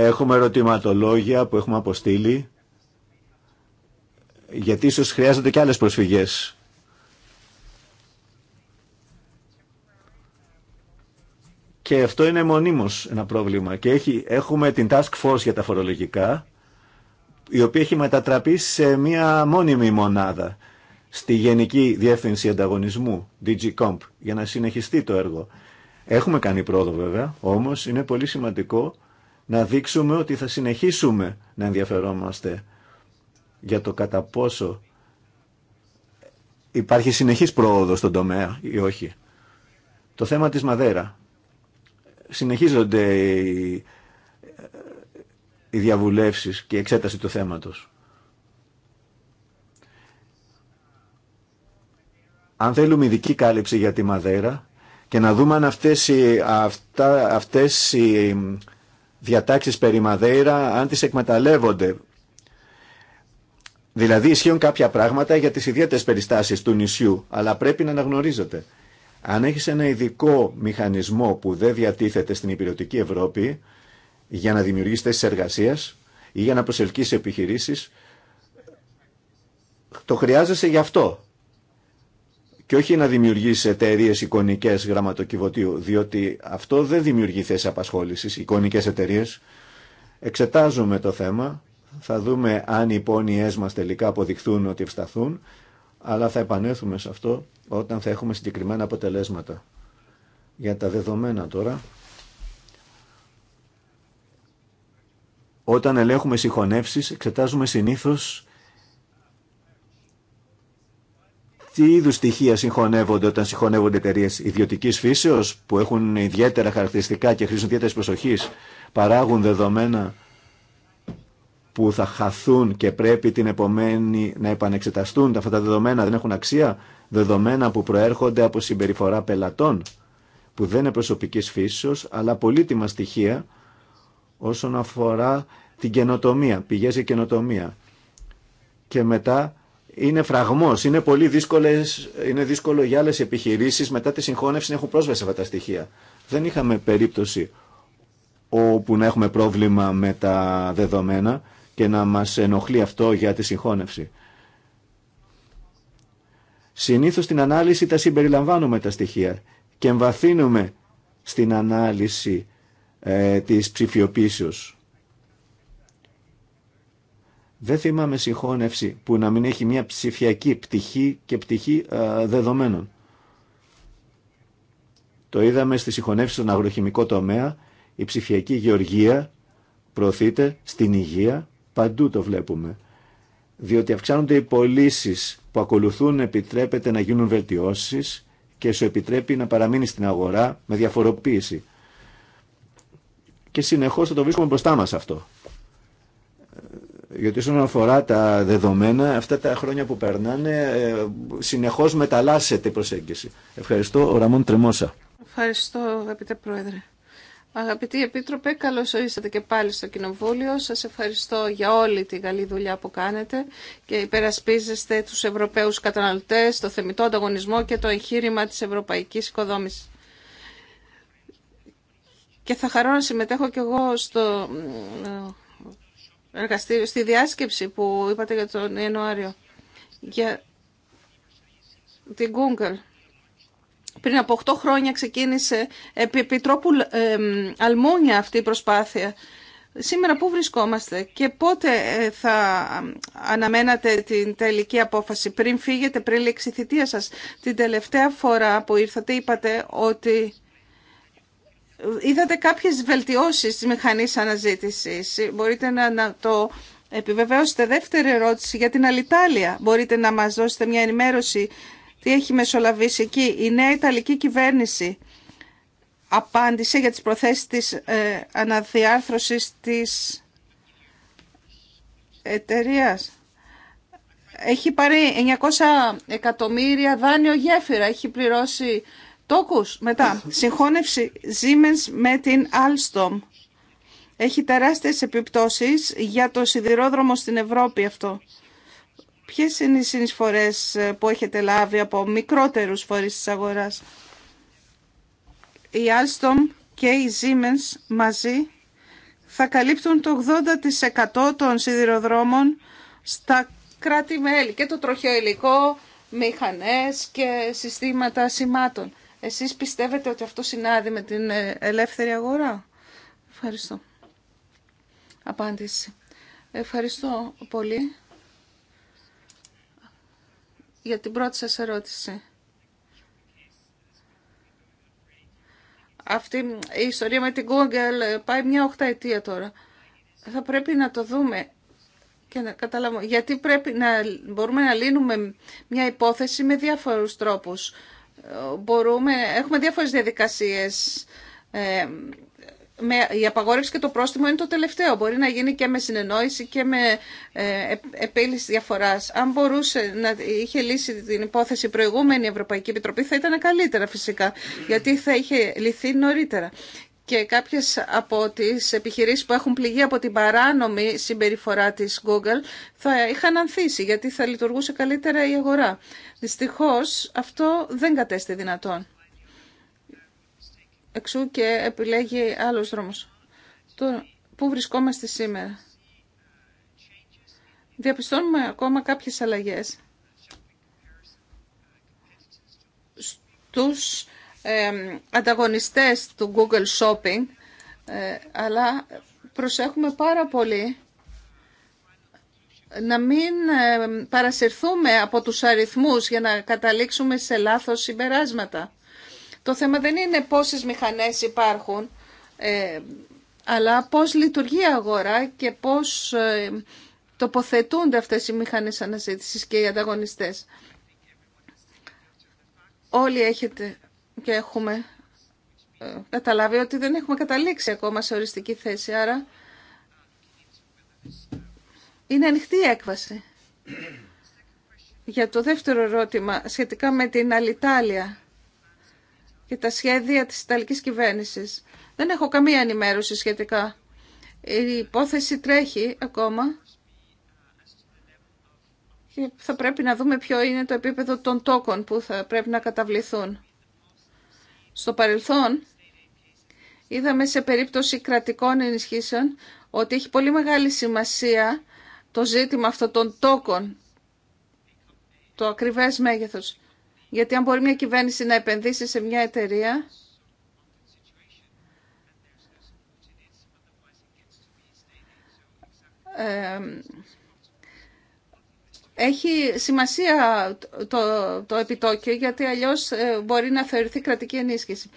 Έχουμε ερωτηματολόγια που έχουμε αποστείλει, γιατί ίσως χρειάζονται και άλλες προσφυγές. Και αυτό είναι μονίμως ένα πρόβλημα. Και έχει, έχουμε την Task Force για τα φορολογικά, η οποία έχει μετατραπεί σε μία μόνιμη μονάδα στη Γενική Διεύθυνση Ανταγωνισμού, Comp, για να συνεχιστεί το έργο. Έχουμε κάνει πρόοδο βέβαια, όμως είναι πολύ σημαντικό να δείξουμε ότι θα συνεχίσουμε να ενδιαφερόμαστε για το κατά πόσο υπάρχει συνεχής πρόοδο στον τομέα ή όχι. Το θέμα της Μαδέρα. Συνεχίζονται οι, ε, οι διαβουλεύσεις και η εξέταση του θέματος. Αν θέλουμε ειδική κάλυψη για τη Μαδέρα και να δούμε αν αυτές οι, αυτές οι διατάξεις περί Μαδέιρα αν τις εκμεταλλεύονται. Δηλαδή ισχύουν κάποια πράγματα για τις ιδιαίτερες περιστάσεις του νησιού, αλλά πρέπει να αναγνωρίζονται. Αν έχεις ένα ειδικό μηχανισμό που δεν διατίθεται στην υπηρετική Ευρώπη για να δημιουργήσει θέσει εργασία ή για να προσελκύσει επιχειρήσεις, το χρειάζεσαι γι' αυτό και όχι να δημιουργήσει εταιρείε εικονικέ γραμματοκιβωτίου, διότι αυτό δεν δημιουργεί θέσει απασχόλησης, εικονικές εταιρείε. Εξετάζουμε το θέμα, θα δούμε αν οι υπόνοιέ μα τελικά αποδειχθούν ότι ευσταθούν, αλλά θα επανέλθουμε σε αυτό όταν θα έχουμε συγκεκριμένα αποτελέσματα. Για τα δεδομένα τώρα. Όταν ελέγχουμε συγχωνεύσεις, εξετάζουμε συνήθως τι είδου στοιχεία συγχωνεύονται όταν συγχωνεύονται εταιρείε ιδιωτική φύσεω που έχουν ιδιαίτερα χαρακτηριστικά και χρήσουν ιδιαίτερη προσοχή, παράγουν δεδομένα που θα χαθούν και πρέπει την επομένη να επανεξεταστούν. Αυτά τα δεδομένα δεν έχουν αξία. Δεδομένα που προέρχονται από συμπεριφορά πελατών που δεν είναι προσωπική φύσεω αλλά πολύτιμα στοιχεία όσον αφορά την καινοτομία, πηγέ για καινοτομία. Και μετά είναι φραγμός. Είναι πολύ δύσκολες, είναι δύσκολο για άλλε επιχειρήσεις μετά τη συγχώνευση να έχουν πρόσβαση σε αυτά τα στοιχεία. Δεν είχαμε περίπτωση όπου να έχουμε πρόβλημα με τα δεδομένα και να μας ενοχλεί αυτό για τη συγχώνευση. Συνήθως στην ανάλυση τα συμπεριλαμβάνουμε τα στοιχεία και εμβαθύνουμε στην ανάλυση ε, της ψηφιοποίησης. Δεν θυμάμαι συγχώνευση που να μην έχει μια ψηφιακή πτυχή και πτυχή ε, δεδομένων. Το είδαμε στη συγχωνεύση στον αγροχημικό τομέα. Η ψηφιακή γεωργία προωθείται στην υγεία. Παντού το βλέπουμε. Διότι αυξάνονται οι πωλήσει που ακολουθούν επιτρέπεται να γίνουν βελτιώσεις και σου επιτρέπει να παραμείνει στην αγορά με διαφοροποίηση. Και συνεχώ θα το βρίσκουμε μπροστά μα αυτό. Γιατί όσον αφορά τα δεδομένα, αυτά τα χρόνια που περνάνε, ε, συνεχώς μεταλλάσσεται η προσέγγιση. Ευχαριστώ, ο Ραμόν Τρεμόσα.
Ευχαριστώ, αγαπητέ Πρόεδρε. Αγαπητοί Επίτροπε, καλώ ορίσατε και πάλι στο Κοινοβούλιο. Σα ευχαριστώ για όλη τη καλή δουλειά που κάνετε και υπερασπίζεστε του Ευρωπαίου καταναλωτέ, το θεμητό ανταγωνισμό και το εγχείρημα τη ευρωπαϊκή οικοδόμηση. Και θα χαρώ να συμμετέχω κι εγώ στο εργαστήριο, στη διάσκεψη που είπατε για τον Ιανουάριο, για την Google. Πριν από 8 χρόνια ξεκίνησε επί Επιτρόπου Αλμούνια αυτή η προσπάθεια. Σήμερα πού βρισκόμαστε και πότε ε, θα αναμένατε την τελική απόφαση πριν φύγετε, πριν λήξει η σας. Την τελευταία φορά που ήρθατε είπατε ότι είδατε κάποιες βελτιώσεις της μηχανής αναζήτησης. Μπορείτε να, το επιβεβαιώσετε. Δεύτερη ερώτηση για την Αλιτάλια. Μπορείτε να μας δώσετε μια ενημέρωση τι έχει μεσολαβήσει εκεί. Η νέα Ιταλική κυβέρνηση απάντησε για τις προθέσεις της ε, αναδιάρθρωσης της εταιρεία. Έχει πάρει 900 εκατομμύρια δάνειο γέφυρα. Έχει πληρώσει Τόκου. Μετά, συγχώνευση Siemens με την Alstom. Έχει τεράστιες επιπτώσεις για το σιδηρόδρομο στην Ευρώπη αυτό. Ποιες είναι οι συνεισφορές ε, που έχετε λάβει από μικρότερους φορείς της αγοράς. Η Alstom και η Siemens μαζί θα καλύπτουν το 80% των σιδηροδρόμων στα κράτη-μέλη και το τροχιοελικό μηχανές και συστήματα σημάτων. Εσείς πιστεύετε ότι αυτό συνάδει με την ε, ελεύθερη αγορά. Ευχαριστώ. Απάντηση. Ευχαριστώ πολύ για την πρώτη σας ερώτηση. Αυτή η ιστορία με την Google ε, πάει μια οχταετία τώρα. Θα πρέπει να το δούμε και να καταλάβουμε γιατί πρέπει να μπορούμε να λύνουμε μια υπόθεση με διάφορους τρόπους μπορούμε, έχουμε διάφορες διαδικασίες. Ε, με, η απαγόρευση και το πρόστιμο είναι το τελευταίο. Μπορεί να γίνει και με συνεννόηση και με ε, επίλυση διαφοράς. Αν μπορούσε να είχε λύσει την υπόθεση η προηγούμενη Ευρωπαϊκή Επιτροπή θα ήταν καλύτερα φυσικά, γιατί θα είχε λυθεί νωρίτερα και κάποιες από τις επιχειρήσεις που έχουν πληγεί από την παράνομη συμπεριφορά της Google θα είχαν ανθίσει γιατί θα λειτουργούσε καλύτερα η αγορά. Δυστυχώς αυτό δεν κατέστη δυνατόν. Εξού και επιλέγει άλλος δρόμος. πού βρισκόμαστε σήμερα. Διαπιστώνουμε ακόμα κάποιες αλλαγές στους ανταγωνιστές του Google Shopping, ε, αλλά προσέχουμε πάρα πολύ να μην παρασυρθούμε από τους αριθμούς για να καταλήξουμε σε λάθος συμπεράσματα. Το θέμα δεν είναι πόσες μηχανές υπάρχουν, ε, αλλά πώς λειτουργεί η αγορά και πώς ε, τοποθετούνται αυτές οι μηχανές αναζήτησης και οι ανταγωνιστές. Όλοι έχετε και έχουμε ε, καταλάβει ότι δεν έχουμε καταλήξει ακόμα σε οριστική θέση, άρα είναι ανοιχτή η έκβαση. Για το δεύτερο ερώτημα, σχετικά με την Αλιτάλια και τα σχέδια της Ιταλικής κυβέρνησης. Δεν έχω καμία ενημέρωση σχετικά. Η υπόθεση τρέχει ακόμα και θα πρέπει να δούμε ποιο είναι το επίπεδο των τόκων που θα πρέπει να καταβληθούν. Στο παρελθόν είδαμε σε περίπτωση κρατικών ενισχύσεων ότι έχει πολύ μεγάλη σημασία το ζήτημα αυτών των τόκων, το ακριβές μέγεθος. Γιατί αν μπορεί μια κυβέρνηση να επενδύσει σε μια εταιρεία, ε, έχει σημασία το, το επιτόκιο γιατί αλλιώς ε, μπορεί να θεωρηθεί κρατική ενίσχυση.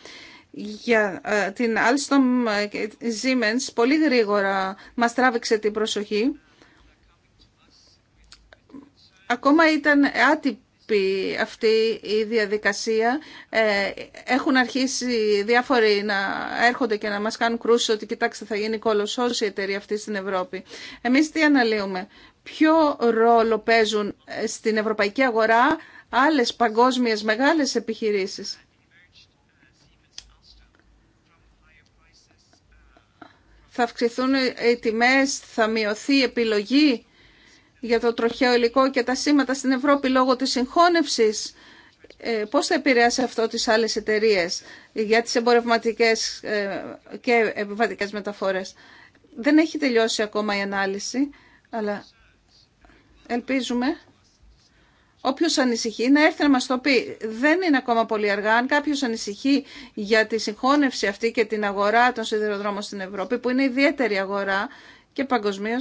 Για ε, την Alstom ε, Siemens πολύ γρήγορα μας τράβηξε την προσοχή. Ακόμα ήταν άτυπη αυτή η διαδικασία. Έχουν αρχίσει διάφοροι να έρχονται και να μας κάνουν κρούση ότι κοιτάξτε θα γίνει κολοσσός η εταιρεία αυτή στην Ευρώπη. Εμείς τι αναλύουμε ποιο ρόλο παίζουν στην ευρωπαϊκή αγορά άλλες παγκόσμιες μεγάλες επιχειρήσεις. Θα αυξηθούν οι τιμές, θα μειωθεί η επιλογή για το τροχαίο υλικό και τα σήματα στην Ευρώπη λόγω της συγχώνευσης. Ε, πώς θα επηρεάσει αυτό τις άλλες εταιρείες για τις εμπορευματικές ε, και επιβατικές μεταφορές. Δεν έχει τελειώσει ακόμα η ανάλυση, αλλά ελπίζουμε Όποιο ανησυχεί να έρθει να μα το πει. Δεν είναι ακόμα πολύ αργά. Αν κάποιο ανησυχεί για τη συγχώνευση αυτή και την αγορά των σιδηροδρόμων στην Ευρώπη, που είναι ιδιαίτερη αγορά και παγκοσμίω.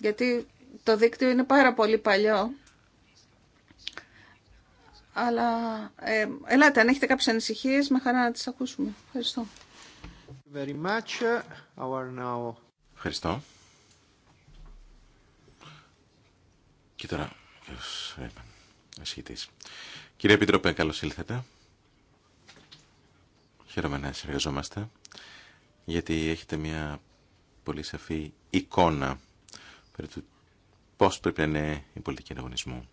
Γιατί το δίκτυο είναι πάρα πολύ παλιό. Αλλά ε, ελάτε, αν έχετε κάποιες ανησυχίες, με χαρά να τις ακούσουμε. Ευχαριστώ.
Ευχαριστώ. Και τώρα, ασχητής. Ε, Κύριε Επιτροπέ, καλώς ήλθατε. Χαίρομαι να συνεργαζόμαστε, γιατί έχετε μια πολύ σαφή εικόνα περί του πώς πρέπει να είναι η πολιτική ανταγωνισμού.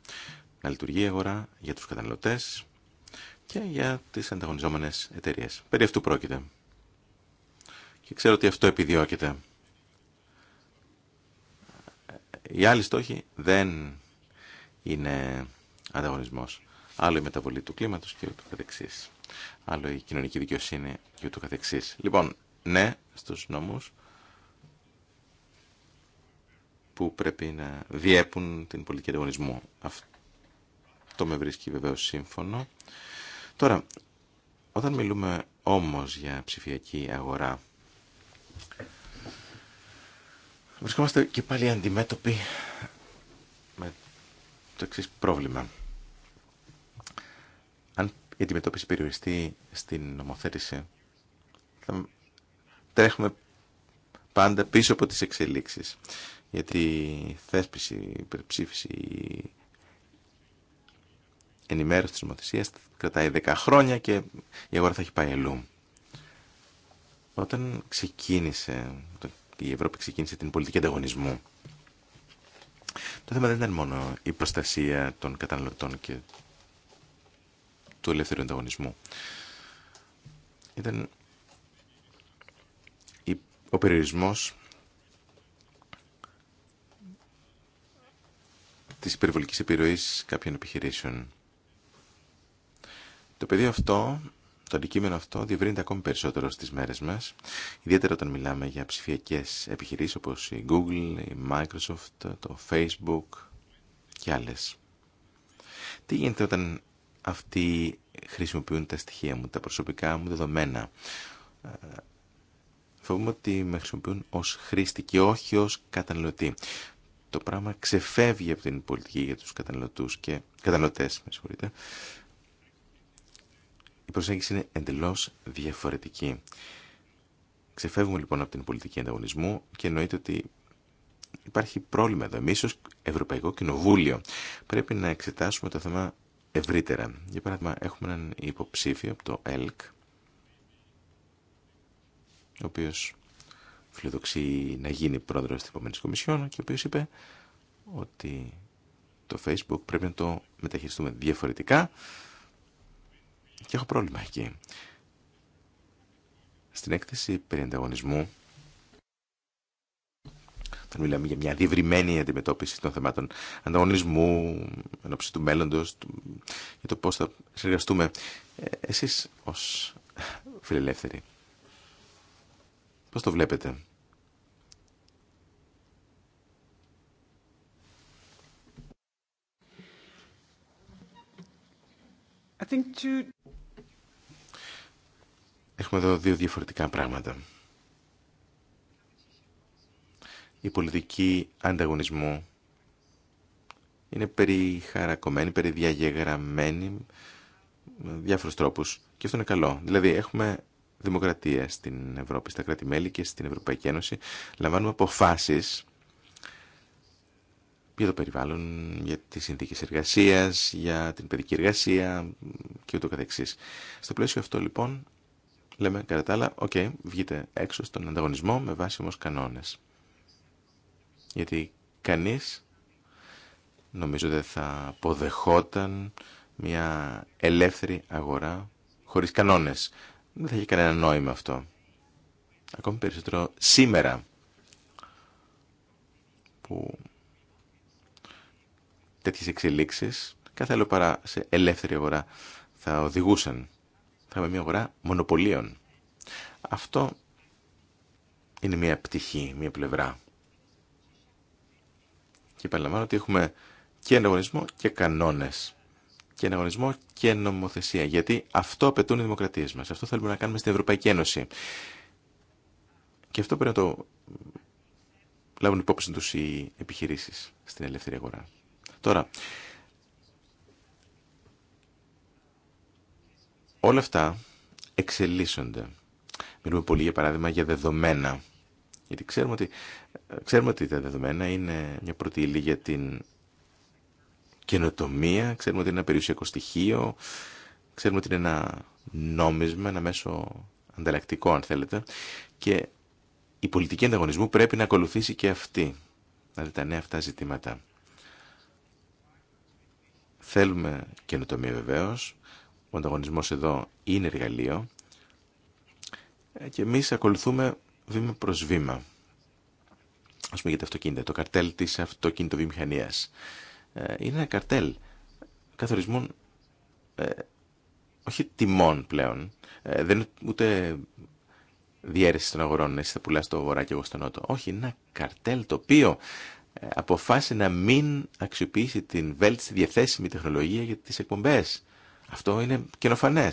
Να λειτουργεί η αγορά για τους καταναλωτές και για τις ανταγωνιζόμενες εταιρείες. Περί αυτού πρόκειται. Και ξέρω ότι αυτό επιδιώκεται. Οι άλλοι στόχοι δεν είναι ανταγωνισμό. Άλλο η μεταβολή του κλίματος και ούτω καθεξής. Άλλο η κοινωνική δικαιοσύνη και ούτω καθεξής. Λοιπόν, ναι στους νόμους που πρέπει να διέπουν την πολιτική ανταγωνισμού. Αυτό με βρίσκει βεβαίως σύμφωνο. Τώρα, όταν μιλούμε όμως για ψηφιακή αγορά, βρισκόμαστε και πάλι αντιμέτωποι το εξή πρόβλημα. Αν η αντιμετώπιση περιοριστεί στην νομοθέτηση, θα τρέχουμε πάντα πίσω από τις εξελίξεις. Γιατί η θέσπιση, η υπερψήφιση, η ενημέρωση της νομοθεσίας κρατάει 10 χρόνια και η αγορά θα έχει πάει αλλού. Όταν ξεκίνησε, η Ευρώπη ξεκίνησε την πολιτική ανταγωνισμού, το θέμα δεν ήταν μόνο η προστασία των καταναλωτών και του ελεύθερου ανταγωνισμού. Ήταν ο περιορισμός της υπερβολικής επιρροής κάποιων επιχειρήσεων. Το πεδίο αυτό το αντικείμενο αυτό διευρύνεται ακόμη περισσότερο στις μέρες μας, ιδιαίτερα όταν μιλάμε για ψηφιακές επιχειρήσεις όπως η Google, η Microsoft, το Facebook και άλλε. Τι γίνεται όταν αυτοί χρησιμοποιούν τα στοιχεία μου, τα προσωπικά μου δεδομένα. Ε, φοβούμαι ότι με χρησιμοποιούν ως χρήστη και όχι ως καταναλωτή. Το πράγμα ξεφεύγει από την πολιτική για τους καταναλωτούς και καταναλωτές, η προσέγγιση είναι εντελώς διαφορετική. Ξεφεύγουμε λοιπόν από την πολιτική ανταγωνισμού και εννοείται ότι υπάρχει πρόβλημα εδώ. Εμεί ως Ευρωπαϊκό Κοινοβούλιο πρέπει να εξετάσουμε το θέμα ευρύτερα. Για παράδειγμα, έχουμε έναν υποψήφιο από το ΕΛΚ, ο οποίος φιλοδοξεί να γίνει πρόεδρος της επόμενης Κομισιόν και ο οποίος είπε ότι το Facebook πρέπει να το μεταχειριστούμε διαφορετικά και έχω πρόβλημα εκεί. Στην έκθεση περί ανταγωνισμού, όταν μιλάμε για μια διευρυμένη αντιμετώπιση των θεμάτων ανταγωνισμού, ενόψη του μέλλοντος, για το πώ θα συνεργαστούμε, ε, εσείς ως φιλελεύθεροι, πώς το βλέπετε. I think to... Έχουμε εδώ δύο διαφορετικά πράγματα. Η πολιτική ανταγωνισμού είναι περιχαρακωμένη, περιδιαγεγραμμένη με διάφορους τρόπους. Και αυτό είναι καλό. Δηλαδή έχουμε δημοκρατία στην Ευρώπη, στα κράτη-μέλη και στην Ευρωπαϊκή Ένωση. Λαμβάνουμε αποφάσεις για το περιβάλλον, για τις συνθήκες εργασίας, για την παιδική εργασία και ούτω καθεξής. Στο πλαίσιο αυτό λοιπόν λέμε κατά τα άλλα, οκ, βγείτε έξω στον ανταγωνισμό με βάση όμως κανόνες. Γιατί κανείς νομίζω δεν θα αποδεχόταν μια ελεύθερη αγορά χωρίς κανόνες. Δεν θα έχει κανένα νόημα αυτό. Ακόμη περισσότερο σήμερα που τέτοιες εξελίξεις, κάθε άλλο παρά σε ελεύθερη αγορά, θα οδηγούσαν θα είμαι μια αγορά μονοπωλίων. Αυτό είναι μια πτυχή, μια πλευρά. Και επαναλαμβάνω ότι έχουμε και ανταγωνισμό και κανόνες. Και ανταγωνισμό και νομοθεσία. Γιατί αυτό απαιτούν οι δημοκρατίες μας. Αυτό θέλουμε να κάνουμε στην Ευρωπαϊκή Ένωση. Και αυτό πρέπει να το λάβουν υπόψη τους οι επιχειρήσεις στην ελεύθερη αγορά. Τώρα, Όλα αυτά εξελίσσονται. Μιλούμε πολύ για παράδειγμα για δεδομένα. Γιατί ξέρουμε ότι, ε, ξέρουμε ότι τα δεδομένα είναι μια πρώτη για την καινοτομία, ξέρουμε ότι είναι ένα περιουσιακό στοιχείο, ξέρουμε ότι είναι ένα νόμισμα, ένα μέσο ανταλλακτικό αν θέλετε και η πολιτική ανταγωνισμού πρέπει να ακολουθήσει και αυτή, δηλαδή τα νέα αυτά ζητήματα. Θέλουμε καινοτομία βεβαίως, ο ανταγωνισμός εδώ είναι εργαλείο ε, και εμείς ακολουθούμε βήμα προς βήμα. Ας πούμε για τα αυτοκίνητα. Το καρτέλ της αυτοκινητοβιομηχανίας ε, είναι ένα καρτέλ καθορισμών ε, όχι τιμών πλέον. δεν είναι ούτε διαίρεση των αγορών. Εσύ θα πουλάς το βορρά και εγώ στο νότο. Όχι, είναι ένα καρτέλ το οποίο αποφάσισε να μην αξιοποιήσει την βέλτιστη διαθέσιμη τεχνολογία για τις εκπομπές. Αυτό είναι καινοφανέ.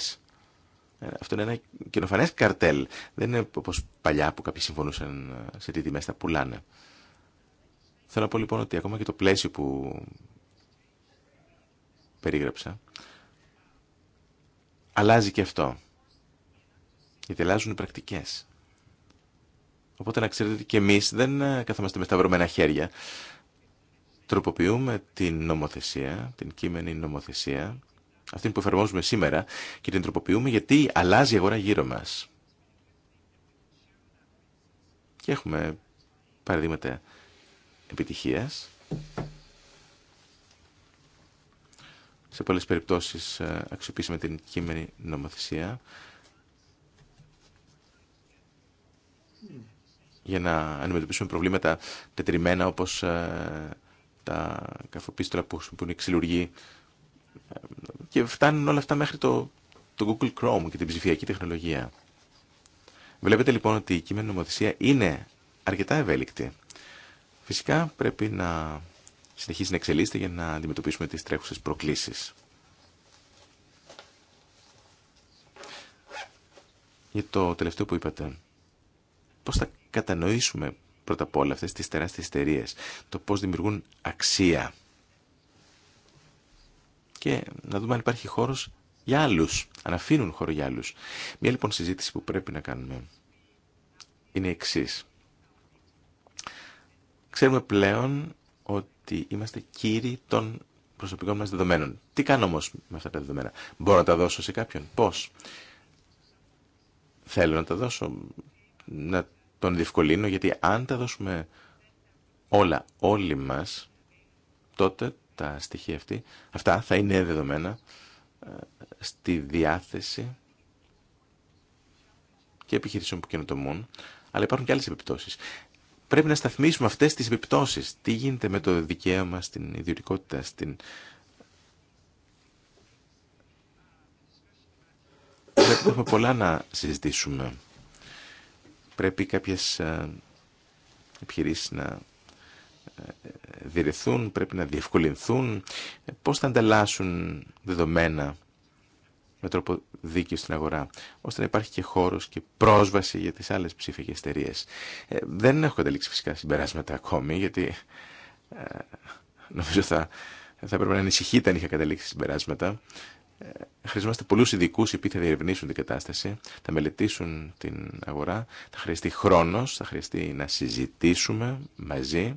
Ε, αυτό είναι ένα καινοφανέ καρτέλ. Δεν είναι όπω παλιά που κάποιοι συμφωνούσαν ε, σε τι τιμέ τα πουλάνε. Θέλω να πω λοιπόν ότι ακόμα και το πλαίσιο που περίγραψα αλλάζει και αυτό. Γιατί αλλάζουν οι πρακτικέ. Οπότε να ξέρετε ότι και εμεί δεν ε, καθόμαστε με σταυρωμένα χέρια. Τροποποιούμε την νομοθεσία, την κείμενη νομοθεσία αυτήν που εφαρμόζουμε σήμερα και την τροποποιούμε γιατί αλλάζει η αγορά γύρω μας. Και έχουμε παραδείγματα επιτυχίας. Σε πολλές περιπτώσεις ε, αξιοποιήσαμε την κείμενη νομοθεσία για να αντιμετωπίσουμε προβλήματα τετριμένα όπως ε, τα καφοπίστρα που είναι ξυλουργοί ε, και φτάνουν όλα αυτά μέχρι το, το Google Chrome και την ψηφιακή τεχνολογία. Βλέπετε λοιπόν ότι η κείμενη νομοθεσία είναι αρκετά ευέλικτη. Φυσικά πρέπει να συνεχίσει να εξελίσσεται για να αντιμετωπίσουμε τις τρέχουσες προκλήσεις. Για το τελευταίο που είπατε, πώς θα κατανοήσουμε πρώτα απ' όλα αυτές τις τεράστιες εταιρείε, το πώς δημιουργούν αξία και να δούμε αν υπάρχει χώρος για άλλους, αν αφήνουν χώρο για άλλου. Μια λοιπόν συζήτηση που πρέπει να κάνουμε είναι εξή. Ξέρουμε πλέον ότι είμαστε κύριοι των προσωπικών μας δεδομένων. Τι κάνω όμω με αυτά τα δεδομένα. Μπορώ να τα δώσω σε κάποιον. Πώς. Θέλω να τα δώσω. Να τον διευκολύνω γιατί αν τα δώσουμε όλα όλοι μας τότε τα στοιχεία αυτή, αυτά θα είναι δεδομένα ε, στη διάθεση και επιχειρήσεων που καινοτομούν, αλλά υπάρχουν και άλλες επιπτώσεις. Πρέπει να σταθμίσουμε αυτές τις επιπτώσεις. Τι γίνεται με το δικαίωμα στην ιδιωτικότητα, στην... Πρέπει να έχουμε πολλά να συζητήσουμε. Πρέπει κάποιες ε, επιχειρήσεις να διαιρεθούν, πρέπει να διευκολυνθούν, πώς θα ανταλλάσσουν δεδομένα με τρόπο δίκαιο στην αγορά, ώστε να υπάρχει και χώρος και πρόσβαση για τις άλλες ψήφικες εταιρείε. Ε, δεν έχω καταλήξει φυσικά συμπεράσματα ακόμη, γιατί ε, νομίζω θα, θα έπρεπε να ανησυχείτε αν είχα καταλήξει συμπεράσματα. Ε, χρειαζόμαστε πολλούς ειδικού οι οποίοι θα διερευνήσουν την κατάσταση, θα μελετήσουν την αγορά, θα χρειαστεί χρόνος, θα χρειαστεί να συζητήσουμε μαζί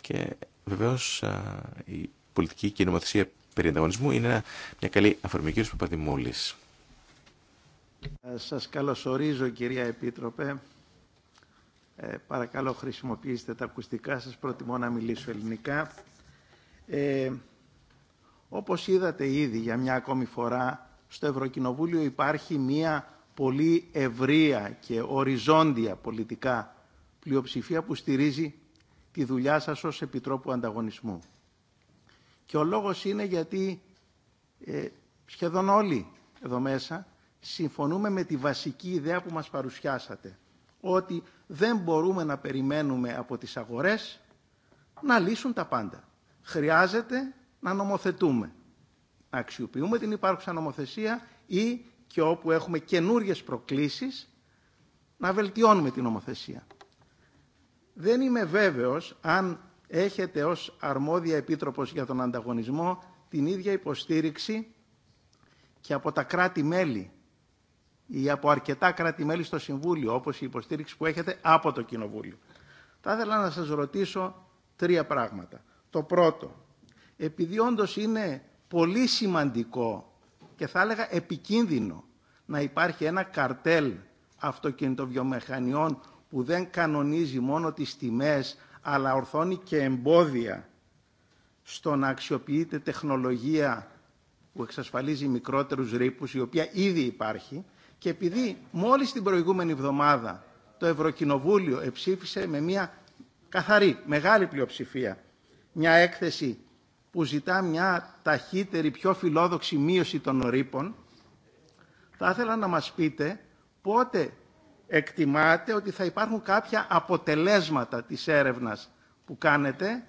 και βεβαίω η πολιτική και η νομοθεσία περί ανταγωνισμού είναι μια καλή αφορμή. Κύριος Παπαδημούλη.
Ε, σας καλωσορίζω κυρία Επίτροπε. Ε, παρακαλώ χρησιμοποιήστε τα ακουστικά σας. Προτιμώ να μιλήσω ελληνικά. Ε, όπως είδατε ήδη για μια ακόμη φορά, στο Ευρωκοινοβούλιο υπάρχει μια πολύ ευρεία και οριζόντια πολιτικά πλειοψηφία που στηρίζει τη δουλειά σας ως Επιτρόπου Ανταγωνισμού. Και ο λόγος είναι γιατί ε, σχεδόν όλοι εδώ μέσα συμφωνούμε με τη βασική ιδέα που μας παρουσιάσατε. Ότι δεν μπορούμε να περιμένουμε από τις αγορές να λύσουν τα πάντα. Χρειάζεται να νομοθετούμε. Να αξιοποιούμε την υπάρχουσα νομοθεσία ή και όπου έχουμε καινούριε προκλήσεις να βελτιώνουμε την νομοθεσία δεν είμαι βέβαιος αν έχετε ως αρμόδια επίτροπος για τον ανταγωνισμό την ίδια υποστήριξη και από τα κράτη-μέλη ή από αρκετά κράτη-μέλη στο Συμβούλιο, όπως η υποστήριξη που έχετε από το Κοινοβούλιο. Θα ήθελα να σας ρωτήσω τρία πράγματα. Το πρώτο, επειδή όντω είναι πολύ σημαντικό και θα έλεγα επικίνδυνο να υπάρχει ένα καρτέλ αυτοκινητοβιομηχανιών που δεν κανονίζει μόνο τις τιμές αλλά ορθώνει και εμπόδια στο να αξιοποιείται τεχνολογία που εξασφαλίζει μικρότερους ρήπους, η οποία ήδη υπάρχει και επειδή μόλις την προηγούμενη εβδομάδα το Ευρωκοινοβούλιο εψήφισε με μια καθαρή, μεγάλη πλειοψηφία μια έκθεση που ζητά μια ταχύτερη, πιο φιλόδοξη μείωση των ρήπων, θα ήθελα να μας πείτε πότε εκτιμάτε ότι θα υπάρχουν κάποια αποτελέσματα της έρευνας που κάνετε,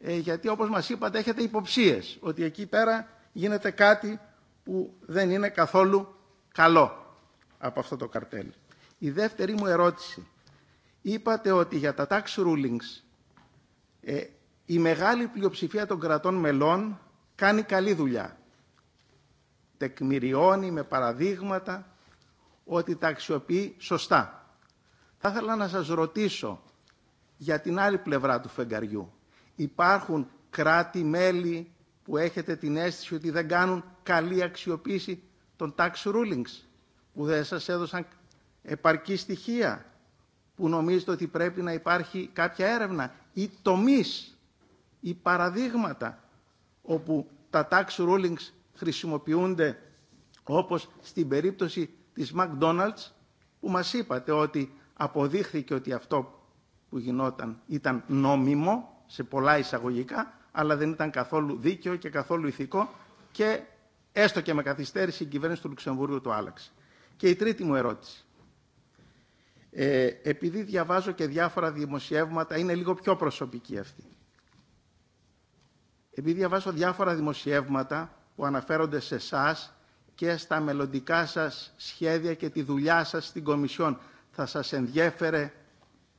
ε, γιατί όπως μας είπατε έχετε υποψίες ότι εκεί πέρα γίνεται κάτι που δεν είναι καθόλου καλό από αυτό το καρτέλ. Η δεύτερη μου ερώτηση. Είπατε ότι για τα tax rulings ε, η μεγάλη πλειοψηφία των κρατών μελών κάνει καλή δουλειά. Τεκμηριώνει με παραδείγματα ότι τα αξιοποιεί σωστά. Θα ήθελα να σας ρωτήσω για την άλλη πλευρά του φεγγαριού. Υπάρχουν κράτη-μέλη που έχετε την αίσθηση ότι δεν κάνουν καλή αξιοποίηση των tax rulings, που δεν σας έδωσαν επαρκή στοιχεία, που νομίζετε ότι πρέπει να υπάρχει κάποια έρευνα ή τομείς ή παραδείγματα όπου τα tax rulings χρησιμοποιούνται όπως στην περίπτωση της McDonald's που μας είπατε ότι αποδείχθηκε ότι αυτό που γινόταν ήταν νόμιμο σε πολλά εισαγωγικά αλλά δεν ήταν καθόλου δίκαιο και καθόλου ηθικό και έστω και με καθυστέρηση η κυβέρνηση του Λουξεμβούργου το άλλαξε. Και η τρίτη μου ερώτηση. Ε, επειδή διαβάζω και διάφορα δημοσιεύματα, είναι λίγο πιο προσωπική αυτή. Επειδή διαβάζω διάφορα δημοσιεύματα που αναφέρονται σε εσά και στα μελλοντικά σας σχέδια και τη δουλειά σας στην Κομισιόν. Θα σας ενδιέφερε,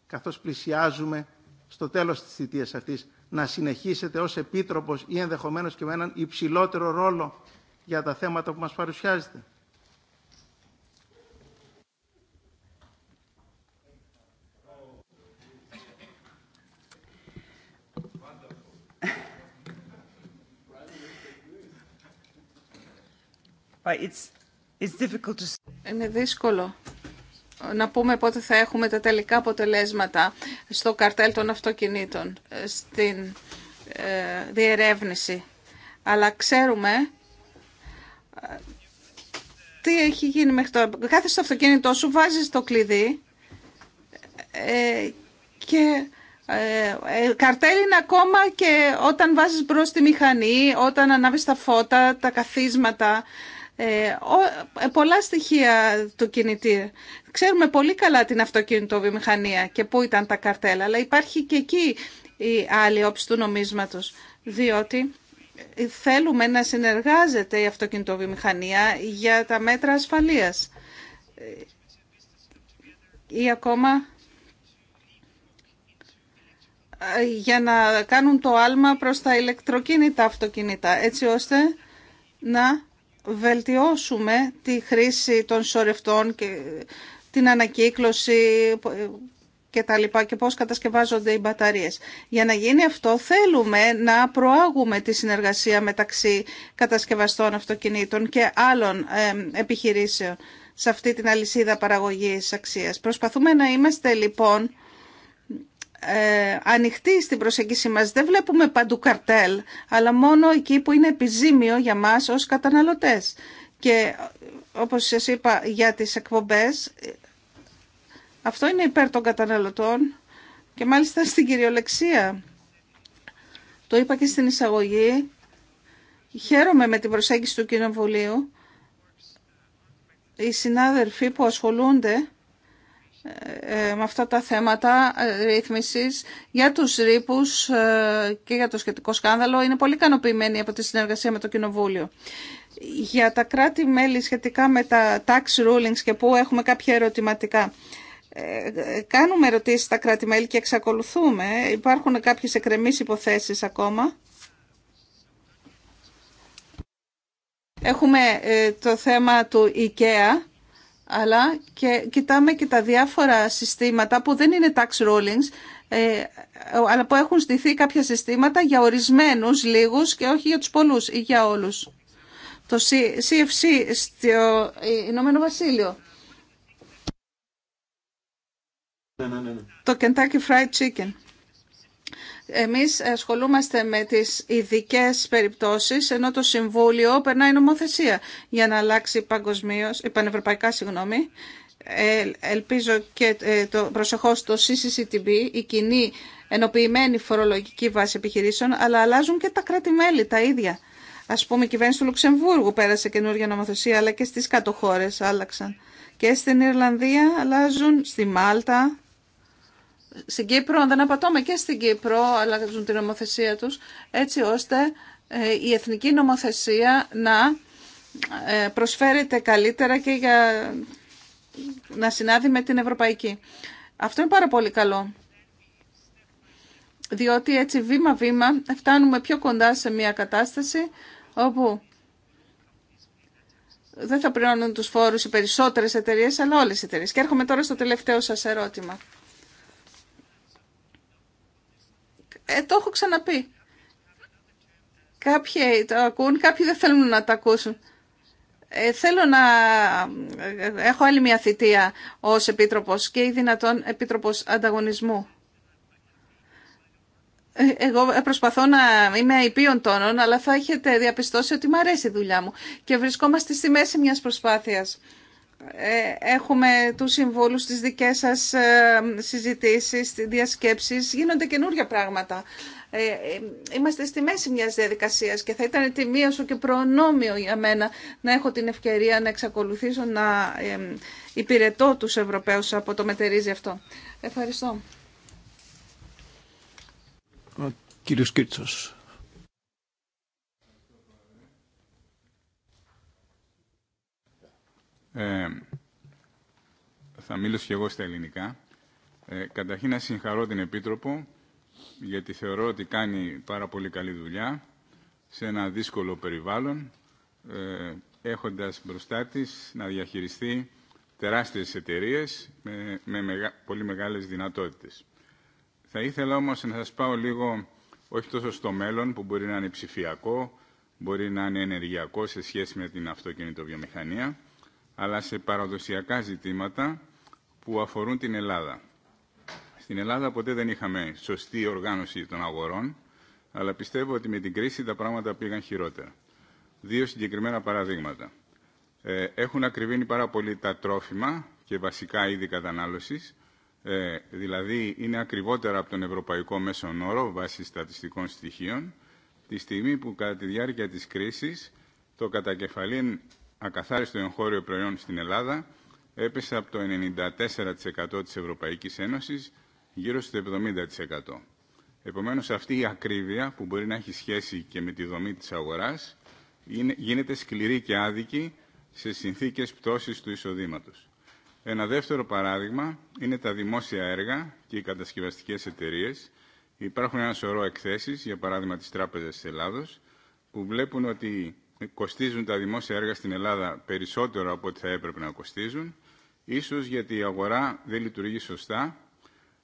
καθώς πλησιάζουμε στο τέλος της θητείας αυτής, να συνεχίσετε ως Επίτροπος ή ενδεχομένως και με έναν υψηλότερο ρόλο για τα θέματα που μας παρουσιάζετε.
Είναι δύσκολο να πούμε πότε θα έχουμε τα τελικά αποτελέσματα στο καρτέλ των αυτοκινήτων, ε, στην ε, διερεύνηση. Αλλά ξέρουμε ε, τι έχει γίνει μέχρι τώρα. Κάθε στο αυτοκίνητό σου βάζεις το κλειδί και ε, καρτέλ είναι ακόμα και όταν βάζεις μπρος τη μηχανή, όταν ανάβεις τα φώτα, τα καθίσματα, ε, ε, πολλά στοιχεία του κινητή. Ξέρουμε πολύ καλά την αυτοκινητοβιομηχανία και πού ήταν τα καρτέλα, αλλά υπάρχει και εκεί η άλλη όψη του νομίσματος, διότι θέλουμε να συνεργάζεται η αυτοκινητοβιομηχανία για τα μέτρα ασφαλείας ε, ή ακόμα για να κάνουν το άλμα προς τα ηλεκτροκίνητα αυτοκίνητα, έτσι ώστε να βελτιώσουμε τη χρήση των σόρευτων και την ανακύκλωση και τα λοιπά και πώς κατασκευάζονται οι μπαταρίες. Για να γίνει αυτό θέλουμε να προάγουμε τη συνεργασία μεταξύ κατασκευαστών αυτοκινήτων και άλλων επιχειρήσεων σε αυτή την αλυσίδα παραγωγής αξίας. Προσπαθούμε να είμαστε λοιπόν ε, ανοιχτή στην προσέγγιση μας. Δεν βλέπουμε παντού καρτέλ, αλλά μόνο εκεί που είναι επιζήμιο για μας ως καταναλωτές. Και όπως σας είπα για τις εκπομπές, αυτό είναι υπέρ των καταναλωτών και μάλιστα στην κυριολεξία. Το είπα και στην εισαγωγή. Χαίρομαι με την προσέγγιση του Κοινοβουλίου. Οι συνάδελφοι που ασχολούνται ε, ε, με αυτά τα θέματα ε, ρύθμισης για τους ρήπους και για το σχετικό σκάνδαλο είναι πολύ ικανοποιημένοι από τη συνεργασία με το Κοινοβούλιο. Για τα κράτη-μέλη σχετικά με τα tax rulings και πού έχουμε κάποια ερωτηματικά. Κάνουμε ερωτήσεις στα κράτη-μέλη και εξακολουθούμε. Υπάρχουν κάποιες εκκρεμίε υποθέσεις ακόμα. Έχουμε το θέμα του IKEA αλλά και κοιτάμε και τα διάφορα συστήματα που δεν είναι tax rulings, ε, αλλά που έχουν στηθεί κάποια συστήματα για ορισμένους λίγους και όχι για τους πολλούς ή για όλους. Το CFC στο Ηνωμένο Βασίλειο. Ναι, ναι, ναι, Το Kentucky Fried Chicken. Εμείς ασχολούμαστε με τις ειδικέ περιπτώσεις, ενώ το Συμβούλιο περνάει νομοθεσία για να αλλάξει παγκοσμίω, ε, πανευρωπαϊκά συγγνώμη, ε, ελπίζω και ε, το προσεχώς το CCCTB, η κοινή ενοποιημένη φορολογική βάση επιχειρήσεων, αλλά αλλάζουν και τα κράτη-μέλη τα ίδια. Ας πούμε η κυβέρνηση του Λουξεμβούργου πέρασε καινούργια νομοθεσία, αλλά και στις κάτω άλλαξαν. Και στην Ιρλανδία αλλάζουν, στη Μάλτα, στην Κύπρο, δεν απατώμε και στην Κύπρο, αλλάζουν την νομοθεσία τους, έτσι ώστε ε, η εθνική νομοθεσία να ε, προσφέρεται καλύτερα και για να συνάδει με την ευρωπαϊκή. Αυτό είναι πάρα πολύ καλό. Διότι έτσι βήμα-βήμα φτάνουμε πιο κοντά σε μια κατάσταση όπου δεν θα πληρώνουν τους φόρους οι περισσότερες εταιρείες, αλλά όλες οι εταιρείες. Και έρχομαι τώρα στο τελευταίο σας ερώτημα. Ε, το έχω ξαναπεί. Κάποιοι το ακούν, κάποιοι δεν θέλουν να τα ακούσουν. Ε, θέλω να ε, έχω άλλη μια θητεία ως επίτροπος και ή δυνατόν επίτροπος ανταγωνισμού. Ε, εγώ προσπαθώ να είμαι υπείων τόνων, αλλά θα έχετε διαπιστώσει ότι μου αρέσει η δουλειά μου και βρισκόμαστε στη μέση μιας προσπάθειας ε, έχουμε τους συμβόλους στις δικές σας ε, συζητήσεις, διασκέψεις, γίνονται καινούργια πράγματα. Ε, είμαστε στη μέση μιας διαδικασίας και θα ήταν τιμή όσο και προνόμιο για μένα να έχω την ευκαιρία να εξακολουθήσω να υπηρετώ τους Ευρωπαίους από το μετερίζει αυτό. Ευχαριστώ.
Ο κύριος
Ε, θα μίλησω και εγώ στα ελληνικά. Ε, καταρχήν να συγχαρώ την Επίτροπο, γιατί θεωρώ ότι κάνει πάρα πολύ καλή δουλειά σε ένα δύσκολο περιβάλλον, ε, έχοντας μπροστά της να διαχειριστεί τεράστιες εταιρείε με, πολύ μεγάλες δυνατότητες. Θα ήθελα όμως να σας πάω λίγο, όχι τόσο στο μέλλον, που μπορεί να είναι ψηφιακό, μπορεί να είναι ενεργειακό σε σχέση με την αυτοκινητοβιομηχανία, αλλά σε παραδοσιακά ζητήματα που αφορούν την Ελλάδα. Στην Ελλάδα ποτέ δεν είχαμε σωστή οργάνωση των αγορών, αλλά πιστεύω ότι με την κρίση τα πράγματα πήγαν χειρότερα. Δύο συγκεκριμένα παραδείγματα. Ε, έχουν ακριβήνει πάρα πολύ τα τρόφιμα και βασικά είδη κατανάλωσης, ε, δηλαδή είναι ακριβότερα από τον ευρωπαϊκό Μέσο όρο βάσει στατιστικών στοιχείων, τη στιγμή που κατά τη διάρκεια της κρίσης το κατακεφαλήν ακαθάριστο εγχώριο προϊόν στην Ελλάδα έπεσε από το 94% της Ευρωπαϊκής Ένωσης γύρω στο 70%. Επομένως αυτή η ακρίβεια που μπορεί να έχει σχέση και με τη δομή της αγοράς γίνεται σκληρή και άδικη σε συνθήκες πτώσης του εισοδήματος. Ένα δεύτερο παράδειγμα είναι τα δημόσια έργα και οι κατασκευαστικές εταιρείε. Υπάρχουν ένα σωρό εκθέσεις, για παράδειγμα της Τράπεζας της Ελλάδος, που βλέπουν ότι κοστίζουν τα δημόσια έργα στην Ελλάδα περισσότερο από ό,τι θα έπρεπε να κοστίζουν, ίσως γιατί η αγορά δεν λειτουργεί σωστά.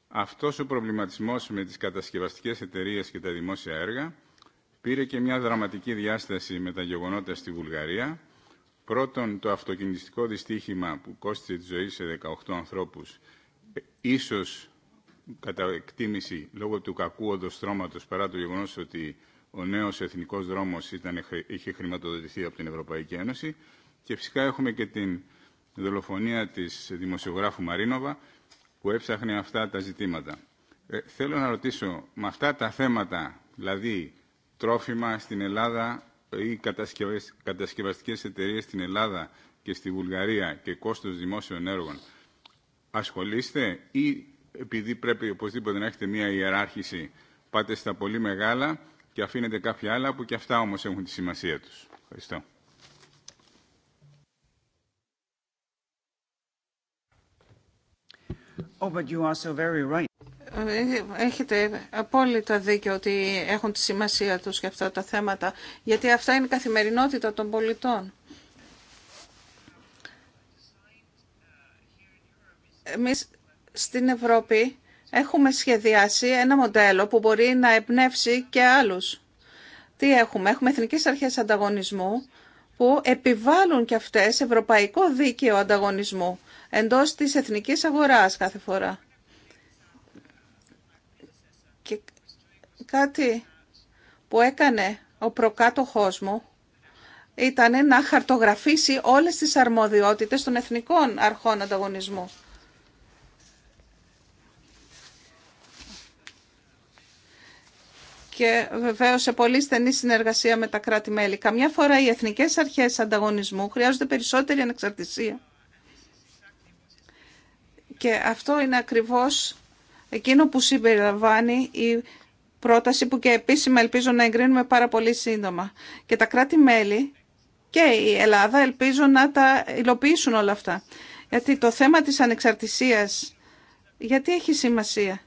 Αυτός ο προβληματισμός με τις κατασκευαστικές εταιρείες και τα δημόσια έργα πήρε και μια δραματική διάσταση με τα γεγονότα στη Βουλγαρία. Πρώτον, το αυτοκινητιστικό δυστύχημα που κόστησε τη ζωή σε 18 ανθρώπους, ίσως κατά εκτίμηση λόγω του κακού οδοστρώματος παρά το γεγονός ότι ο νέος εθνικός δρόμος ήταν, είχε χρηματοδοτηθεί από την Ευρωπαϊκή Ένωση και φυσικά έχουμε και την δολοφονία της δημοσιογράφου Μαρίνοβα που έψαχνε αυτά τα ζητήματα. Ε, θέλω να ρωτήσω, με αυτά τα θέματα, δηλαδή τρόφιμα στην Ελλάδα ή κατασκευαστικές εταιρείες στην Ελλάδα και στη Βουλγαρία και κόστος δημόσιων έργων, ασχολείστε ή επειδή πρέπει οπωσδήποτε να έχετε μία ιεράρχηση, πάτε στα πολύ μεγάλα και αφήνεται κάποια άλλα που και αυτά όμως έχουν τη σημασία τους. Ευχαριστώ.
Oh, but you are so very right. Ε, έχετε απόλυτα δίκιο ότι έχουν τη σημασία τους και αυτά τα θέματα, γιατί αυτά είναι η καθημερινότητα των πολιτών. Εμείς στην Ευρώπη έχουμε σχεδιάσει ένα μοντέλο που μπορεί να εμπνεύσει και άλλους. Τι έχουμε, έχουμε εθνικές αρχές ανταγωνισμού που επιβάλλουν και αυτές ευρωπαϊκό δίκαιο ανταγωνισμού εντός της εθνικής αγοράς κάθε φορά. Και κάτι που έκανε ο προκάτοχός μου ήταν να χαρτογραφήσει όλες τις αρμοδιότητες των εθνικών αρχών ανταγωνισμού. και βεβαίω σε πολύ στενή συνεργασία με τα κράτη-μέλη. Καμιά φορά οι εθνικέ αρχέ ανταγωνισμού χρειάζονται περισσότερη ανεξαρτησία. Και αυτό είναι ακριβώ εκείνο που συμπεριλαμβάνει η πρόταση που και επίσημα ελπίζω να εγκρίνουμε πάρα πολύ σύντομα. Και τα κράτη-μέλη και η Ελλάδα ελπίζω να τα υλοποιήσουν όλα αυτά. Γιατί το θέμα της ανεξαρτησίας, γιατί έχει σημασία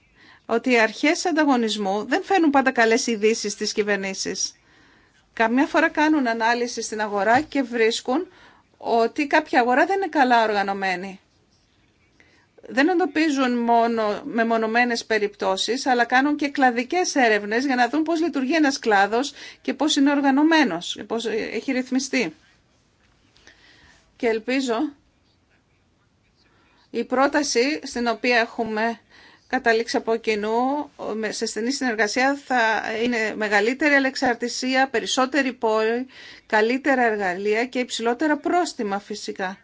ότι οι αρχές ανταγωνισμού δεν φέρνουν πάντα καλές ειδήσει στις κυβερνήσεις. Καμιά φορά κάνουν ανάλυση στην αγορά και βρίσκουν ότι κάποια αγορά δεν είναι καλά οργανωμένη. Δεν εντοπίζουν μόνο με μονομένες περιπτώσεις, αλλά κάνουν και κλαδικές έρευνες για να δουν πώς λειτουργεί ένας κλάδος και πώς είναι οργανωμένος, πώς έχει ρυθμιστεί. Και ελπίζω η πρόταση στην οποία έχουμε καταλήξει από κοινού, σε στενή συνεργασία θα είναι μεγαλύτερη αλεξαρτησία, περισσότερη πόλη, καλύτερα εργαλεία και υψηλότερα πρόστιμα φυσικά.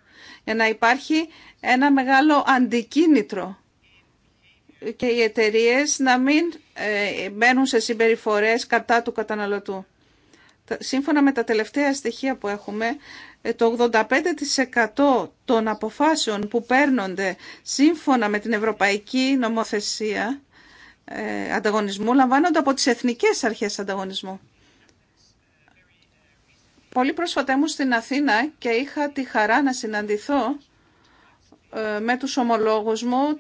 Για να υπάρχει ένα μεγάλο αντικίνητρο και οι εταιρείε να μην ε, μπαίνουν σε συμπεριφορές κατά του καταναλωτού. Σύμφωνα με τα τελευταία στοιχεία που έχουμε, ε, το 85% των αποφάσεων που παίρνονται σύμφωνα με την Ευρωπαϊκή Νομοθεσία ε, Ανταγωνισμού λαμβάνονται από τις Εθνικές Αρχές Ανταγωνισμού. Πολύ πρόσφατα ήμουν στην Αθήνα και είχα τη χαρά να συναντηθώ ε, με τους ομολόγους μου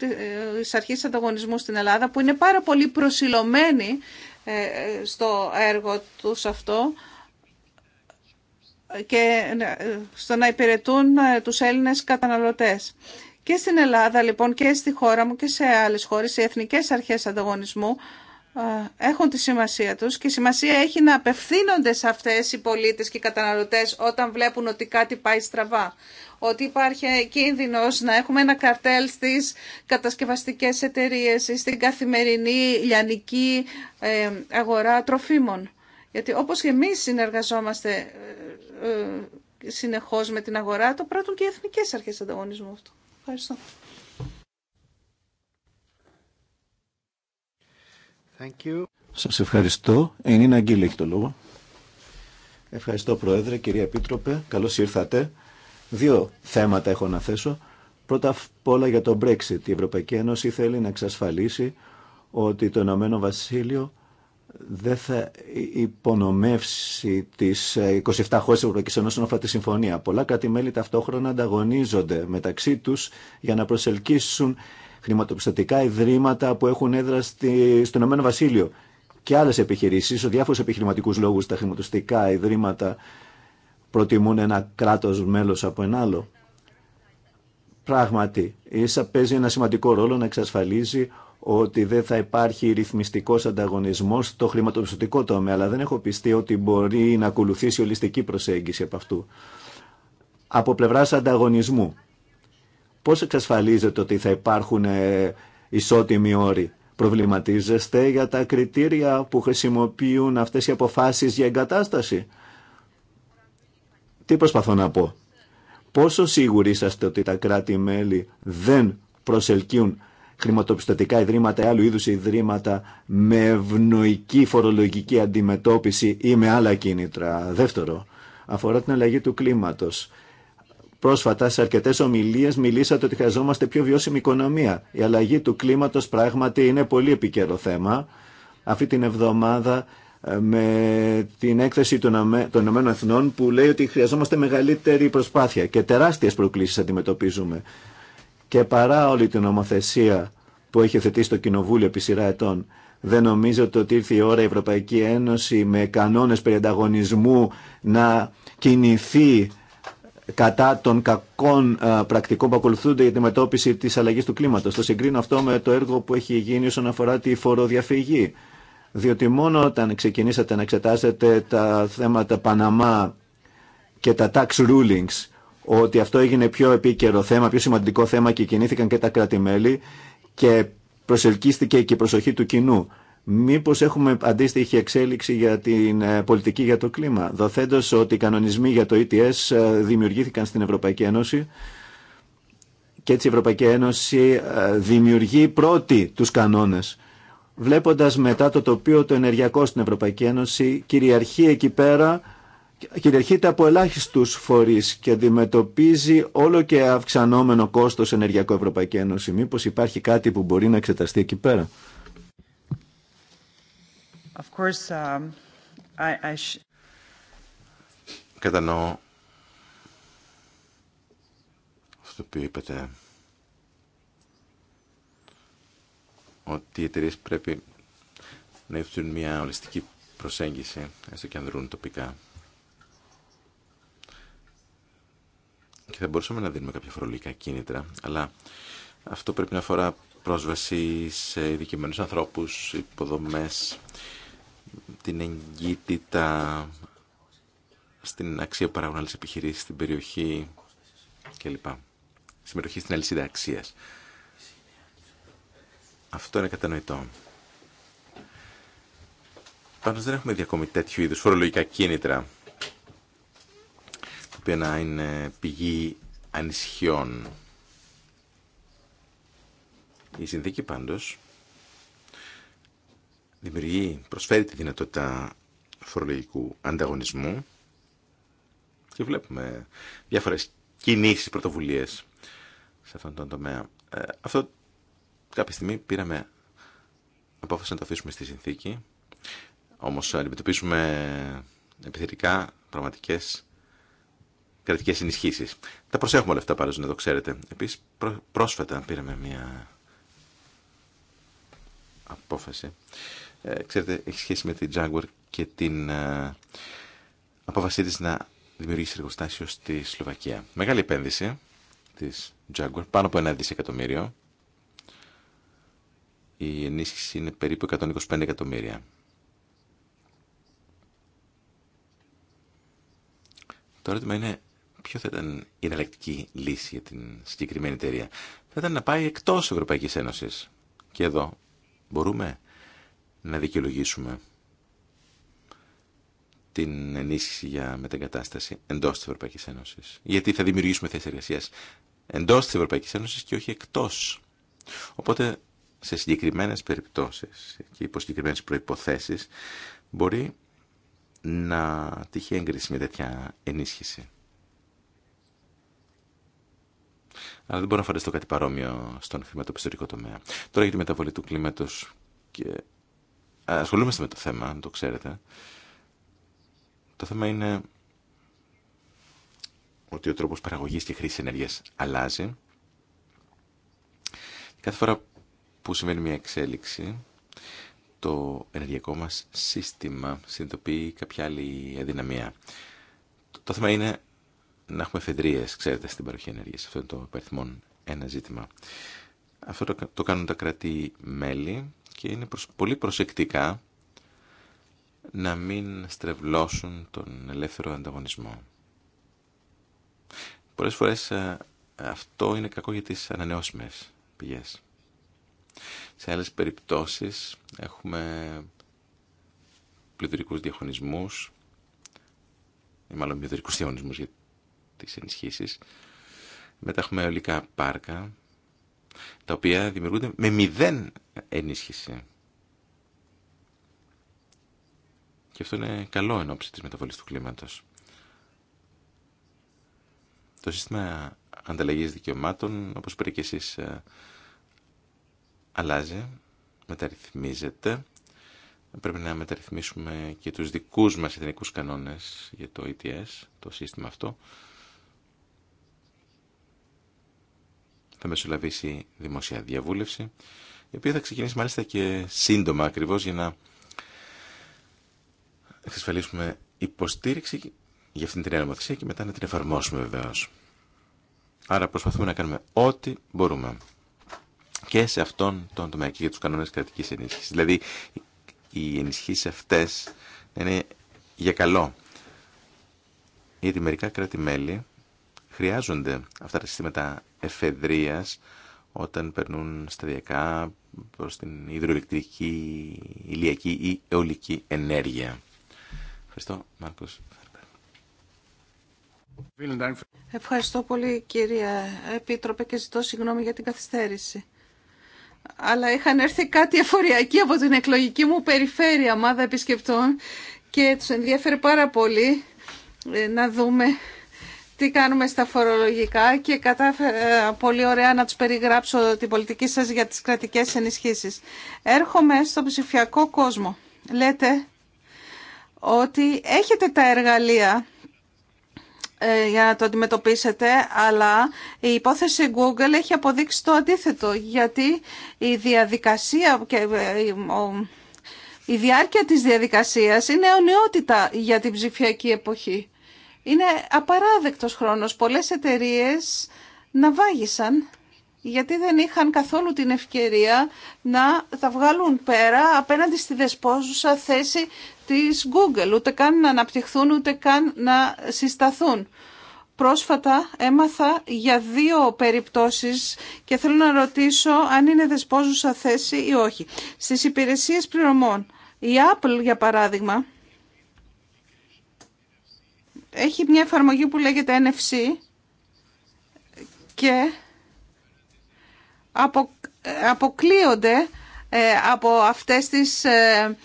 της Αρχής Ανταγωνισμού στην Ελλάδα που είναι πάρα πολύ προσιλωμένοι στο έργο τους αυτό και ε, στο να υπηρετούν ε, τους Έλληνες καταναλωτές. Και στην Ελλάδα λοιπόν και στη χώρα μου και σε άλλες χώρες οι εθνικές αρχές ανταγωνισμού ε, έχουν τη σημασία τους και σημασία έχει να απευθύνονται σε αυτές οι πολίτες και οι καταναλωτές όταν βλέπουν ότι κάτι πάει στραβά. Ότι υπάρχει κίνδυνος να έχουμε ένα καρτέλ στις κατασκευαστικές εταιρείες ή στην καθημερινή λιανική αγορά τροφίμων. Γιατί όπως και εμείς συνεργαζόμαστε ε, συνεχώς με την αγορά, το πράττουν και οι εθνικές αρχές ανταγωνισμού αυτό. Ευχαριστώ.
Thank Σας ευχαριστώ. Ενίνα Αγγίλη έχει το λόγο. Ευχαριστώ Πρόεδρε, κυρία Επίτροπε. Καλώς ήρθατε. Δύο θέματα έχω να θέσω. Πρώτα απ' όλα για το Brexit. Η Ευρωπαϊκή Ένωση θέλει να εξασφαλίσει ότι το Ηνωμένο Βασίλειο δεν θα υπονομεύσει τι 27 ε, χώρε τη Ευρωπαϊκή Ένωση όσον τη συμφωνία. Πολλά κράτη-μέλη ταυτόχρονα ανταγωνίζονται μεταξύ του για να προσελκύσουν χρηματοπιστωτικά ιδρύματα που έχουν έδρα στη, στο Ηνωμένο Βασίλειο και άλλε επιχειρήσει. ο διάφορου επιχειρηματικού λόγου τα χρηματοπιστωτικά ιδρύματα προτιμούν ένα κράτο μέλο από ένα άλλο. Πράγματι, η παίζει ένα σημαντικό ρόλο να εξασφαλίζει ότι δεν θα υπάρχει ρυθμιστικό ανταγωνισμός στο χρηματοπιστωτικό τομέα, αλλά δεν έχω πιστεί ότι μπορεί να ακολουθήσει ολιστική προσέγγιση από αυτού. Από πλευρά ανταγωνισμού, πώς εξασφαλίζεται ότι θα υπάρχουν ε, ισότιμοι όροι. Προβληματίζεστε για τα κριτήρια που χρησιμοποιούν αυτές οι αποφάσεις για εγκατάσταση. Τι προσπαθώ να πω. Πόσο σίγουροι είσαστε ότι τα κράτη-μέλη δεν προσελκύουν χρηματοπιστωτικά ιδρύματα ή άλλου είδους ιδρύματα με ευνοϊκή φορολογική αντιμετώπιση ή με άλλα κίνητρα. Δεύτερο, αφορά την αλλαγή του κλίματος. Πρόσφατα σε αρκετέ ομιλίε μιλήσατε ότι χρειαζόμαστε πιο βιώσιμη οικονομία. Η αλλαγή του κλίματο πράγματι είναι πολύ επικαιρό θέμα. Αυτή την εβδομάδα ε, με την έκθεση των ΗΕ που λέει ότι χρειαζόμαστε μεγαλύτερη προσπάθεια και τεράστιες προκλήσεις αντιμετωπίζουμε και παρά όλη την νομοθεσία που έχει θετήσει το Κοινοβούλιο επί σειρά ετών, δεν νομίζω ότι ήρθε η ώρα η Ευρωπαϊκή Ένωση με κανόνες περί ανταγωνισμού να κινηθεί κατά των κακών ε, πρακτικών που ακολουθούνται για τη μετώπιση της αλλαγής του κλίματος. Το συγκρίνω αυτό με το έργο που έχει γίνει όσον αφορά τη φοροδιαφυγή. Διότι μόνο όταν ξεκινήσατε να εξετάσετε τα θέματα Παναμά και τα tax rulings ότι αυτό έγινε πιο επίκαιρο θέμα, πιο σημαντικό θέμα και κινήθηκαν και τα κράτη-μέλη και προσελκύστηκε και η προσοχή του κοινού. Μήπω έχουμε αντίστοιχη εξέλιξη για την ε, πολιτική για το κλίμα, δοθέντως ότι οι κανονισμοί για το ETS ε, δημιουργήθηκαν στην Ευρωπαϊκή Ένωση και έτσι η Ευρωπαϊκή Ένωση ε, δημιουργεί πρώτη του κανόνε, βλέποντα μετά το τοπίο το ενεργειακό στην Ευρωπαϊκή Ένωση, κυριαρχεί εκεί πέρα κυριαρχείται από ελάχιστους φορείς και αντιμετωπίζει όλο και αυξανόμενο κόστος ενεργειακό Ευρωπαϊκή Ένωση. Μήπως υπάρχει κάτι που μπορεί να εξεταστεί εκεί πέρα.
Um,
Κατανοώ αυτό που είπατε ότι οι εταιρείε πρέπει να υφθούν μια ολιστική προσέγγιση, έστω και αν δρούν τοπικά. και θα μπορούσαμε να δίνουμε κάποια φορολογικά κίνητρα, αλλά αυτό πρέπει να αφορά πρόσβαση σε ειδικευμένου ανθρώπου, υποδομέ, την εγκύτητα στην αξία παράγουν άλλε επιχειρήσει, στην περιοχή κλπ. Συμμετοχή στην αλυσίδα αξία. Αυτό είναι κατανοητό. Πάντω δεν έχουμε δει ακόμη τέτοιου είδου φορολογικά κίνητρα οποία να είναι πηγή ανησυχιών. Η συνθήκη πάντως δημιουργεί, προσφέρει τη δυνατότητα φορολογικού ανταγωνισμού και βλέπουμε διάφορες κινήσεις, πρωτοβουλίες σε αυτόν τον τομέα. Ε, αυτό κάποια στιγμή πήραμε απόφαση να το αφήσουμε στη συνθήκη, όμως αντιμετωπίζουμε επιθετικά πραγματικές κρατικέ ενισχύσει. Τα προσέχουμε όλα αυτά πάντω να το ξέρετε. Επίση, πρόσφατα πήραμε μια απόφαση. Ε, ξέρετε, έχει σχέση με την Jaguar και την ε, απόφασή τη να δημιουργήσει εργοστάσιο στη Σλοβακία. Μεγάλη επένδυση τη Jaguar, πάνω από ένα δισεκατομμύριο. Η ενίσχυση είναι περίπου 125 εκατομμύρια. Το ερώτημα είναι ποιο θα ήταν η εναλλακτική λύση για την συγκεκριμένη εταιρεία. Θα ήταν να πάει εκτός Ευρωπαϊκής Ένωσης. Και εδώ μπορούμε να δικαιολογήσουμε την ενίσχυση για μετεγκατάσταση εντός της Ευρωπαϊκής Ένωσης. Γιατί θα δημιουργήσουμε θέσεις εργασίας εντός της Ευρωπαϊκής Ένωσης και όχι εκτός. Οπότε σε συγκεκριμένες περιπτώσεις και υπό συγκεκριμένες προϋποθέσεις μπορεί να τύχει έγκριση με τέτοια ενίσχυση. αλλά δεν μπορώ να φανταστώ κάτι παρόμοιο στον χρηματοπιστωτικό τομέα. Τώρα για τη μεταβολή του κλίματος και ασχολούμαστε με το θέμα, το ξέρετε. Το θέμα είναι ότι ο τρόπο παραγωγής και χρήσης ενέργειας αλλάζει. Κάθε φορά που συμβαίνει μια εξέλιξη, το ενεργειακό μας σύστημα συνειδητοποιεί κάποια άλλη αδυναμία. Το θέμα είναι να έχουμε εφεδρείε, ξέρετε, στην παροχή ενέργεια Αυτό είναι το υπερθυμόν ένα ζήτημα. Αυτό το, το κάνουν τα κράτη-μέλη και είναι πολύ προσεκτικά να μην στρεβλώσουν τον ελεύθερο ανταγωνισμό. Πολλές φορές ε, αυτό είναι κακό για τις ανανεώσιμες πηγές. Σε άλλες περιπτώσεις έχουμε πληθυρικούς διαχωνισμούς ή μάλλον πληθυρικούς διαγωνισμούς γιατί τις ενισχύσεις. Μετά έχουμε αιωλικά πάρκα, τα οποία δημιουργούνται με μηδέν ενίσχυση. Και αυτό είναι καλό εν ώψη της μεταβολής του κλίματος. Το σύστημα ανταλλαγής δικαιωμάτων, όπως πήρε και εσείς, ε, αλλάζει, μεταρρυθμίζεται. Πρέπει να μεταρρυθμίσουμε και τους δικούς μας εθνικούς κανόνες για το ETS, το σύστημα αυτό. θα μεσολαβήσει δημοσία διαβούλευση, η οποία θα ξεκινήσει μάλιστα και σύντομα ακριβώς για να εξασφαλίσουμε υποστήριξη για αυτήν την νομοθεσία και μετά να την εφαρμόσουμε βεβαίω. Άρα προσπαθούμε να κάνουμε ό,τι μπορούμε και σε αυτόν τον τομέα και για τους κανόνες κρατικής ενίσχυσης. Δηλαδή οι ενισχύσεις αυτές είναι για καλό. Γιατί μερικά κράτη-μέλη χρειάζονται αυτά τα συστήματα εφεδρείας όταν περνούν σταδιακά προς την υδροελεκτρική, ηλιακή ή αιωλική ενέργεια. Ευχαριστώ, Μάρκος
Ευχαριστώ πολύ, κυρία Επίτροπε, και ζητώ συγγνώμη για την καθυστέρηση. Αλλά είχαν έρθει κάτι εφοριακοί από την εκλογική μου περιφέρεια, ομάδα επισκεπτών, και τους ενδιαφέρει πάρα πολύ ε, να δούμε τι κάνουμε στα φορολογικά και κατάφερα πολύ ωραία να τους περιγράψω την πολιτική σας για τις κρατικές ενισχύσεις. Έρχομαι στο ψηφιακό κόσμο. Λέτε ότι έχετε τα εργαλεία ε, για να το αντιμετωπίσετε, αλλά η υπόθεση Google έχει αποδείξει το αντίθετο, γιατί η διαδικασία και ε, η διάρκεια της διαδικασίας είναι αιωνιότητα για την ψηφιακή εποχή. Είναι απαράδεκτος χρόνος. Πολλές εταιρείες να βάγισαν γιατί δεν είχαν καθόλου την ευκαιρία να τα βγάλουν πέρα απέναντι στη δεσπόζουσα θέση της Google, ούτε καν να αναπτυχθούν, ούτε καν να συσταθούν. Πρόσφατα έμαθα για δύο περιπτώσεις και θέλω να ρωτήσω αν είναι δεσπόζουσα θέση ή όχι. Στις υπηρεσίες πληρωμών, η Apple για παράδειγμα, έχει μια εφαρμογή που λέγεται NFC και ε, αποκλείονται ε, από αυτές τις ε,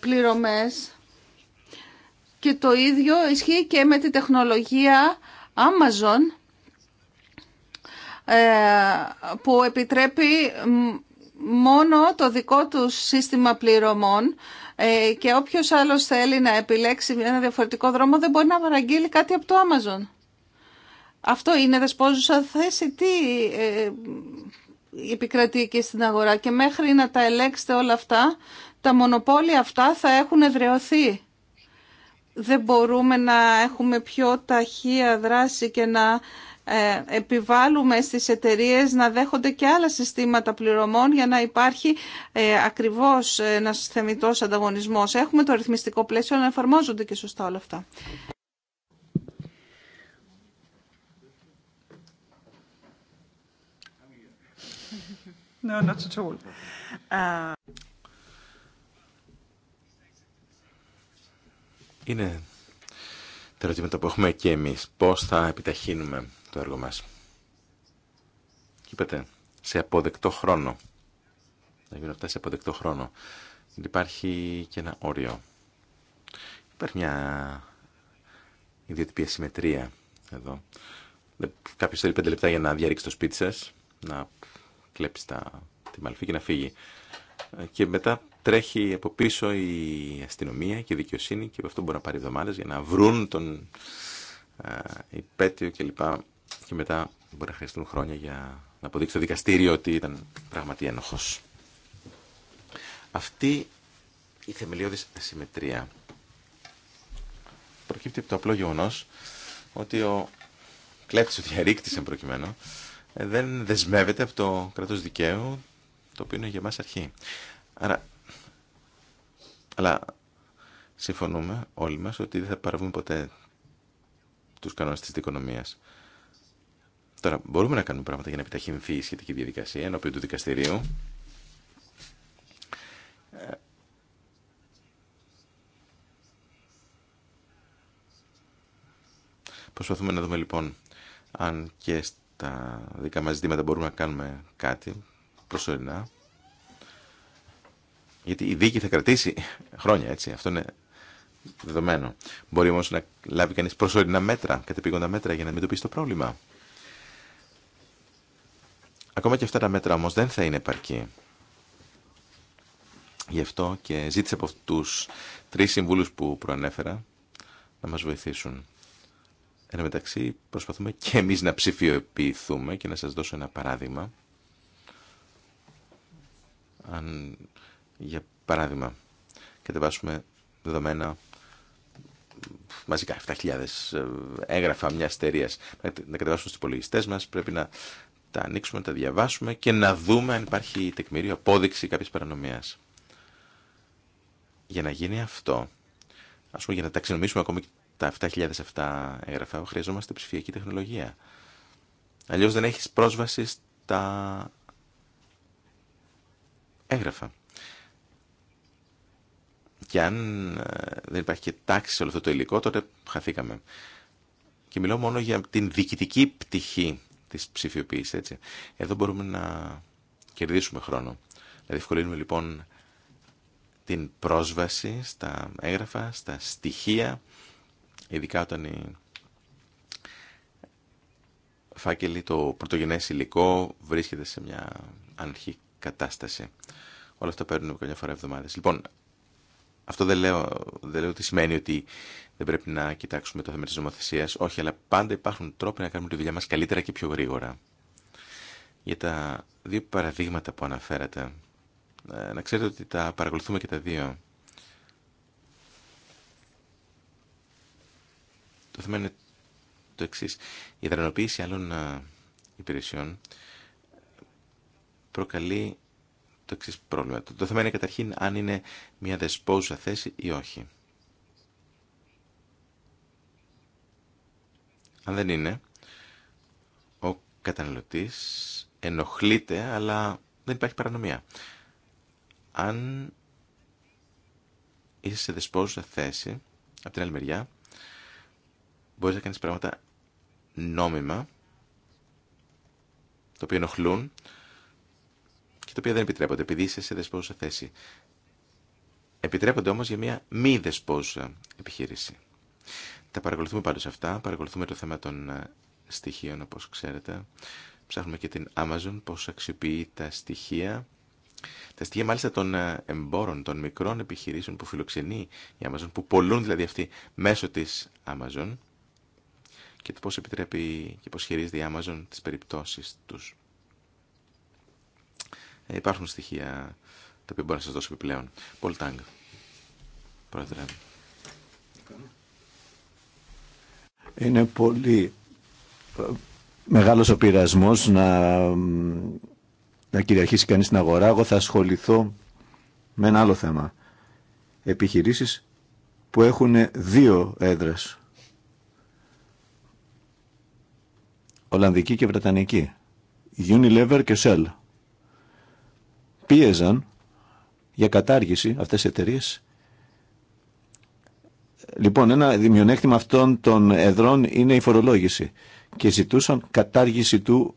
πληρωμές και το ίδιο ισχύει και με τη τεχνολογία Amazon που επιτρέπει μόνο το δικό του σύστημα πληρωμών ε, και όποιο άλλο θέλει να επιλέξει ένα διαφορετικό δρόμο δεν μπορεί να παραγγείλει κάτι από το Amazon. Αυτό είναι δεσπόζουσα θέση. Τι ε, επικρατεί εκεί στην αγορά και μέχρι να τα ελέγξετε όλα αυτά, τα μονοπόλια αυτά θα έχουν ευρεωθεί. Δεν μπορούμε να έχουμε πιο ταχεία δράση και να ε, επιβάλλουμε στις εταιρείες να δέχονται και άλλα συστήματα πληρωμών για να υπάρχει ε, ακριβώς ένας θεμητός ανταγωνισμός. Έχουμε το ρυθμιστικό πλαίσιο να εφαρμόζονται και σωστά όλα αυτά. No, not at
all. Είναι τα ερωτήματα που έχουμε και εμείς. Πώς θα επιταχύνουμε το έργο μας. σε αποδεκτό χρόνο. Να γίνουν αυτά σε αποδεκτό χρόνο. Υπάρχει και ένα όριο. Υπάρχει μια ιδιωτική συμμετρία εδώ. Κάποιος θέλει πέντε λεπτά για να διαρρήξει το σπίτι σα, να κλέψει τα... τη μαλφή και να φύγει. Ε, και μετά τρέχει από πίσω η αστυνομία και η δικαιοσύνη και από αυτό μπορεί να πάρει εβδομάδε για να βρουν τον α, ε, υπέτειο κλπ και μετά μπορεί να χρειαστούν χρόνια για να αποδείξει το δικαστήριο ότι ήταν πραγματι ένοχος. Αυτή η θεμελιώδης ασυμμετρία προκύπτει από το απλό γεγονό ότι ο κλέφτης, ο διαρρήκτης εν προκειμένου, δεν δεσμεύεται από το κράτος δικαίου, το οποίο είναι για μας αρχή. Άρα, αλλά συμφωνούμε όλοι μας ότι δεν θα παραβούμε ποτέ τους κανόνες της δικονομίας. Τώρα, μπορούμε να κάνουμε πράγματα για να επιταχυνθεί η σχετική διαδικασία ενώπιον του δικαστηρίου. Ε, προσπαθούμε να δούμε λοιπόν αν και στα δικά μας ζητήματα μπορούμε να κάνουμε κάτι προσωρινά. Γιατί η δίκη θα κρατήσει χρόνια, έτσι. Αυτό είναι δεδομένο. Μπορεί όμως, να λάβει κανείς προσωρινά μέτρα, κατεπήγοντα μέτρα για να αντιμετωπίσει το πρόβλημα. Ακόμα και αυτά τα μέτρα όμως δεν θα είναι επαρκή. Γι' αυτό και ζήτησε από τους τρεις συμβούλους που προανέφερα να μας βοηθήσουν. Εν μεταξύ προσπαθούμε και εμείς να ψηφιοποιηθούμε και να σας δώσω ένα παράδειγμα. Αν, για παράδειγμα, κατεβάσουμε δεδομένα μαζικά 7.000 ε, έγγραφα μια εταιρεία να κατεβάσουν στους υπολογιστέ μας Πρέπει να τα ανοίξουμε, τα διαβάσουμε και να δούμε αν υπάρχει τεκμήριο απόδειξη κάποιες παρανομίας. Για να γίνει αυτό, ας πούμε για να ταξινομήσουμε ακόμη τα 7.007 έγγραφα, χρειαζόμαστε ψηφιακή τεχνολογία. Αλλιώς δεν έχεις πρόσβαση στα έγγραφα. Και αν ε, δεν υπάρχει και τάξη σε όλο αυτό το υλικό, τότε χαθήκαμε. Και μιλώ μόνο για την διοικητική πτυχή της έτσι. Εδώ μπορούμε να κερδίσουμε χρόνο. Να διευκολύνουμε λοιπόν την πρόσβαση στα έγγραφα, στα στοιχεία, ειδικά όταν οι φάκελοι, το πρωτογενές υλικό βρίσκεται σε μια αρχική κατάσταση. Όλα αυτά παίρνουν καμιά φορά εβδομάδες. Λοιπόν, αυτό δεν λέω, δεν λέω ότι σημαίνει ότι δεν πρέπει να κοιτάξουμε το θέμα τη νομοθεσία. Όχι, αλλά πάντα υπάρχουν τρόποι να κάνουμε τη δουλειά μα καλύτερα και πιο γρήγορα. Για τα δύο παραδείγματα που αναφέρατε, ε, να ξέρετε ότι τα παρακολουθούμε και τα δύο. Το θέμα είναι το εξή. Η δρανοποίηση άλλων ε, υπηρεσιών προκαλεί το εξή πρόβλημα. Το θέμα είναι καταρχήν αν είναι μια δεσπόζουσα θέση ή όχι. Αν δεν είναι, ο καταναλωτής ενοχλείται, αλλά δεν υπάρχει παρανομία. Αν είσαι σε δεσπόζουσα θέση, από την άλλη μεριά, μπορείς να κάνεις πράγματα νόμιμα, το οποίο ενοχλούν, τα οποία δεν επιτρέπονται, επειδή είσαι σε δεσπόζουσα θέση. Επιτρέπονται όμω για μια μη δεσπόζουσα επιχείρηση. Τα παρακολουθούμε πάντω αυτά, παρακολουθούμε το θέμα των ε, στοιχείων όπω ξέρετε. Ψάχνουμε και την Amazon πώ αξιοποιεί τα στοιχεία. Τα στοιχεία μάλιστα των ε, εμπόρων, των μικρών επιχειρήσεων που φιλοξενεί η Amazon, που πολλούν δηλαδή αυτοί μέσω τη Amazon και το πώς επιτρέπει και πώς χειρίζεται η Amazon τις περιπτώσεις τους. Ε, υπάρχουν στοιχεία τα οποία μπορώ να σα δώσω επιπλέον. Πολ Τάγκ, πρόεδρε.
Είναι πολύ ε, μεγάλος ο πειρασμός να, να κυριαρχήσει κανείς την αγορά. Εγώ θα ασχοληθώ με ένα άλλο θέμα. Επιχειρήσεις που έχουν δύο έδρες. Ολλανδική και Βρετανική. Unilever και Shell πίεζαν για κατάργηση αυτές οι εταιρείε. Λοιπόν, ένα δημιονέκτημα αυτών των εδρών είναι η φορολόγηση και ζητούσαν κατάργηση του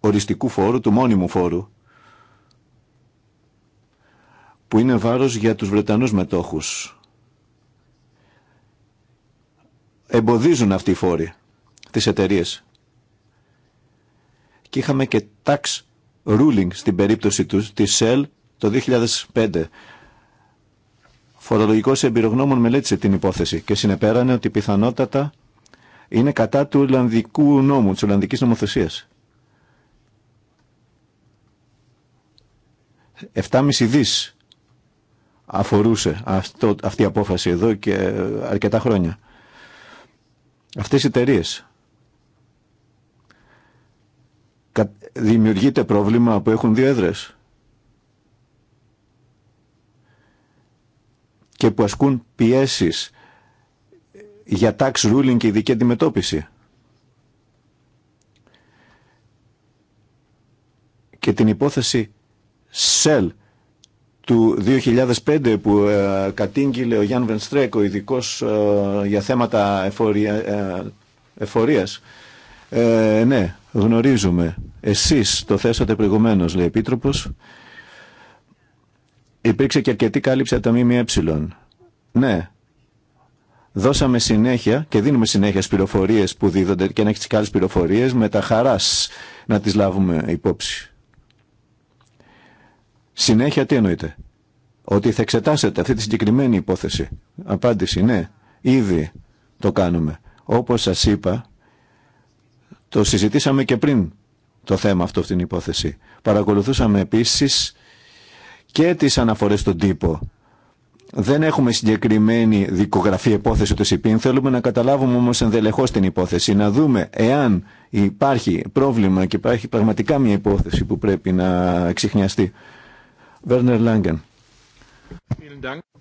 οριστικού φόρου, του μόνιμου φόρου που είναι βάρος για τους Βρετανούς μετόχους. Εμποδίζουν αυτοί οι φόροι τις εταιρείε. Και είχαμε και tax ruling στην περίπτωση του, τη Shell το 2005. Φορολογικός εμπειρογνώμων μελέτησε την υπόθεση και συνεπέρανε ότι πιθανότατα είναι κατά του Ολλανδικού νόμου, της Ολλανδικής νομοθεσίας. 7,5 δις αφορούσε αυτό, αυτή η απόφαση εδώ και αρκετά χρόνια. Αυτές οι εταιρείε δημιουργείται πρόβλημα που έχουν δύο έδρες και που ασκούν πιέσεις για tax ruling και ειδική αντιμετώπιση. Και την υπόθεση Shell του 2005 που ε, κατήγγειλε ο Γιάνν Βενστρέκ, ο ειδικό ε, για θέματα εφορία, ε, εφορίας. Ε, ναι, γνωρίζουμε. Εσείς το θέσατε προηγουμένω, λέει Επίτροπος. Υπήρξε και αρκετή κάλυψη από τα ΜΜΕ. Ναι, δώσαμε συνέχεια και δίνουμε συνέχεια στις πληροφορίε που δίδονται και να έχει τι καλές πληροφορίε με τα χαρά να τις λάβουμε υπόψη. Συνέχεια τι εννοείται. Ότι θα εξετάσετε αυτή τη συγκεκριμένη υπόθεση. Απάντηση ναι, ήδη το κάνουμε. Όπως σας είπα, το συζητήσαμε και πριν το θέμα αυτό στην υπόθεση. Παρακολουθούσαμε επίσης και τις αναφορές στον τύπο. Δεν έχουμε συγκεκριμένη δικογραφή υπόθεση του ΣΥΠΗΝ. Θέλουμε να καταλάβουμε όμως ενδελεχώς την υπόθεση, να δούμε εάν υπάρχει πρόβλημα και υπάρχει πραγματικά μια υπόθεση που πρέπει να εξηχνιαστεί. Βέρνερ Λάγκεν.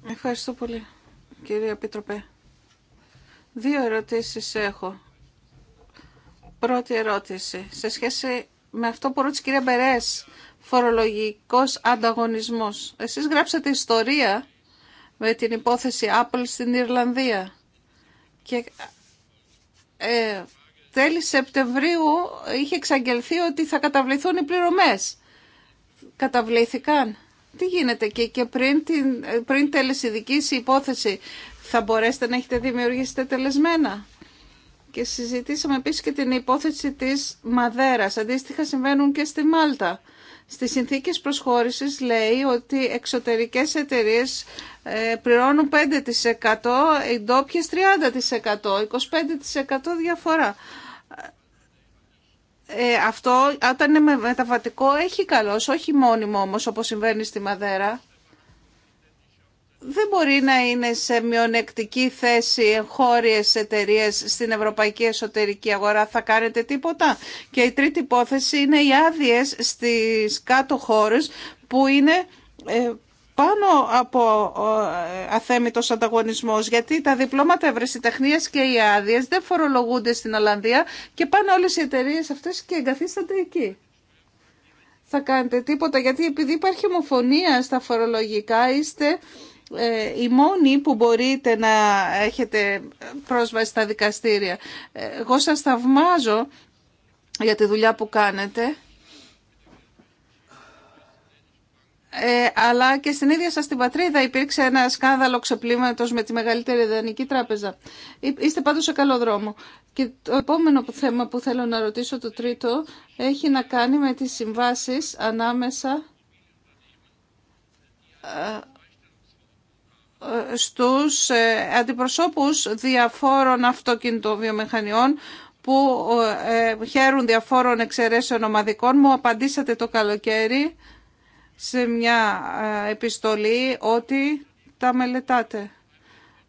Ευχαριστώ πολύ, κύριε Επίτροπε. Δύο ερωτήσεις έχω πρώτη ερώτηση. Σε σχέση με αυτό που ρώτησε η κυρία Μπερές, φορολογικός ανταγωνισμός. Εσείς γράψατε ιστορία με την υπόθεση Apple στην Ιρλανδία. Και ε, τέλη Σεπτεμβρίου είχε εξαγγελθεί ότι θα καταβληθούν οι πληρωμές. Καταβλήθηκαν. Τι γίνεται και, και πριν, την, ε, πριν η υπόθεση θα μπορέσετε να έχετε δημιουργήσει τελεσμένα. Και συζητήσαμε επίσης και την υπόθεση της Μαδέρας. Αντίστοιχα συμβαίνουν και στη Μάλτα. Στις συνθήκες προσχώρησης λέει ότι εξωτερικές εταιρείες ε, πληρώνουν 5%, οι ντόπιες 30%, 25% διαφορά. Ε, αυτό όταν είναι μεταβατικό έχει καλός, όχι μόνιμο όμως όπως συμβαίνει στη Μαδέρα δεν μπορεί να είναι σε μειονεκτική θέση εγχώριες εταιρείε στην ευρωπαϊκή εσωτερική αγορά. Θα κάνετε τίποτα. Και η τρίτη υπόθεση είναι οι άδειε στις κάτω χώρες που είναι ε, πάνω από ε, αθέμητος ανταγωνισμός γιατί τα διπλώματα ευρεσιτεχνίας και οι άδειε δεν φορολογούνται στην Ολλανδία και πάνε όλες οι εταιρείε αυτές και εγκαθίστανται εκεί θα κάνετε τίποτα, γιατί επειδή υπάρχει ομοφωνία στα φορολογικά, είστε ε, οι μόνοι που μπορείτε να έχετε πρόσβαση στα δικαστήρια. Ε, εγώ σας θαυμάζω για τη δουλειά που κάνετε. Ε, αλλά και στην ίδια σας την πατρίδα υπήρξε ένα σκάνδαλο ξεπλήματος με τη μεγαλύτερη ιδανική τράπεζα. Είστε πάντως σε καλό δρόμο. Και το επόμενο θέμα που θέλω να ρωτήσω, το τρίτο, έχει να κάνει με τις συμβάσεις ανάμεσα στους ε, αντιπροσώπους διαφόρων αυτοκινητοβιομηχανιών που ε, ε, χαίρουν διαφόρων εξαιρέσεων ομαδικών. Μου απαντήσατε το καλοκαίρι σε μια επιστολή ότι τα μελετάτε.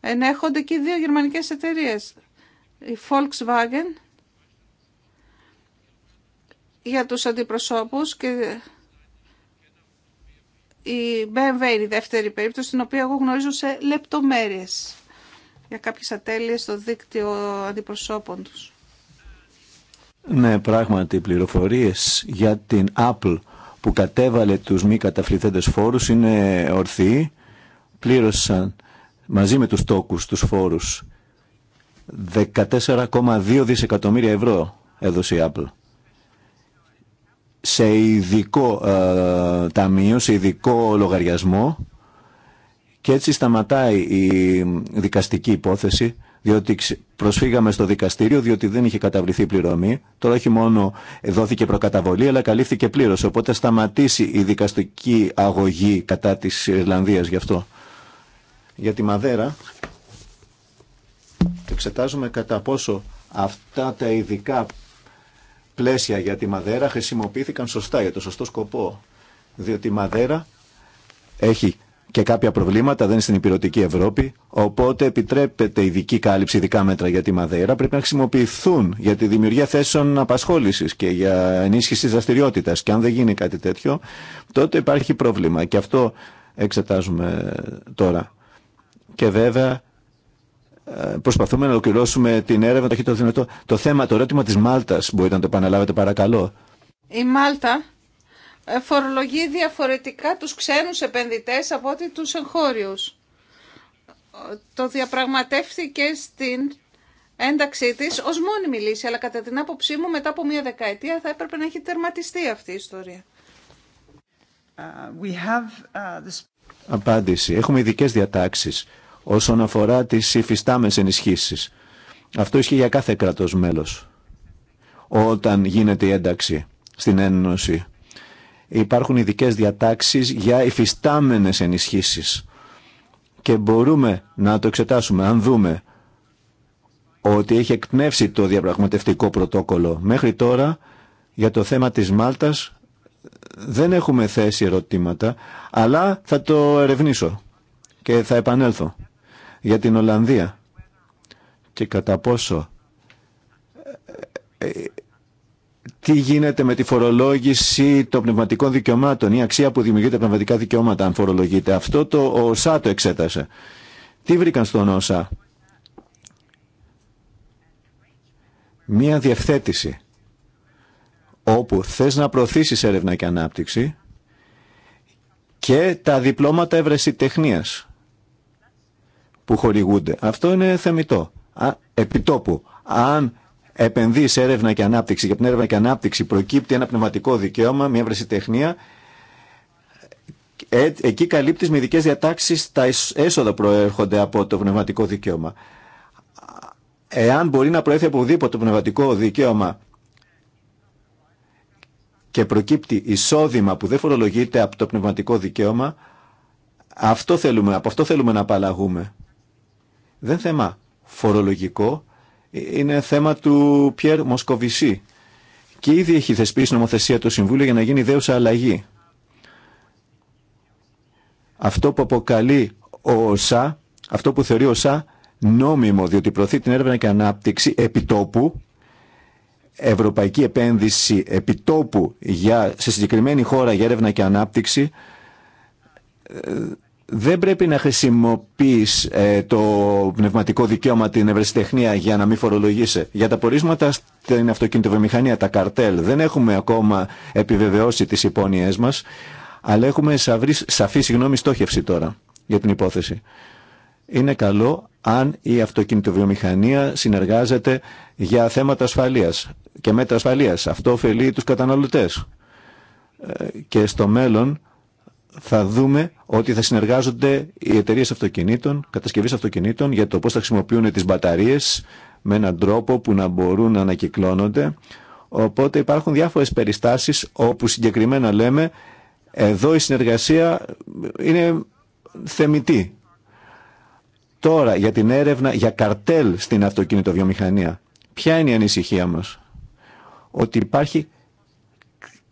Ενέχονται και δύο γερμανικές εταιρείες. Η Volkswagen για τους αντιπροσώπους και η BMW είναι η δεύτερη περίπτωση, την οποία εγώ γνωρίζω σε λεπτομέρειες για κάποιες ατέλειες στο δίκτυο αντιπροσώπων τους.
Ναι, πράγματι, οι πληροφορίες για την Apple που κατέβαλε τους μη καταφληθέντες φόρους είναι ορθοί, πλήρωσαν μαζί με τους τόκους τους φόρους 14,2 δισεκατομμύρια ευρώ έδωσε η Apple σε ειδικό ε, ταμείο, σε ειδικό λογαριασμό και έτσι σταματάει η δικαστική υπόθεση διότι προσφύγαμε στο δικαστήριο διότι δεν είχε καταβληθεί πληρωμή. Τώρα όχι μόνο δόθηκε προκαταβολή αλλά καλύφθηκε πλήρως. Οπότε σταματήσει η δικαστική αγωγή κατά της Ιρλανδίας γι' αυτό. Για τη Μαδέρα εξετάζουμε κατά πόσο αυτά τα ειδικά πλαίσια για τη Μαδέρα χρησιμοποιήθηκαν σωστά για το σωστό σκοπό. Διότι η Μαδέρα έχει και κάποια προβλήματα, δεν είναι στην υπηρετική Ευρώπη, οπότε επιτρέπεται ειδική κάλυψη, ειδικά μέτρα για τη Μαδέρα, πρέπει να χρησιμοποιηθούν για τη δημιουργία θέσεων απασχόληση και για ενίσχυση δραστηριότητα. Και αν δεν γίνει κάτι τέτοιο, τότε υπάρχει πρόβλημα. Και αυτό εξετάζουμε τώρα. Και βέβαια ε, προσπαθούμε να ολοκληρώσουμε την έρευνα το το δυνατό. Το θέμα, το ερώτημα της Μάλτας, μπορείτε να το επαναλάβετε παρακαλώ.
Η Μάλτα ε, φορολογεί διαφορετικά τους ξένους επενδυτές από ό,τι τους εγχώριους. Το διαπραγματεύθηκε στην ένταξή της ως μόνιμη λύση, αλλά κατά την άποψή μου μετά από μία δεκαετία θα έπρεπε να έχει τερματιστεί αυτή η ιστορία.
Ε, we have, uh,
this... Απάντηση. Έχουμε ειδικέ διατάξεις όσον αφορά τις υφιστάμενες ενισχύσεις. Αυτό ισχύει για κάθε κράτος μέλος όταν γίνεται η ένταξη στην Ένωση. Υπάρχουν ειδικέ διατάξεις για υφιστάμενες ενισχύσεις και μπορούμε να το εξετάσουμε αν δούμε ότι έχει εκπνεύσει το διαπραγματευτικό πρωτόκολλο. Μέχρι τώρα για το θέμα της Μάλτας δεν έχουμε θέσει ερωτήματα, αλλά θα το ερευνήσω και θα επανέλθω για την Ολλανδία και κατά πόσο ε, ε, τι γίνεται με τη φορολόγηση των πνευματικών δικαιωμάτων, η αξία που δημιουργείται πνευματικά δικαιώματα αν φορολογείται. Αυτό το ΩΣΑ το εξέτασε. Τι βρήκαν στον ΩΣΑ. Μία διευθέτηση όπου θες να προωθήσεις έρευνα και ανάπτυξη και τα διπλώματα ευρεσιτεχνίας που χορηγούνται. Αυτό είναι θεμητό. Α, επιτόπου. Αν επενδύει σε έρευνα και ανάπτυξη, για την έρευνα και ανάπτυξη προκύπτει ένα πνευματικό δικαίωμα, μια βρεσιτεχνία, ε, εκεί καλύπτει με ειδικέ διατάξει τα έσοδα προέρχονται από το πνευματικό δικαίωμα. Εάν μπορεί να προέρχεται από οδήποτε πνευματικό δικαίωμα και προκύπτει εισόδημα που δεν φορολογείται από το πνευματικό δικαίωμα, αυτό θέλουμε, από αυτό θέλουμε να απαλλαγούμε. Δεν θέμα φορολογικό, είναι θέμα του Πιέρ Μοσκοβισή. Και ήδη έχει θεσπίσει νομοθεσία το Συμβούλιο για να γίνει δέουσα αλλαγή. Αυτό που αποκαλεί ο ΩΣΑ, αυτό που θεωρεί ο ΩΣΑ νόμιμο, διότι προωθεί την έρευνα και ανάπτυξη επιτόπου, ευρωπαϊκή επένδυση επιτόπου για, σε συγκεκριμένη χώρα για έρευνα και ανάπτυξη, δεν πρέπει να χρησιμοποιεί ε, το πνευματικό δικαίωμα την ευρεσιτεχνία για να μην φορολογήσει. Για τα πορίσματα στην αυτοκινητοβιομηχανία, τα καρτέλ, δεν έχουμε ακόμα επιβεβαιώσει τις υπόνοιές μας, αλλά έχουμε σαφή, σαφή συγγνώμη στόχευση τώρα για την υπόθεση. Είναι καλό αν η αυτοκινητοβιομηχανία συνεργάζεται για θέματα ασφαλεία και μέτρα ασφαλεία. Αυτό ωφελεί του καταναλωτέ. Ε, και στο μέλλον θα δούμε ότι θα συνεργάζονται οι εταιρείε αυτοκινήτων, κατασκευή αυτοκινήτων για το πώ θα χρησιμοποιούν τι μπαταρίε με έναν τρόπο που να μπορούν να ανακυκλώνονται. Οπότε υπάρχουν διάφορε περιστάσει όπου συγκεκριμένα λέμε εδώ η συνεργασία είναι θεμητή. Τώρα για την έρευνα για καρτέλ στην αυτοκινητοβιομηχανία. Ποια είναι η ανησυχία μας. Ότι υπάρχει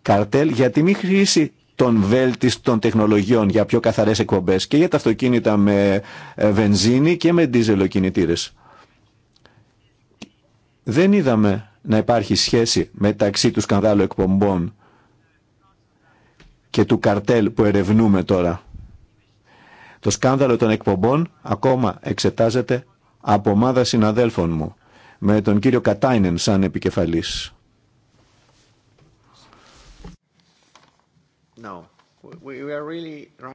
καρτέλ για τη μη χρήση των βέλτιστων τεχνολογιών για πιο καθαρές εκπομπές και για τα αυτοκίνητα με ε, βενζίνη και με ντίζελοκινητήρες. Δεν είδαμε να υπάρχει σχέση μεταξύ του σκανδάλου εκπομπών και του καρτέλ που ερευνούμε τώρα. Το σκάνδαλο των εκπομπών ακόμα εξετάζεται από ομάδα συναδέλφων μου, με τον κύριο Κατάινεν σαν επικεφαλής.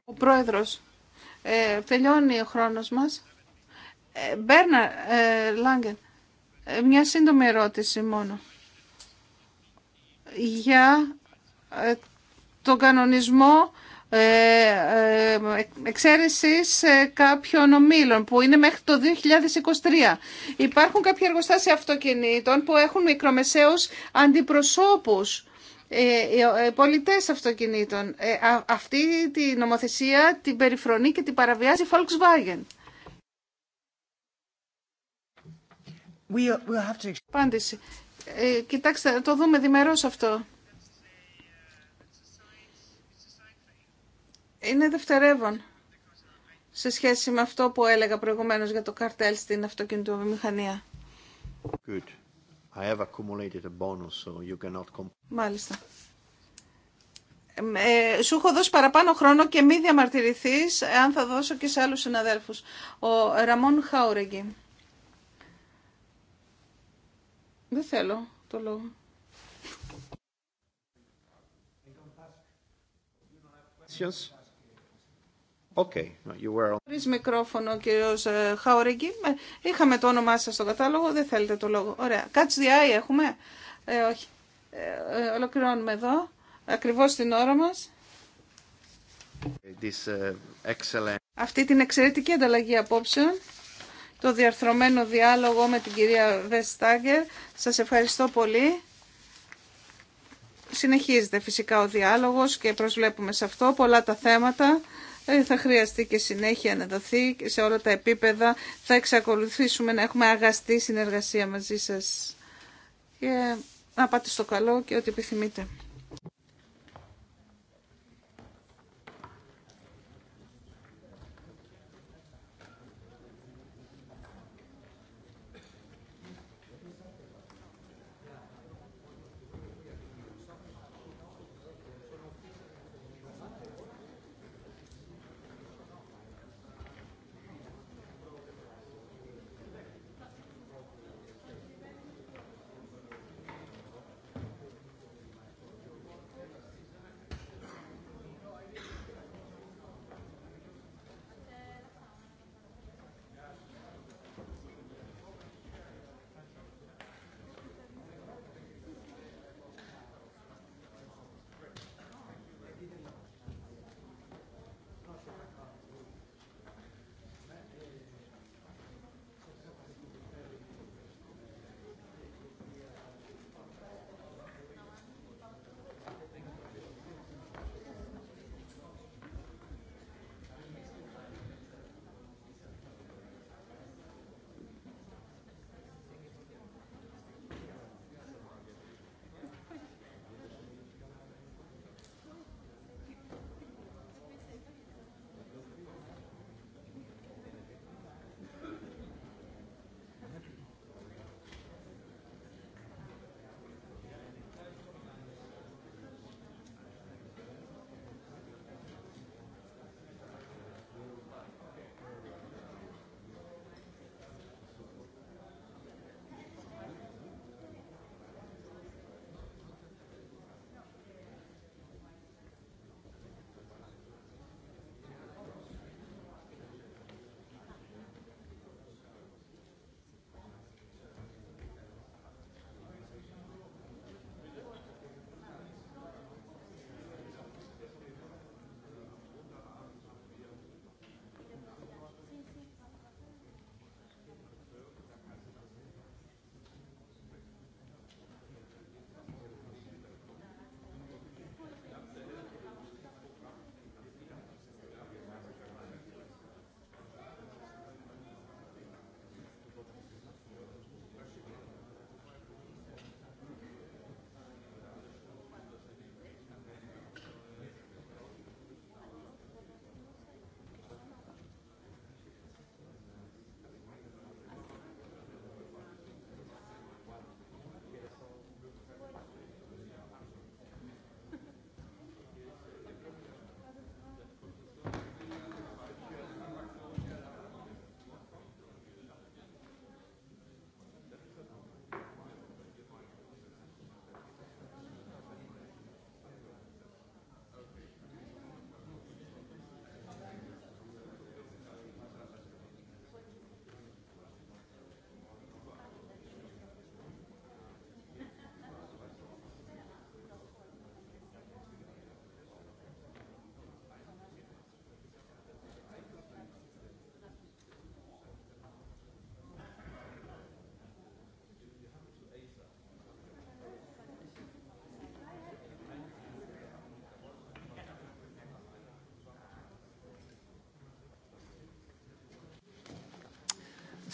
Ο πρόεδρος,
ε, τελειώνει ο χρόνος μας. Ε, ε Λάγκεν, ε, μια σύντομη ερώτηση μόνο. Για ε, τον κανονισμό εξαίρεσης κάποιων ομίλων που είναι μέχρι το 2023. Υπάρχουν κάποια εργοστάσια αυτοκινήτων που έχουν μικρομεσαίους αντιπροσώπους οι ε, ε, ε, πολιτές αυτοκινήτων. Αυτή τη νομοθεσία την περιφρονεί και την παραβιάζει η Volkswagen. Ε, κοιτάξτε, το δούμε διμερώς αυτό. Είναι δευτερεύον σε σχέση με αυτό που έλεγα προηγουμένως για το καρτέλ στην αυτοκινητοβιομηχανία. Good. Μάλιστα. σου έχω δώσει παραπάνω χρόνο και μη διαμαρτυρηθείς αν θα δώσω και σε άλλους συναδέλφους. Ο Ραμόν Χάουρεγγι. Δεν θέλω το λόγο.
Yes. Okay. No, you were...
Χωρίς μικρόφωνο, κύριος ε, ε, Είχαμε το όνομά σας στον κατάλογο, δεν θέλετε το λόγο. Ωραία. Κάτσε διάει έχουμε. Ε, όχι. Ε, ε ολοκληρώνουμε εδώ. Ακριβώς την ώρα μας.
This, uh, excellent...
Αυτή την εξαιρετική ανταλλαγή απόψεων. Το διαρθρωμένο διάλογο με την κυρία Βεστάγκερ. Σας ευχαριστώ πολύ. Συνεχίζεται φυσικά ο διάλογος και προσβλέπουμε σε αυτό πολλά τα θέματα. Ε, θα χρειαστεί και συνέχεια να δοθεί σε όλα τα επίπεδα. Θα εξακολουθήσουμε να έχουμε αγαστή συνεργασία μαζί σας. Και να πάτε στο καλό και ό,τι επιθυμείτε.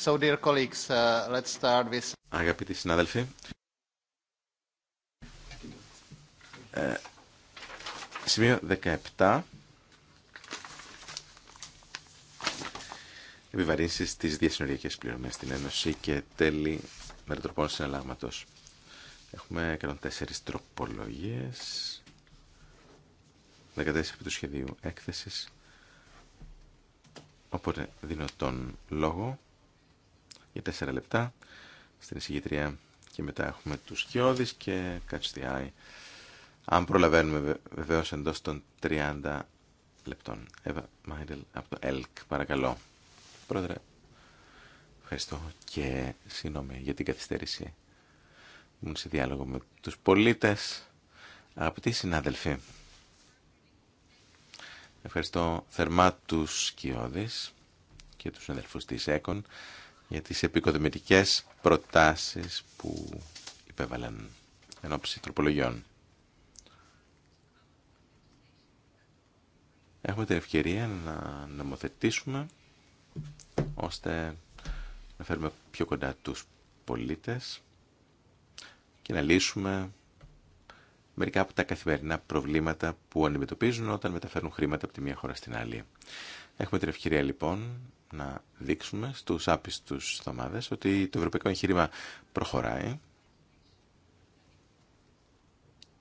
Uh,
Αγαπητοί συνάδελφοι, ε, σημείο 17, επιβαρύνσεις της διασυνοριακής πληρωμές στην Ένωση και τέλη μεριτροπών συναλλάγματος. Έχουμε 104 τροπολογίες, 14 από του σχεδίου έκθεσης, οπότε δίνω τον λόγο για τέσσερα λεπτά στην εισηγητρία και μετά έχουμε του Σκιώδη και catch Αν προλαβαίνουμε βεβαίω εντό των 30 λεπτών. Εύα Μάιντελ από το ΕΛΚ, παρακαλώ. Πρόεδρε, ευχαριστώ και συγγνώμη για την καθυστέρηση. Ήμουν σε διάλογο με του πολίτε αγαπητοί συνάδελφοι. Ευχαριστώ θερμά τους Σκιώδη και τους αδελφού τη ΕΚΟΝ για τις επικοδομητικές προτάσεις που υπέβαλαν εν ώψη τροπολογιών. Έχουμε την ευκαιρία να νομοθετήσουμε ώστε να φέρουμε πιο κοντά τους πολίτες και να λύσουμε μερικά από τα καθημερινά προβλήματα που αντιμετωπίζουν όταν μεταφέρουν χρήματα από τη μία χώρα στην άλλη. Έχουμε την ευκαιρία λοιπόν να δείξουμε στους άπιστους θωμάδες ότι το ευρωπαϊκό εγχείρημα προχωράει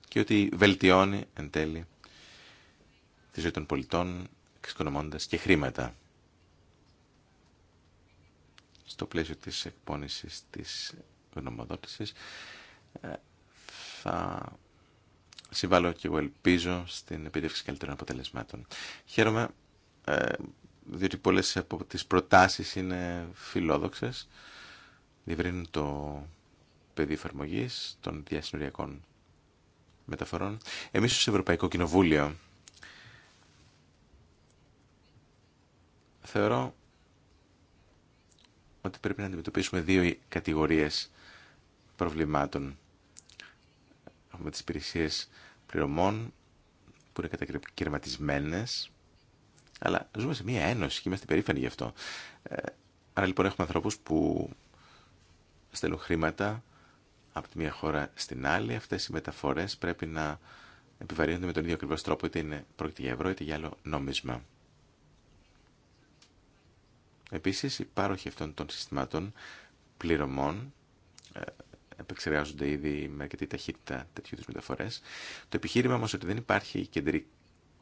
και ότι βελτιώνει εν τέλει τη ζωή των πολιτών εξοικονομώντας και χρήματα στο πλαίσιο της εκπόνησης της γνωμοδότησης ε, θα συμβάλλω και εγώ ελπίζω στην επίτευξη καλύτερων αποτελεσμάτων. Χαίρομαι ε, διότι πολλές από τις προτάσεις είναι φιλόδοξες, διευρύνουν το πεδίο εφαρμογή των διασυνοριακών μεταφορών. Εμείς ως Ευρωπαϊκό Κοινοβούλιο θεωρώ ότι πρέπει να αντιμετωπίσουμε δύο κατηγορίες προβλημάτων. Έχουμε τις υπηρεσίε πληρωμών που είναι κατακαιρματισμένες αλλά ζούμε σε μια ένωση και είμαστε περήφανοι γι' αυτό. Ε, άρα λοιπόν έχουμε ανθρώπους που στέλνουν χρήματα από τη μία χώρα στην άλλη. Αυτές οι μεταφορές πρέπει να επιβαρύνονται με τον ίδιο ακριβώ τρόπο, είτε είναι πρόκειται για ευρώ είτε για άλλο νόμισμα. Επίσης, οι πάροχοι αυτών των συστημάτων πληρωμών ε, επεξεργάζονται ήδη με αρκετή ταχύτητα τέτοιου είδου μεταφορέ. Το επιχείρημα όμω ότι δεν υπάρχει κεντρική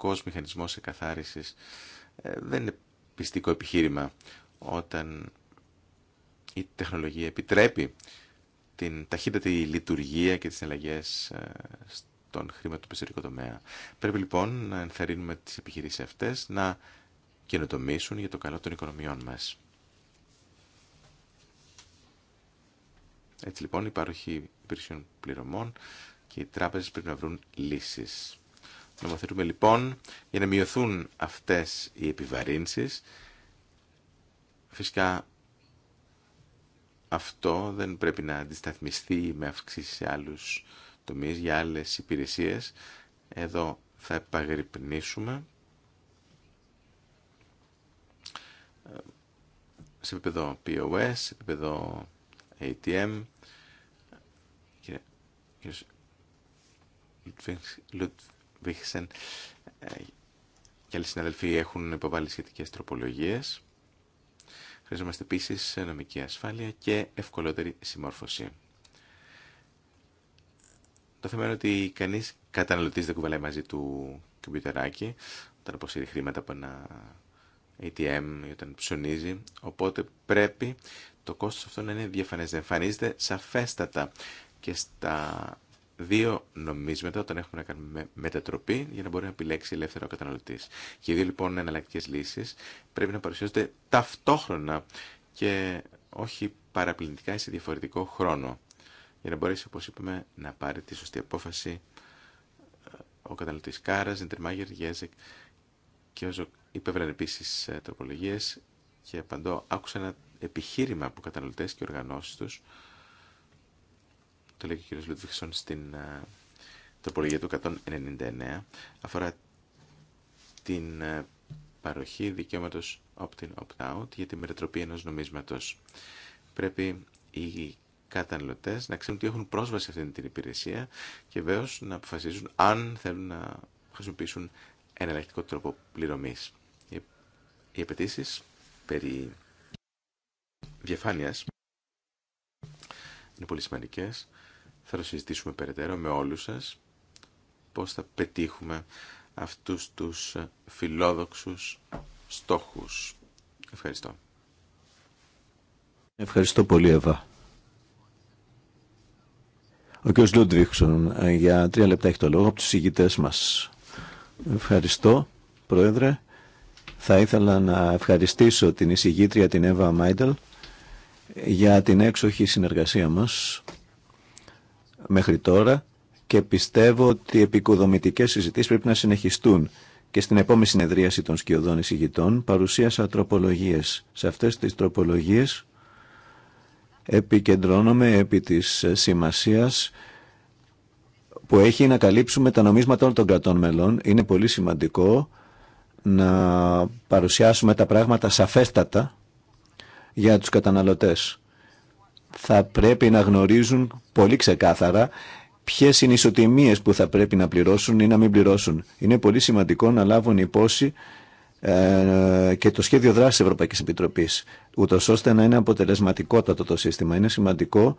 Ευρωπαϊκός Μηχανισμός Εκαθάρισης ε, δεν είναι πιστικό επιχείρημα όταν η τεχνολογία επιτρέπει την ταχύτατη λειτουργία και τις ελαγές ε, στον χρηματοπιστωτικό τομέα. Πρέπει λοιπόν να ενθαρρύνουμε τις επιχειρήσεις αυτές να καινοτομήσουν για το καλό των οικονομιών μας. Έτσι λοιπόν υπάρχει υπηρεσιών πληρωμών και οι τράπεζες πρέπει να βρουν λύσεις. Νομοθετούμε λοιπόν για να μειωθούν αυτές οι επιβαρύνσεις. Φυσικά αυτό δεν πρέπει να αντισταθμιστεί με αυξήσεις σε άλλους τομείς, για άλλες υπηρεσίες. Εδώ θα επαγρυπνήσουμε. Σε επίπεδο POS, σε επίπεδο ATM. Κύριε Λουτβίνσκι Βίχσεν ε, και άλλοι συναδελφοί έχουν υποβάλει σχετικέ τροπολογίε. Χρειαζόμαστε επίση νομική ασφάλεια και ευκολότερη συμμόρφωση. Το θέμα είναι ότι κανεί καταναλωτή δεν κουβαλάει μαζί του κομπιουτεράκι όταν αποσύρει χρήματα από ένα ATM ή όταν ψωνίζει. Οπότε πρέπει το κόστος αυτό να είναι διαφανές. Δεν εμφανίζεται σαφέστατα και στα δύο νομίσματα όταν έχουμε να κάνουμε μετατροπή για να μπορεί να επιλέξει ελεύθερα ο καταναλωτή. Και οι δύο λοιπόν εναλλακτικέ λύσει πρέπει να παρουσιάζονται ταυτόχρονα και όχι παραπληνητικά σε διαφορετικό χρόνο. Για να μπορέσει, όπω είπαμε, να πάρει τη σωστή απόφαση ε, ο καταναλωτή Κάρα, Ζεντερμάγερ, Γέζεκ και όσο υπέβαλαν επίση ε, τροπολογίε και απαντώ, άκουσα ένα επιχείρημα από καταναλωτέ και οργανώσει του το λέει και ο κ. Λουτβίχσον στην ε, τροπολογία του 199, αφορά την ε, παροχη δικαιωματο δικαιώματος opt-in, opt-out για τη μετατροπή ενό νομίσματος. Πρέπει οι καταναλωτέ να ξέρουν ότι έχουν πρόσβαση σε αυτή την υπηρεσία και βέβαιω να αποφασίζουν αν θέλουν να χρησιμοποιήσουν εναλλακτικό τρόπο πληρωμή. Οι απαιτήσει περί διαφάνεια είναι πολύ σημαντικέ θα το συζητήσουμε περαιτέρω με όλους σας πώς θα πετύχουμε αυτούς τους φιλόδοξους στόχους. Ευχαριστώ.
Ευχαριστώ πολύ, Εύα. Ο κ. Λούντβιχσον ε, για τρία λεπτά έχει το λόγο από τους ηγητές μας. Ευχαριστώ, Πρόεδρε. Θα ήθελα να ευχαριστήσω την εισηγήτρια την Εύα Μάιντελ για την έξοχη συνεργασία μας μέχρι τώρα και πιστεύω ότι οι επικοδομητικές συζητήσεις πρέπει να συνεχιστούν. Και στην επόμενη συνεδρίαση των σκιωδών εισηγητών παρουσίασα τροπολογίες. Σε αυτές τις τροπολογίες επικεντρώνομαι επί της σημασίας που έχει να καλύψουμε τα νομίσματα όλων των κρατών μελών. Είναι πολύ σημαντικό να παρουσιάσουμε τα πράγματα σαφέστατα για τους καταναλωτές θα πρέπει να γνωρίζουν πολύ ξεκάθαρα ποιες είναι οι ισοτιμίε που θα πρέπει να πληρώσουν ή να μην πληρώσουν. Είναι πολύ σημαντικό να λάβουν υπόση ε, και το σχέδιο δράσης Ευρωπαϊκής Επιτροπής, ούτω ώστε να είναι αποτελεσματικότατο το σύστημα. Είναι σημαντικό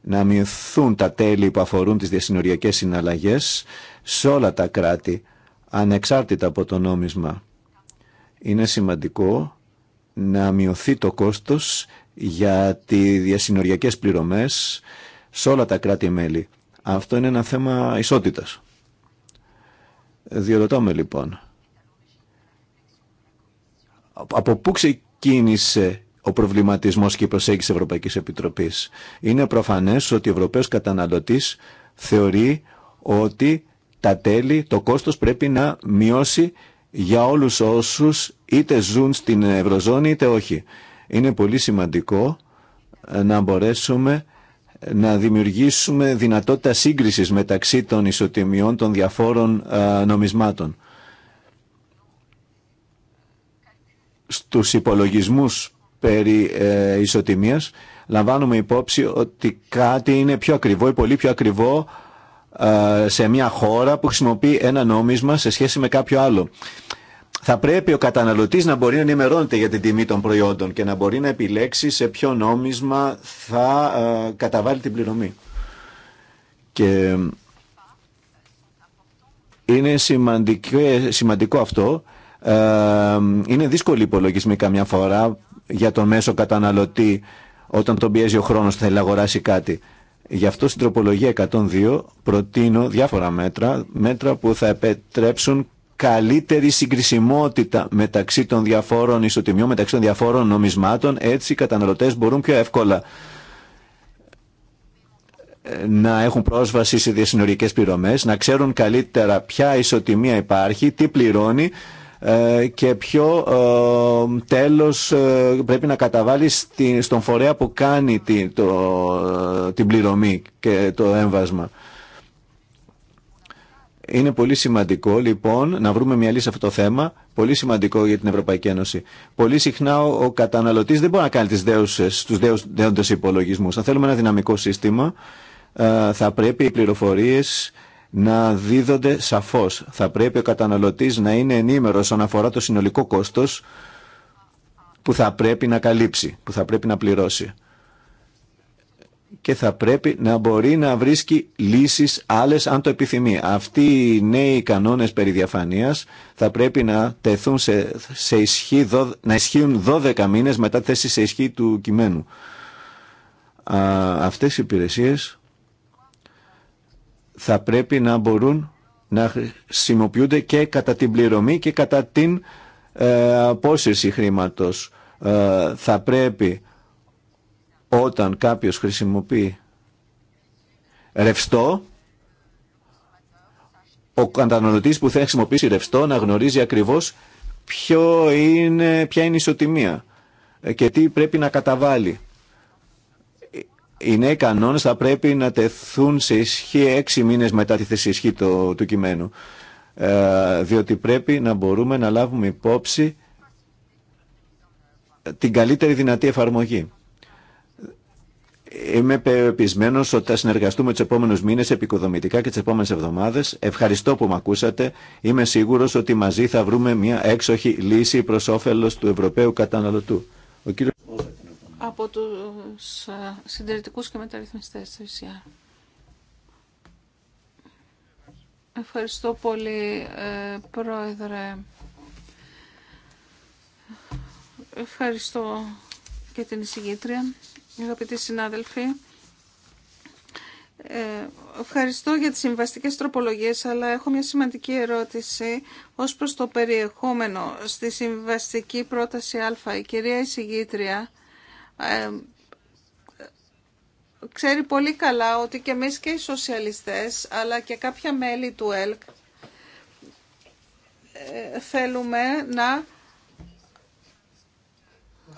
να μειωθούν τα τέλη που αφορούν τις διασυνοριακές συναλλαγές σε όλα τα κράτη, ανεξάρτητα από το νόμισμα. Είναι σημαντικό να μειωθεί το κόστος για τι διασυνοριακές πληρωμέ σε όλα τα κράτη-μέλη. Αυτό είναι ένα θέμα ισότητα. Διερωτώ λοιπόν. Από πού ξεκίνησε ο προβληματισμός και η προσέγγιση Ευρωπαϊκής Επιτροπής. Είναι προφανές ότι ο Ευρωπαίος καταναλωτής θεωρεί ότι τα τέλη, το κόστος πρέπει να μειώσει για όλους όσους είτε ζουν στην Ευρωζώνη είτε όχι. Είναι πολύ σημαντικό ε, να μπορέσουμε ε, να δημιουργήσουμε δυνατότητα σύγκρισης μεταξύ των ισοτιμιών των διαφόρων ε, νομισμάτων. Στους υπολογισμούς περί ισοτιμίας λαμβάνουμε υπόψη ότι κάτι είναι πιο ακριβό ή πολύ πιο ακριβό σε μια χώρα που χρησιμοποιεί ένα νόμισμα σε σχέση με κάποιο άλλο θα πρέπει ο καταναλωτής να μπορεί να ενημερώνεται για την τιμή των προϊόντων και να μπορεί να επιλέξει σε ποιο νόμισμα θα ε, καταβάλει την πληρωμή. Και είναι σημαντικό, αυτό. Ε, είναι δύσκολη υπολογισμή καμιά φορά για τον μέσο καταναλωτή όταν τον πιέζει ο χρόνος θέλει να αγοράσει κάτι. Γι' αυτό στην τροπολογία 102 προτείνω διάφορα μέτρα, μέτρα που θα επιτρέψουν καλύτερη συγκρισιμότητα μεταξύ των διαφόρων ισοτιμιών, μεταξύ των διαφόρων νομισμάτων, έτσι οι καταναλωτές μπορούν πιο εύκολα ε, να έχουν πρόσβαση σε διασυνορικές πληρωμές, να ξέρουν καλύτερα ποια ισοτιμία υπάρχει, τι πληρώνει ε, και ποιο ε, τέλος πρέπει να καταβάλει στον φορέα που κάνει την πληρωμή και το έμβασμα. Είναι πολύ σημαντικό λοιπόν να βρούμε μια λύση σε αυτό το θέμα, πολύ σημαντικό για την Ευρωπαϊκή Ένωση. Πολύ συχνά ο, ο καταναλωτή δεν μπορεί να κάνει του δέοντε υπολογισμού. Αν θέλουμε ένα δυναμικό σύστημα, ε, θα πρέπει οι πληροφορίε να δίδονται σαφώ. Θα πρέπει ο καταναλωτή να είναι ενήμερο όσον αφορά το συνολικό κόστο που θα πρέπει να καλύψει, που θα πρέπει να πληρώσει και θα πρέπει να μπορεί να βρίσκει λύσεις άλλες αν το επιθυμεί. Αυτοί οι νέοι κανόνες περί διαφανείας θα πρέπει να τεθούν σε, σε ισχύ, να ισχύουν 12 μήνες μετά τη θέση σε ισχύ του κειμένου. Α, αυτές οι υπηρεσίες θα πρέπει να μπορούν να χρησιμοποιούνται και κατά την πληρωμή και κατά την ε, απόσυρση χρήματος. Ε, θα πρέπει όταν κάποιος χρησιμοποιεί ρευστό, ο καταναλωτής που θα χρησιμοποιήσει ρευστό να γνωρίζει ακριβώς ποιο είναι, ποια είναι η ισοτιμία και τι πρέπει να καταβάλει. Οι νέοι κανόνες θα πρέπει να τεθούν σε ισχύ έξι μήνες μετά τη θέση ισχύ του, κειμένου. Ε, διότι πρέπει να μπορούμε να λάβουμε υπόψη την καλύτερη δυνατή εφαρμογή. Είμαι πεπισμένο ότι θα συνεργαστούμε του επόμενου μήνε επικοδομητικά και τι επόμενε εβδομάδε. Ευχαριστώ που με ακούσατε. Είμαι σίγουρο ότι μαζί θα βρούμε μια έξοχη λύση προ όφελο του Ευρωπαίου καταναλωτού. Ο
Από ε, του συντηρητικού και μεταρρυθμιστέ τη ΙΣΙΑ. Ευχαριστώ πολύ, ε, Πρόεδρε. Ευχαριστώ και την εισηγήτρια αγαπητοί συνάδελφοι. Ε, ευχαριστώ για τις συμβαστικές τροπολογίες, αλλά έχω μια σημαντική ερώτηση ως προς το περιεχόμενο στη συμβαστική πρόταση Α. Η κυρία εισηγήτρια ε, ξέρει πολύ καλά ότι και εμείς και οι σοσιαλιστές, αλλά και κάποια μέλη του ΕΛΚ ε, θέλουμε να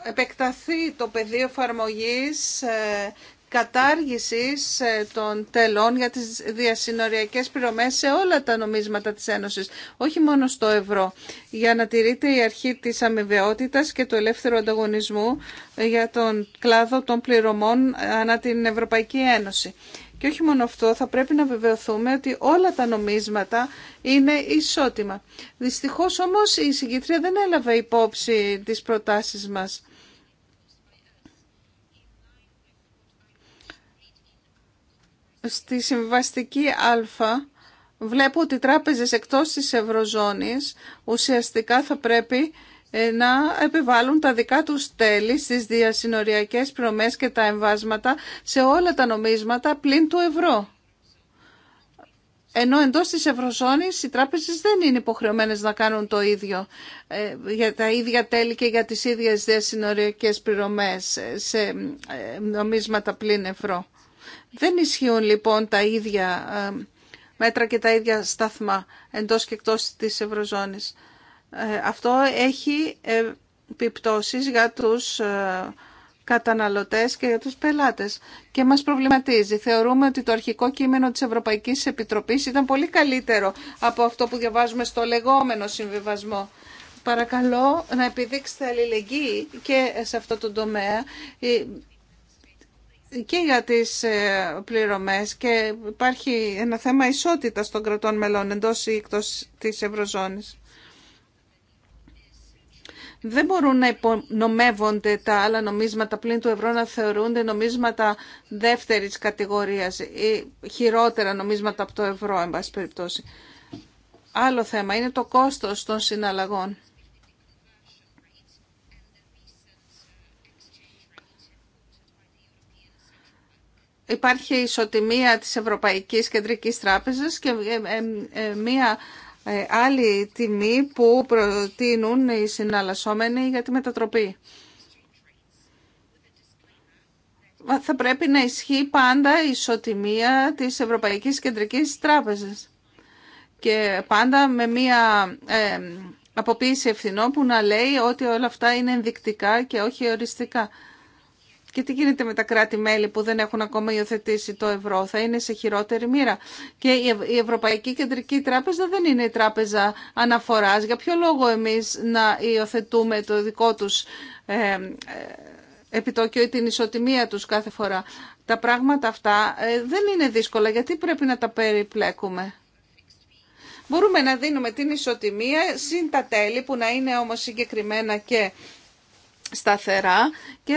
επεκταθεί το πεδίο εφαρμογή ε, κατάργησης ε, των τελών για τις διασυνοριακές πληρωμές σε όλα τα νομίσματα της Ένωσης, όχι μόνο στο ευρώ, για να τηρείται η αρχή της αμοιβαιότητας και του ελεύθερου ανταγωνισμού ε, για τον κλάδο των πληρωμών ανά την Ευρωπαϊκή Ένωση. Και όχι μόνο αυτό, θα πρέπει να βεβαιωθούμε ότι όλα τα νομίσματα είναι ισότιμα. Δυστυχώς όμως η συγκήτρια δεν έλαβε υπόψη τις προτάσεις μας στη συμβαστική α βλέπω ότι οι τράπεζες εκτός της Ευρωζώνης ουσιαστικά θα πρέπει ε, να επιβάλλουν τα δικά τους τέλη στις διασυνοριακές προμές και τα εμβάσματα σε όλα τα νομίσματα πλην του ευρώ. Ενώ εντός της Ευρωζώνης οι τράπεζες δεν είναι υποχρεωμένες να κάνουν το ίδιο ε, για τα ίδια τέλη και για τις ίδιες διασυνοριακές πληρωμές ε, σε νομίσματα πλην ευρώ. Δεν ισχύουν λοιπόν τα ίδια ε, μέτρα και τα ίδια σταθμά εντός και εκτός της Ευρωζώνης. Ε, αυτό έχει ε, επιπτώσεις για τους καταναλωτές και για τους πελάτες και μας προβληματίζει. Θεωρούμε ότι το αρχικό κείμενο της Ευρωπαϊκής Επιτροπής ήταν πολύ καλύτερο από αυτό που διαβάζουμε στο λεγόμενο συμβιβασμό. Παρακαλώ να επιδείξετε αλληλεγγύη και σε αυτό το τομέα και για τις ε, πληρωμές και υπάρχει ένα θέμα ισότητας των κρατών μελών εντός ή εκτός της Ευρωζώνης. Δεν μπορούν να υπονομεύονται τα άλλα νομίσματα πλην του ευρώ να θεωρούνται νομίσματα δεύτερης κατηγορίας ή χειρότερα νομίσματα από το ευρώ, εν πάση περιπτώσει. Άλλο θέμα είναι το κόστος των συναλλαγών. υπάρχει ισοτιμία της Ευρωπαϊκής Κεντρικής Τράπεζας και ε, ε, ε, μία άλλη τιμή που προτείνουν οι συναλλασσόμενοι για τη μετατροπή. Θα πρέπει να ισχύει πάντα η ισοτιμία της Ευρωπαϊκής Κεντρικής Τράπεζας και πάντα με μία αποποίηση ευθυνών που να λέει ότι όλα αυτά είναι ενδεικτικά και όχι οριστικά. Και τι γίνεται με τα κράτη-μέλη που δεν έχουν ακόμα υιοθετήσει το ευρώ, θα είναι σε χειρότερη μοίρα. Και η Ευρωπαϊκή Κεντρική Τράπεζα δεν είναι η τράπεζα αναφοράς. Για ποιο λόγο εμείς να υιοθετούμε το δικό τους ε, ε, επιτόκιο ή την ισοτιμία τους κάθε φορά. Τα πράγματα αυτά ε, δεν είναι δύσκολα. Γιατί πρέπει να τα περιπλέκουμε. Μπορούμε να δίνουμε την ισοτιμία συν τα τέλη που να είναι όμως συγκεκριμένα και σταθερά και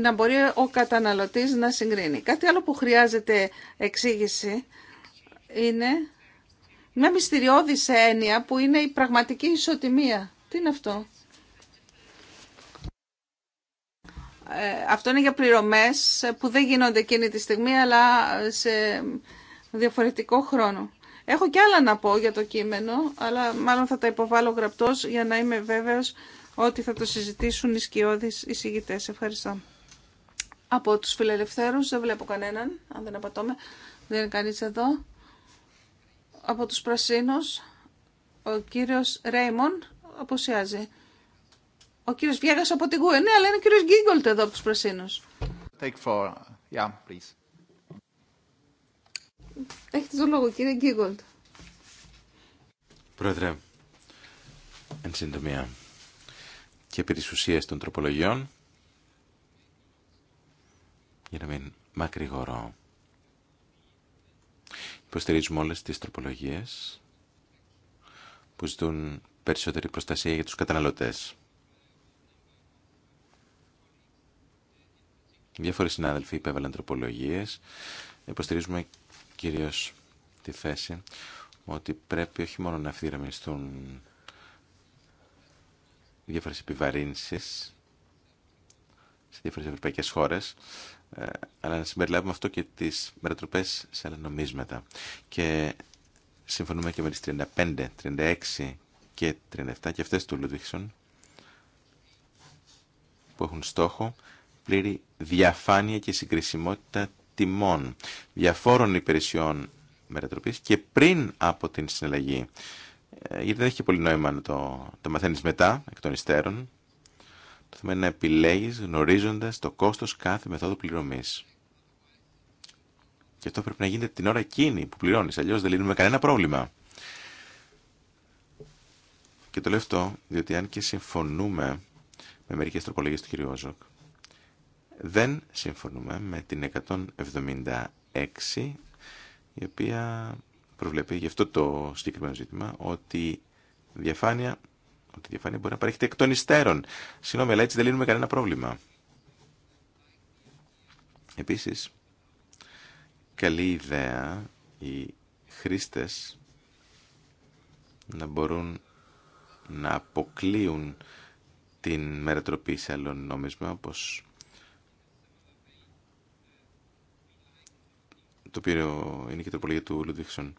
να μπορεί ο καταναλωτής να συγκρίνει. Κάτι άλλο που χρειάζεται εξήγηση είναι μια μυστηριώδης έννοια που είναι η πραγματική ισοτιμία. Τι είναι αυτό. Ε, αυτό είναι για πληρωμές που δεν γίνονται εκείνη τη στιγμή αλλά σε διαφορετικό χρόνο. Έχω και άλλα να πω για το κείμενο, αλλά μάλλον θα τα υποβάλω γραπτός για να είμαι βέβαιος ότι θα το συζητήσουν οι σκιώδεις εισηγητές. Ευχαριστώ. Από τους φιλελευθέρους δεν βλέπω κανέναν, αν δεν απατώμε. Δεν είναι κανείς εδώ. Από τους πρασίνους, ο κύριος Ρέιμον αποσιάζει. Ο κύριος Βιέγας από την Γουέ. Ναι, αλλά είναι ο κύριος Γκίγκολτ εδώ από τους πρασίνους.
Take
please.
Έχετε το λόγο, κύριε Γκίγκολτ.
Πρόεδρε, εν συντομία, και επί της ουσίας των τροπολογιών για να μην μακρηγορώ. Υποστηρίζουμε όλες τις τροπολογίες που ζητούν περισσότερη προστασία για τους καταναλωτές. Διάφοροι συνάδελφοι υπέβαλαν τροπολογίες. Υποστηρίζουμε κυρίως τη θέση ότι πρέπει όχι μόνο να αυθυραμιστούν διάφορες επιβαρύνσεις σε διάφορες ευρωπαϊκές χώρες ε, αλλά να συμπεριλάβουμε αυτό και τις μετατροπές σε άλλα νομίσματα. Και συμφωνούμε και με τις 35, 36 και 37 και αυτές του Λουδίξον που έχουν στόχο πλήρη διαφάνεια και συγκρισιμότητα τιμών διαφόρων υπηρεσιών μετατροπής και πριν από την συναλλαγή ε, γιατί δεν έχει πολύ νόημα να το, το μαθαίνεις μετά, εκ των υστέρων. Το θέμα είναι να επιλέγεις γνωρίζοντα το κόστος κάθε μεθόδου πληρωμής. Και αυτό πρέπει να γίνεται την ώρα εκείνη που πληρώνεις, Αλλιώ δεν λύνουμε κανένα πρόβλημα. Και το λέω αυτό, διότι αν και συμφωνούμε με μερικέ τροπολογίε του κ. Ζοκ, δεν συμφωνούμε με την 176, η οποία προβλέπει γι' αυτό το συγκεκριμένο ζήτημα ότι διαφάνεια, ότι διαφάνεια μπορεί να παρέχεται εκ των υστέρων. Συγγνώμη, αλλά έτσι δεν λύνουμε κανένα πρόβλημα. Επίσης, καλή ιδέα οι χρήστες να μπορούν να αποκλείουν την μερατροπή σε άλλο νόμισμα, όπως το οποίο είναι και η τροπολογία του Λουδίξον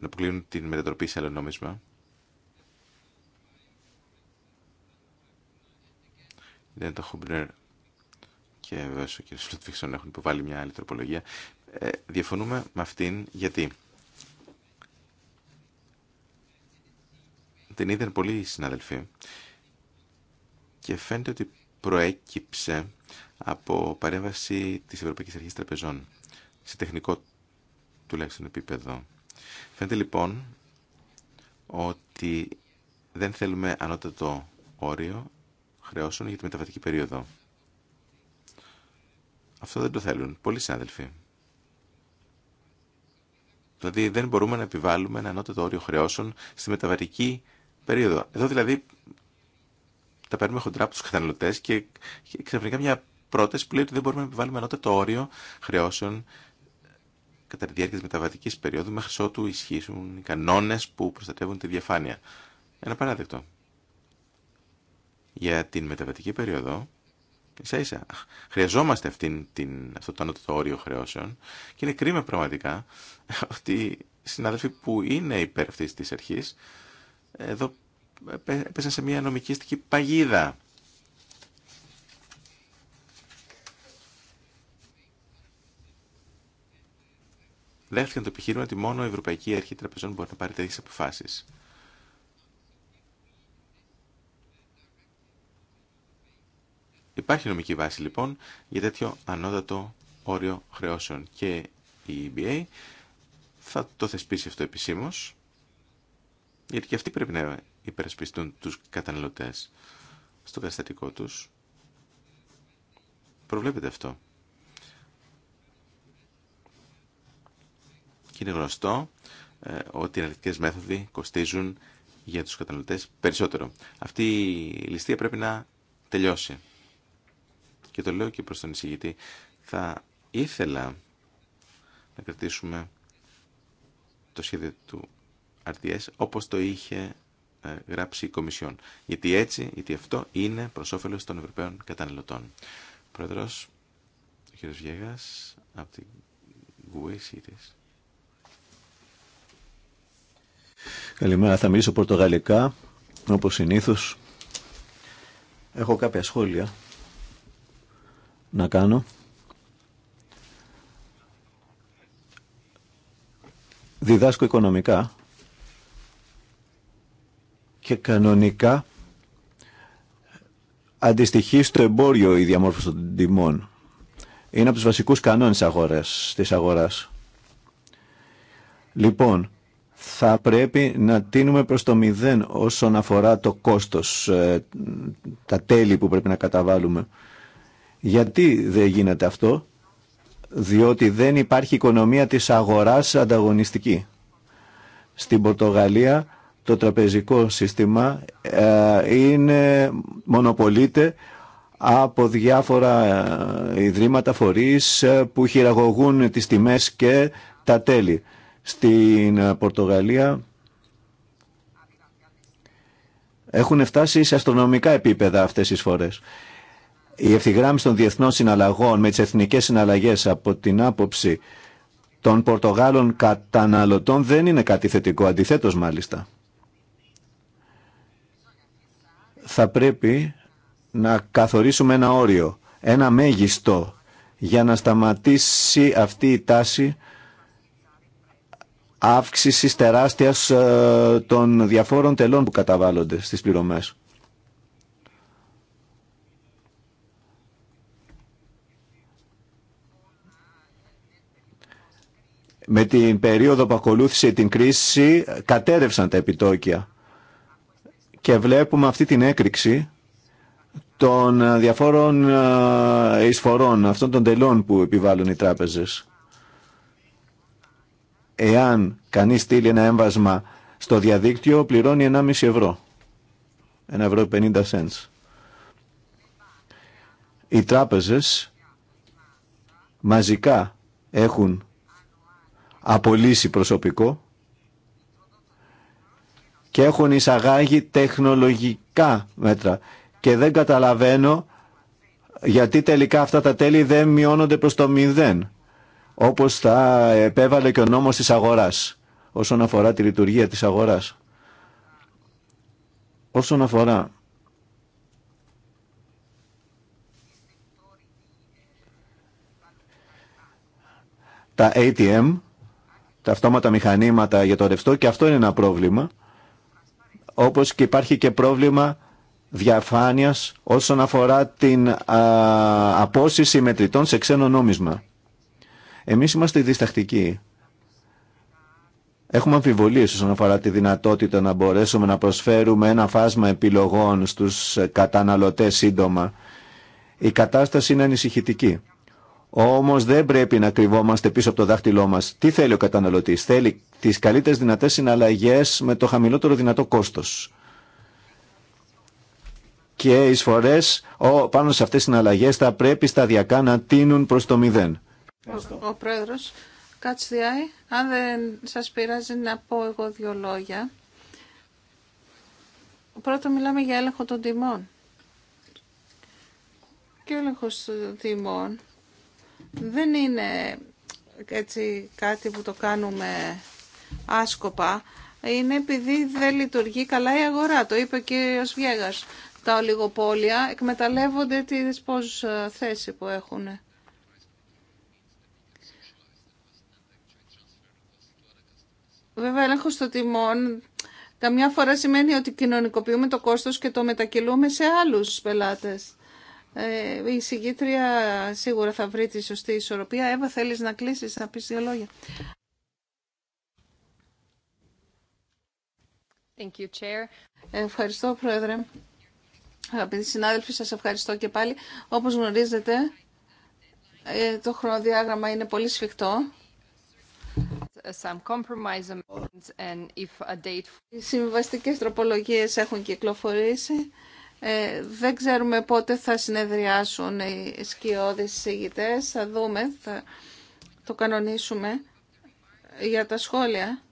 να αποκλείουν την μετατροπή σε άλλο νόμισμα. Δεν το Χούμπνερ και βέβαια ο κ. Φλουτφίξον έχουν υποβάλει μια άλλη τροπολογία. Ε, διαφωνούμε με αυτήν γιατί την είδαν πολλοί συναδελφοί και φαίνεται ότι προέκυψε από παρέμβαση της Ευρωπαϊκής Αρχής Τραπεζών σε τεχνικό τουλάχιστον επίπεδο. Φαίνεται λοιπόν ότι δεν θέλουμε ανώτατο όριο χρεώσεων για τη μεταβατική περίοδο. Αυτό δεν το θέλουν πολλοί συνάδελφοι. Δηλαδή δεν μπορούμε να επιβάλλουμε ένα ανώτατο όριο χρεώσεων στη μεταβατική περίοδο. Εδώ δηλαδή τα παίρνουμε χοντρά από τους καταναλωτές και ξαφνικά μια πρόταση που λέει ότι δεν μπορούμε να επιβάλλουμε ανώτατο όριο χρεώσεων κατά τη διάρκεια τη μεταβατική περίοδου μέχρι ότου ισχύσουν οι κανόνες που προστατεύουν τη διαφάνεια. Ένα παράδειγμα. Για την μεταβατική περίοδο, ίσα χρειαζόμαστε αυτήν την, αυτό το ανώτατο όριο χρεώσεων και είναι κρίμα πραγματικά ότι οι συνάδελφοι που είναι υπέρ αυτής τη αρχή, εδώ έπεσαν σε μια νομικήστικη παγίδα δέχτηκαν το επιχείρημα ότι μόνο η Ευρωπαϊκή Αρχή Τραπεζών μπορεί να πάρει τέτοιε αποφάσει. Υπάρχει νομική βάση λοιπόν για τέτοιο ανώτατο όριο χρεώσεων και η EBA θα το θεσπίσει αυτό επισήμω, γιατί και αυτοί πρέπει να υπερασπιστούν τους καταναλωτέ στο καταστατικό τους. Προβλέπετε αυτό. Και είναι γνωστό ε, ότι οι αναλυτικές μέθοδοι κοστίζουν για τους καταναλωτές περισσότερο. Αυτή η ληστεία πρέπει να τελειώσει. Και το λέω και προς τον εισηγητή. Θα ήθελα να κρατήσουμε το σχέδιο του RTS όπως το είχε ε, γράψει η Κομισιόν. Γιατί έτσι, γιατί αυτό είναι προς όφελος των Ευρωπαίων καταναλωτών. Πρόεδρος, ο κ. Βιέγας, από την
Καλημέρα, θα μιλήσω πορτογαλικά, όπως συνήθως. Έχω κάποια σχόλια να κάνω. Διδάσκω οικονομικά και κανονικά αντιστοιχεί στο εμπόριο η διαμόρφωση των τιμών. Είναι από τους βασικούς κανόνες αγορές, της αγοράς. Λοιπόν, θα πρέπει να τίνουμε προς το μηδέν όσον αφορά το κόστος, ε, τα τέλη που πρέπει να καταβάλουμε. Γιατί δεν γίνεται αυτό, διότι δεν υπάρχει οικονομία της αγοράς ανταγωνιστική. Στην Πορτογαλία το τραπεζικό σύστημα ε, είναι μονοπολείται από διάφορα ε, ιδρύματα φορείς που χειραγωγούν τις τιμές και τα τέλη στην ε, Πορτογαλία έχουν φτάσει σε αστρονομικά επίπεδα αυτές τις φορές. Η ευθυγράμμιση των διεθνών συναλλαγών με τις εθνικές συναλλαγές από την άποψη των Πορτογάλων καταναλωτών δεν είναι κάτι θετικό, αντιθέτως μάλιστα. Θα πρέπει να καθορίσουμε ένα όριο, ένα μέγιστο για να σταματήσει αυτή η τάση Αύξηση τεράστιας ε, των διαφόρων τελών που καταβάλλονται στις πληρωμές. Με την περίοδο που ακολούθησε την κρίση κατέρευσαν τα επιτόκια και βλέπουμε αυτή την έκρηξη των διαφόρων ε, εισφορών, αυτών των τελών που επιβάλλουν οι τράπεζες εάν κανείς στείλει ένα έμβασμα στο διαδίκτυο, πληρώνει 1,5 ευρώ. 1,50 ευρώ 50 Οι τράπεζες μαζικά έχουν απολύσει προσωπικό και έχουν εισαγάγει τεχνολογικά μέτρα. Και δεν καταλαβαίνω γιατί τελικά αυτά τα τέλη δεν μειώνονται προς το μηδέν όπως θα επέβαλε και ο νόμος της αγοράς όσον αφορά τη λειτουργία της αγοράς. Όσον αφορά τα ATM, τα αυτόματα μηχανήματα για το ρευστό και αυτό είναι ένα πρόβλημα, όπως και υπάρχει και πρόβλημα διαφάνειας όσον αφορά την α, απόσυση μετρητών σε ξένο νόμισμα. Εμείς είμαστε διστακτικοί. Έχουμε αμφιβολίες όσον αφορά τη δυνατότητα να μπορέσουμε να προσφέρουμε ένα φάσμα επιλογών στους καταναλωτές σύντομα. Η κατάσταση είναι ανησυχητική. Όμως δεν πρέπει να κρυβόμαστε πίσω από το δάχτυλό μας. Τι θέλει ο καταναλωτής. Θέλει τις καλύτερες δυνατές συναλλαγές με το χαμηλότερο δυνατό κόστος. Και οι πάνω σε αυτές τις συναλλαγές θα πρέπει σταδιακά να τίνουν προς το μηδέν.
Ο, ο πρόεδρος Κατσδιάη, αν δεν σας πειράζει να πω εγώ δύο λόγια. Πρώτα μιλάμε για έλεγχο των τιμών. Και ο έλεγχος των τιμών δεν είναι έτσι κάτι που το κάνουμε άσκοπα. Είναι επειδή δεν λειτουργεί καλά η αγορά. Το είπε ο κύριος Βιέγας. Τα ολιγοπόλια εκμεταλλεύονται τις πόσες θέσεις που έχουν. Βέβαια, έλεγχο των τιμών καμιά φορά σημαίνει ότι κοινωνικοποιούμε το κόστος και το μετακυλούμε σε άλλους πελάτες. Ε, η συγκήτρια σίγουρα θα βρει τη σωστή ισορροπία. Εύα, θέλεις να κλείσεις, να πεις δύο λόγια.
Thank you, Chair.
Ευχαριστώ, Πρόεδρε. Αγαπητοί συνάδελφοι, σας ευχαριστώ και πάλι. Όπως γνωρίζετε, ε, το χρονοδιάγραμμα είναι πολύ σφιχτό. Οι συμβαστικές τροπολογίες έχουν κυκλοφορήσει. Ε, δεν ξέρουμε πότε θα συνεδριάσουν οι σκιώδεις συζητητές. Θα δούμε, θα το κανονίσουμε για τα σχόλια.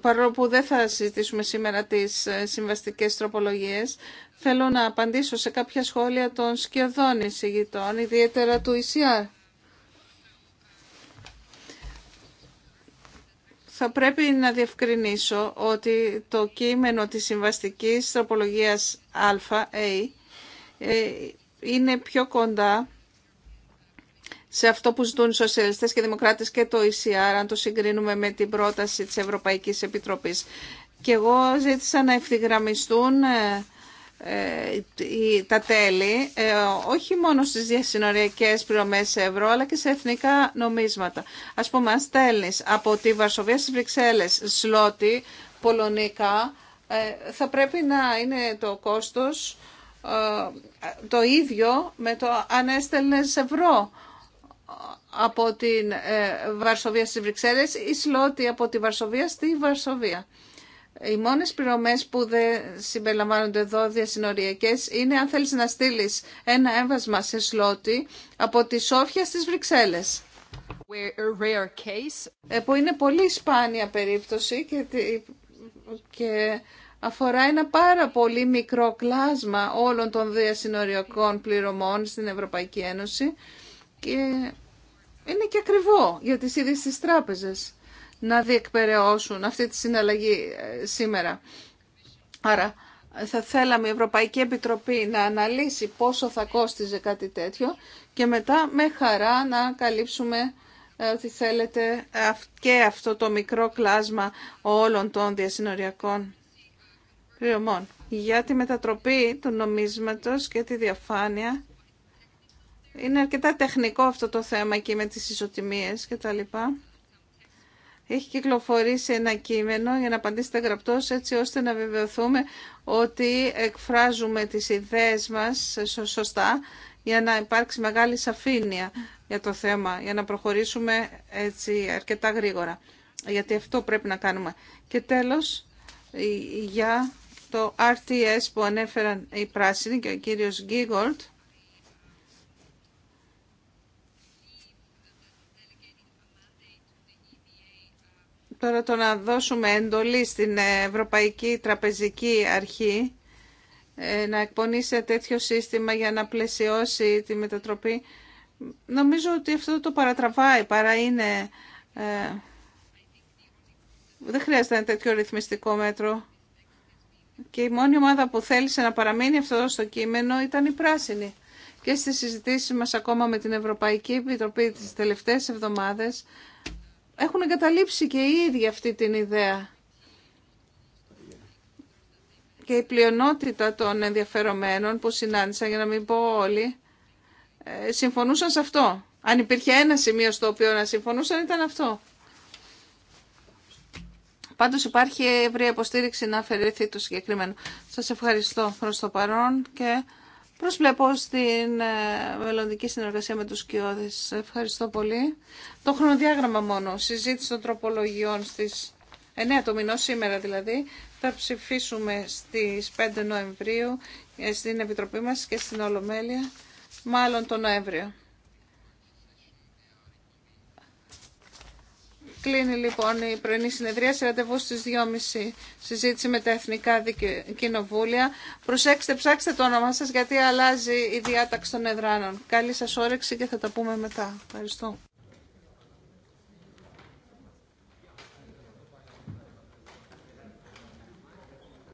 Παρόλο που δεν θα συζητήσουμε σήμερα τις ε, συμβαστικές τροπολογίες, θέλω να απαντήσω σε κάποια σχόλια των σκιωδών εισηγητών, ιδιαίτερα του ΙΣΙΑΡ. θα πρέπει να διευκρινίσω ότι το κείμενο της συμβαστικής τροπολογίας ΑΕ ε, είναι πιο κοντά σε αυτό που ζητούν οι σοσιαλιστές και οι δημοκράτες και το ECR, αν το συγκρίνουμε με την πρόταση της Ευρωπαϊκής Επιτροπής. Και εγώ ζήτησα να ευθυγραμμιστούν ε, ε, τα τέλη ε, όχι μόνο στις διασυνοριακές πληρωμές σε ευρώ αλλά και σε εθνικά νομίσματα. Ας πούμε αν στέλνει από τη Βαρσοβία στις Βρυξέλλες σλότη, πολωνικά ε, θα πρέπει να είναι το κόστος το ίδιο με το αν έστελνε ευρώ από τη Βαρσοβία στις Βρυξέλλες ή σλότη από τη Βαρσοβία στη Βαρσοβία. Οι μόνε πληρωμέ που δεν συμπεριλαμβάνονται εδώ διασυνοριακέ είναι αν θέλει να στείλει ένα έμβασμα σε σλότη από τη Σόφια στις Βρυξέλλες. Ε, που είναι πολύ σπάνια περίπτωση και, αφορά ένα πάρα πολύ μικρό κλάσμα όλων των διασυνοριακών πληρωμών στην Ευρωπαϊκή Ένωση και είναι και ακριβό για τις ίδιες τις τράπεζες να διεκπαιρεώσουν αυτή τη συναλλαγή ε, σήμερα. Άρα θα θέλαμε η Ευρωπαϊκή Επιτροπή να αναλύσει πόσο θα κόστιζε κάτι τέτοιο και μετά με χαρά να καλύψουμε ε, ότι θέλετε και αυτό το μικρό κλάσμα όλων των διασυνοριακών πληρωμών. Για τη μετατροπή του νομίσματος και τη διαφάνεια είναι αρκετά τεχνικό αυτό το θέμα και με τις ισοτιμίες και έχει κυκλοφορήσει ένα κείμενο για να απαντήσετε γραπτός έτσι ώστε να βεβαιωθούμε ότι εκφράζουμε τις ιδέες μας σωστά για να υπάρξει μεγάλη σαφήνεια για το θέμα, για να προχωρήσουμε έτσι αρκετά γρήγορα. Γιατί αυτό πρέπει να κάνουμε. Και τέλος, για το RTS που ανέφεραν οι πράσινοι και ο κύριος Γκίγολτ, Τώρα το να δώσουμε εντολή στην Ευρωπαϊκή Τραπεζική Αρχή ε, να εκπονήσει τέτοιο σύστημα για να πλαισιώσει τη μετατροπή. Νομίζω ότι αυτό το παρατραβάει, παρά είναι... Ε, δεν χρειάζεται ένα τέτοιο ρυθμιστικό μέτρο. Και η μόνη ομάδα που θέλησε να παραμείνει αυτό στο κείμενο ήταν η πράσινη. Και στις συζητήσεις μας ακόμα με την Ευρωπαϊκή Επιτροπή τις τελευταίες εβδομάδες έχουν εγκαταλείψει και οι ίδιοι αυτή την ιδέα. Και η πλειονότητα των ενδιαφερομένων που συνάντησα, για να μην πω όλοι, ε, συμφωνούσαν σε αυτό. Αν υπήρχε ένα σημείο στο οποίο να συμφωνούσαν ήταν αυτό. Πάντως υπάρχει ευρία υποστήριξη να αφαιρεθεί το συγκεκριμένο. Σας ευχαριστώ προς το παρόν και Προσβλέπω στην ε, μελλοντική συνεργασία με τους Κιώδης. Ευχαριστώ πολύ. Το χρονοδιάγραμμα μόνο. Συζήτηση των τροπολογιών στις 9 το μηνό, σήμερα δηλαδή. Θα ψηφίσουμε στις 5 Νοεμβρίου ε, στην Επιτροπή μας και στην Ολομέλεια, μάλλον τον Νοέμβριο. Κλείνει λοιπόν η πρωινή συνεδρία σε ραντεβού στις 2.30 συζήτηση με τα Εθνικά Κοινοβούλια. Προσέξτε, ψάξτε το όνομά σας γιατί αλλάζει η διάταξη των εδράνων. Καλή σας όρεξη και θα τα πούμε μετά. Ευχαριστώ.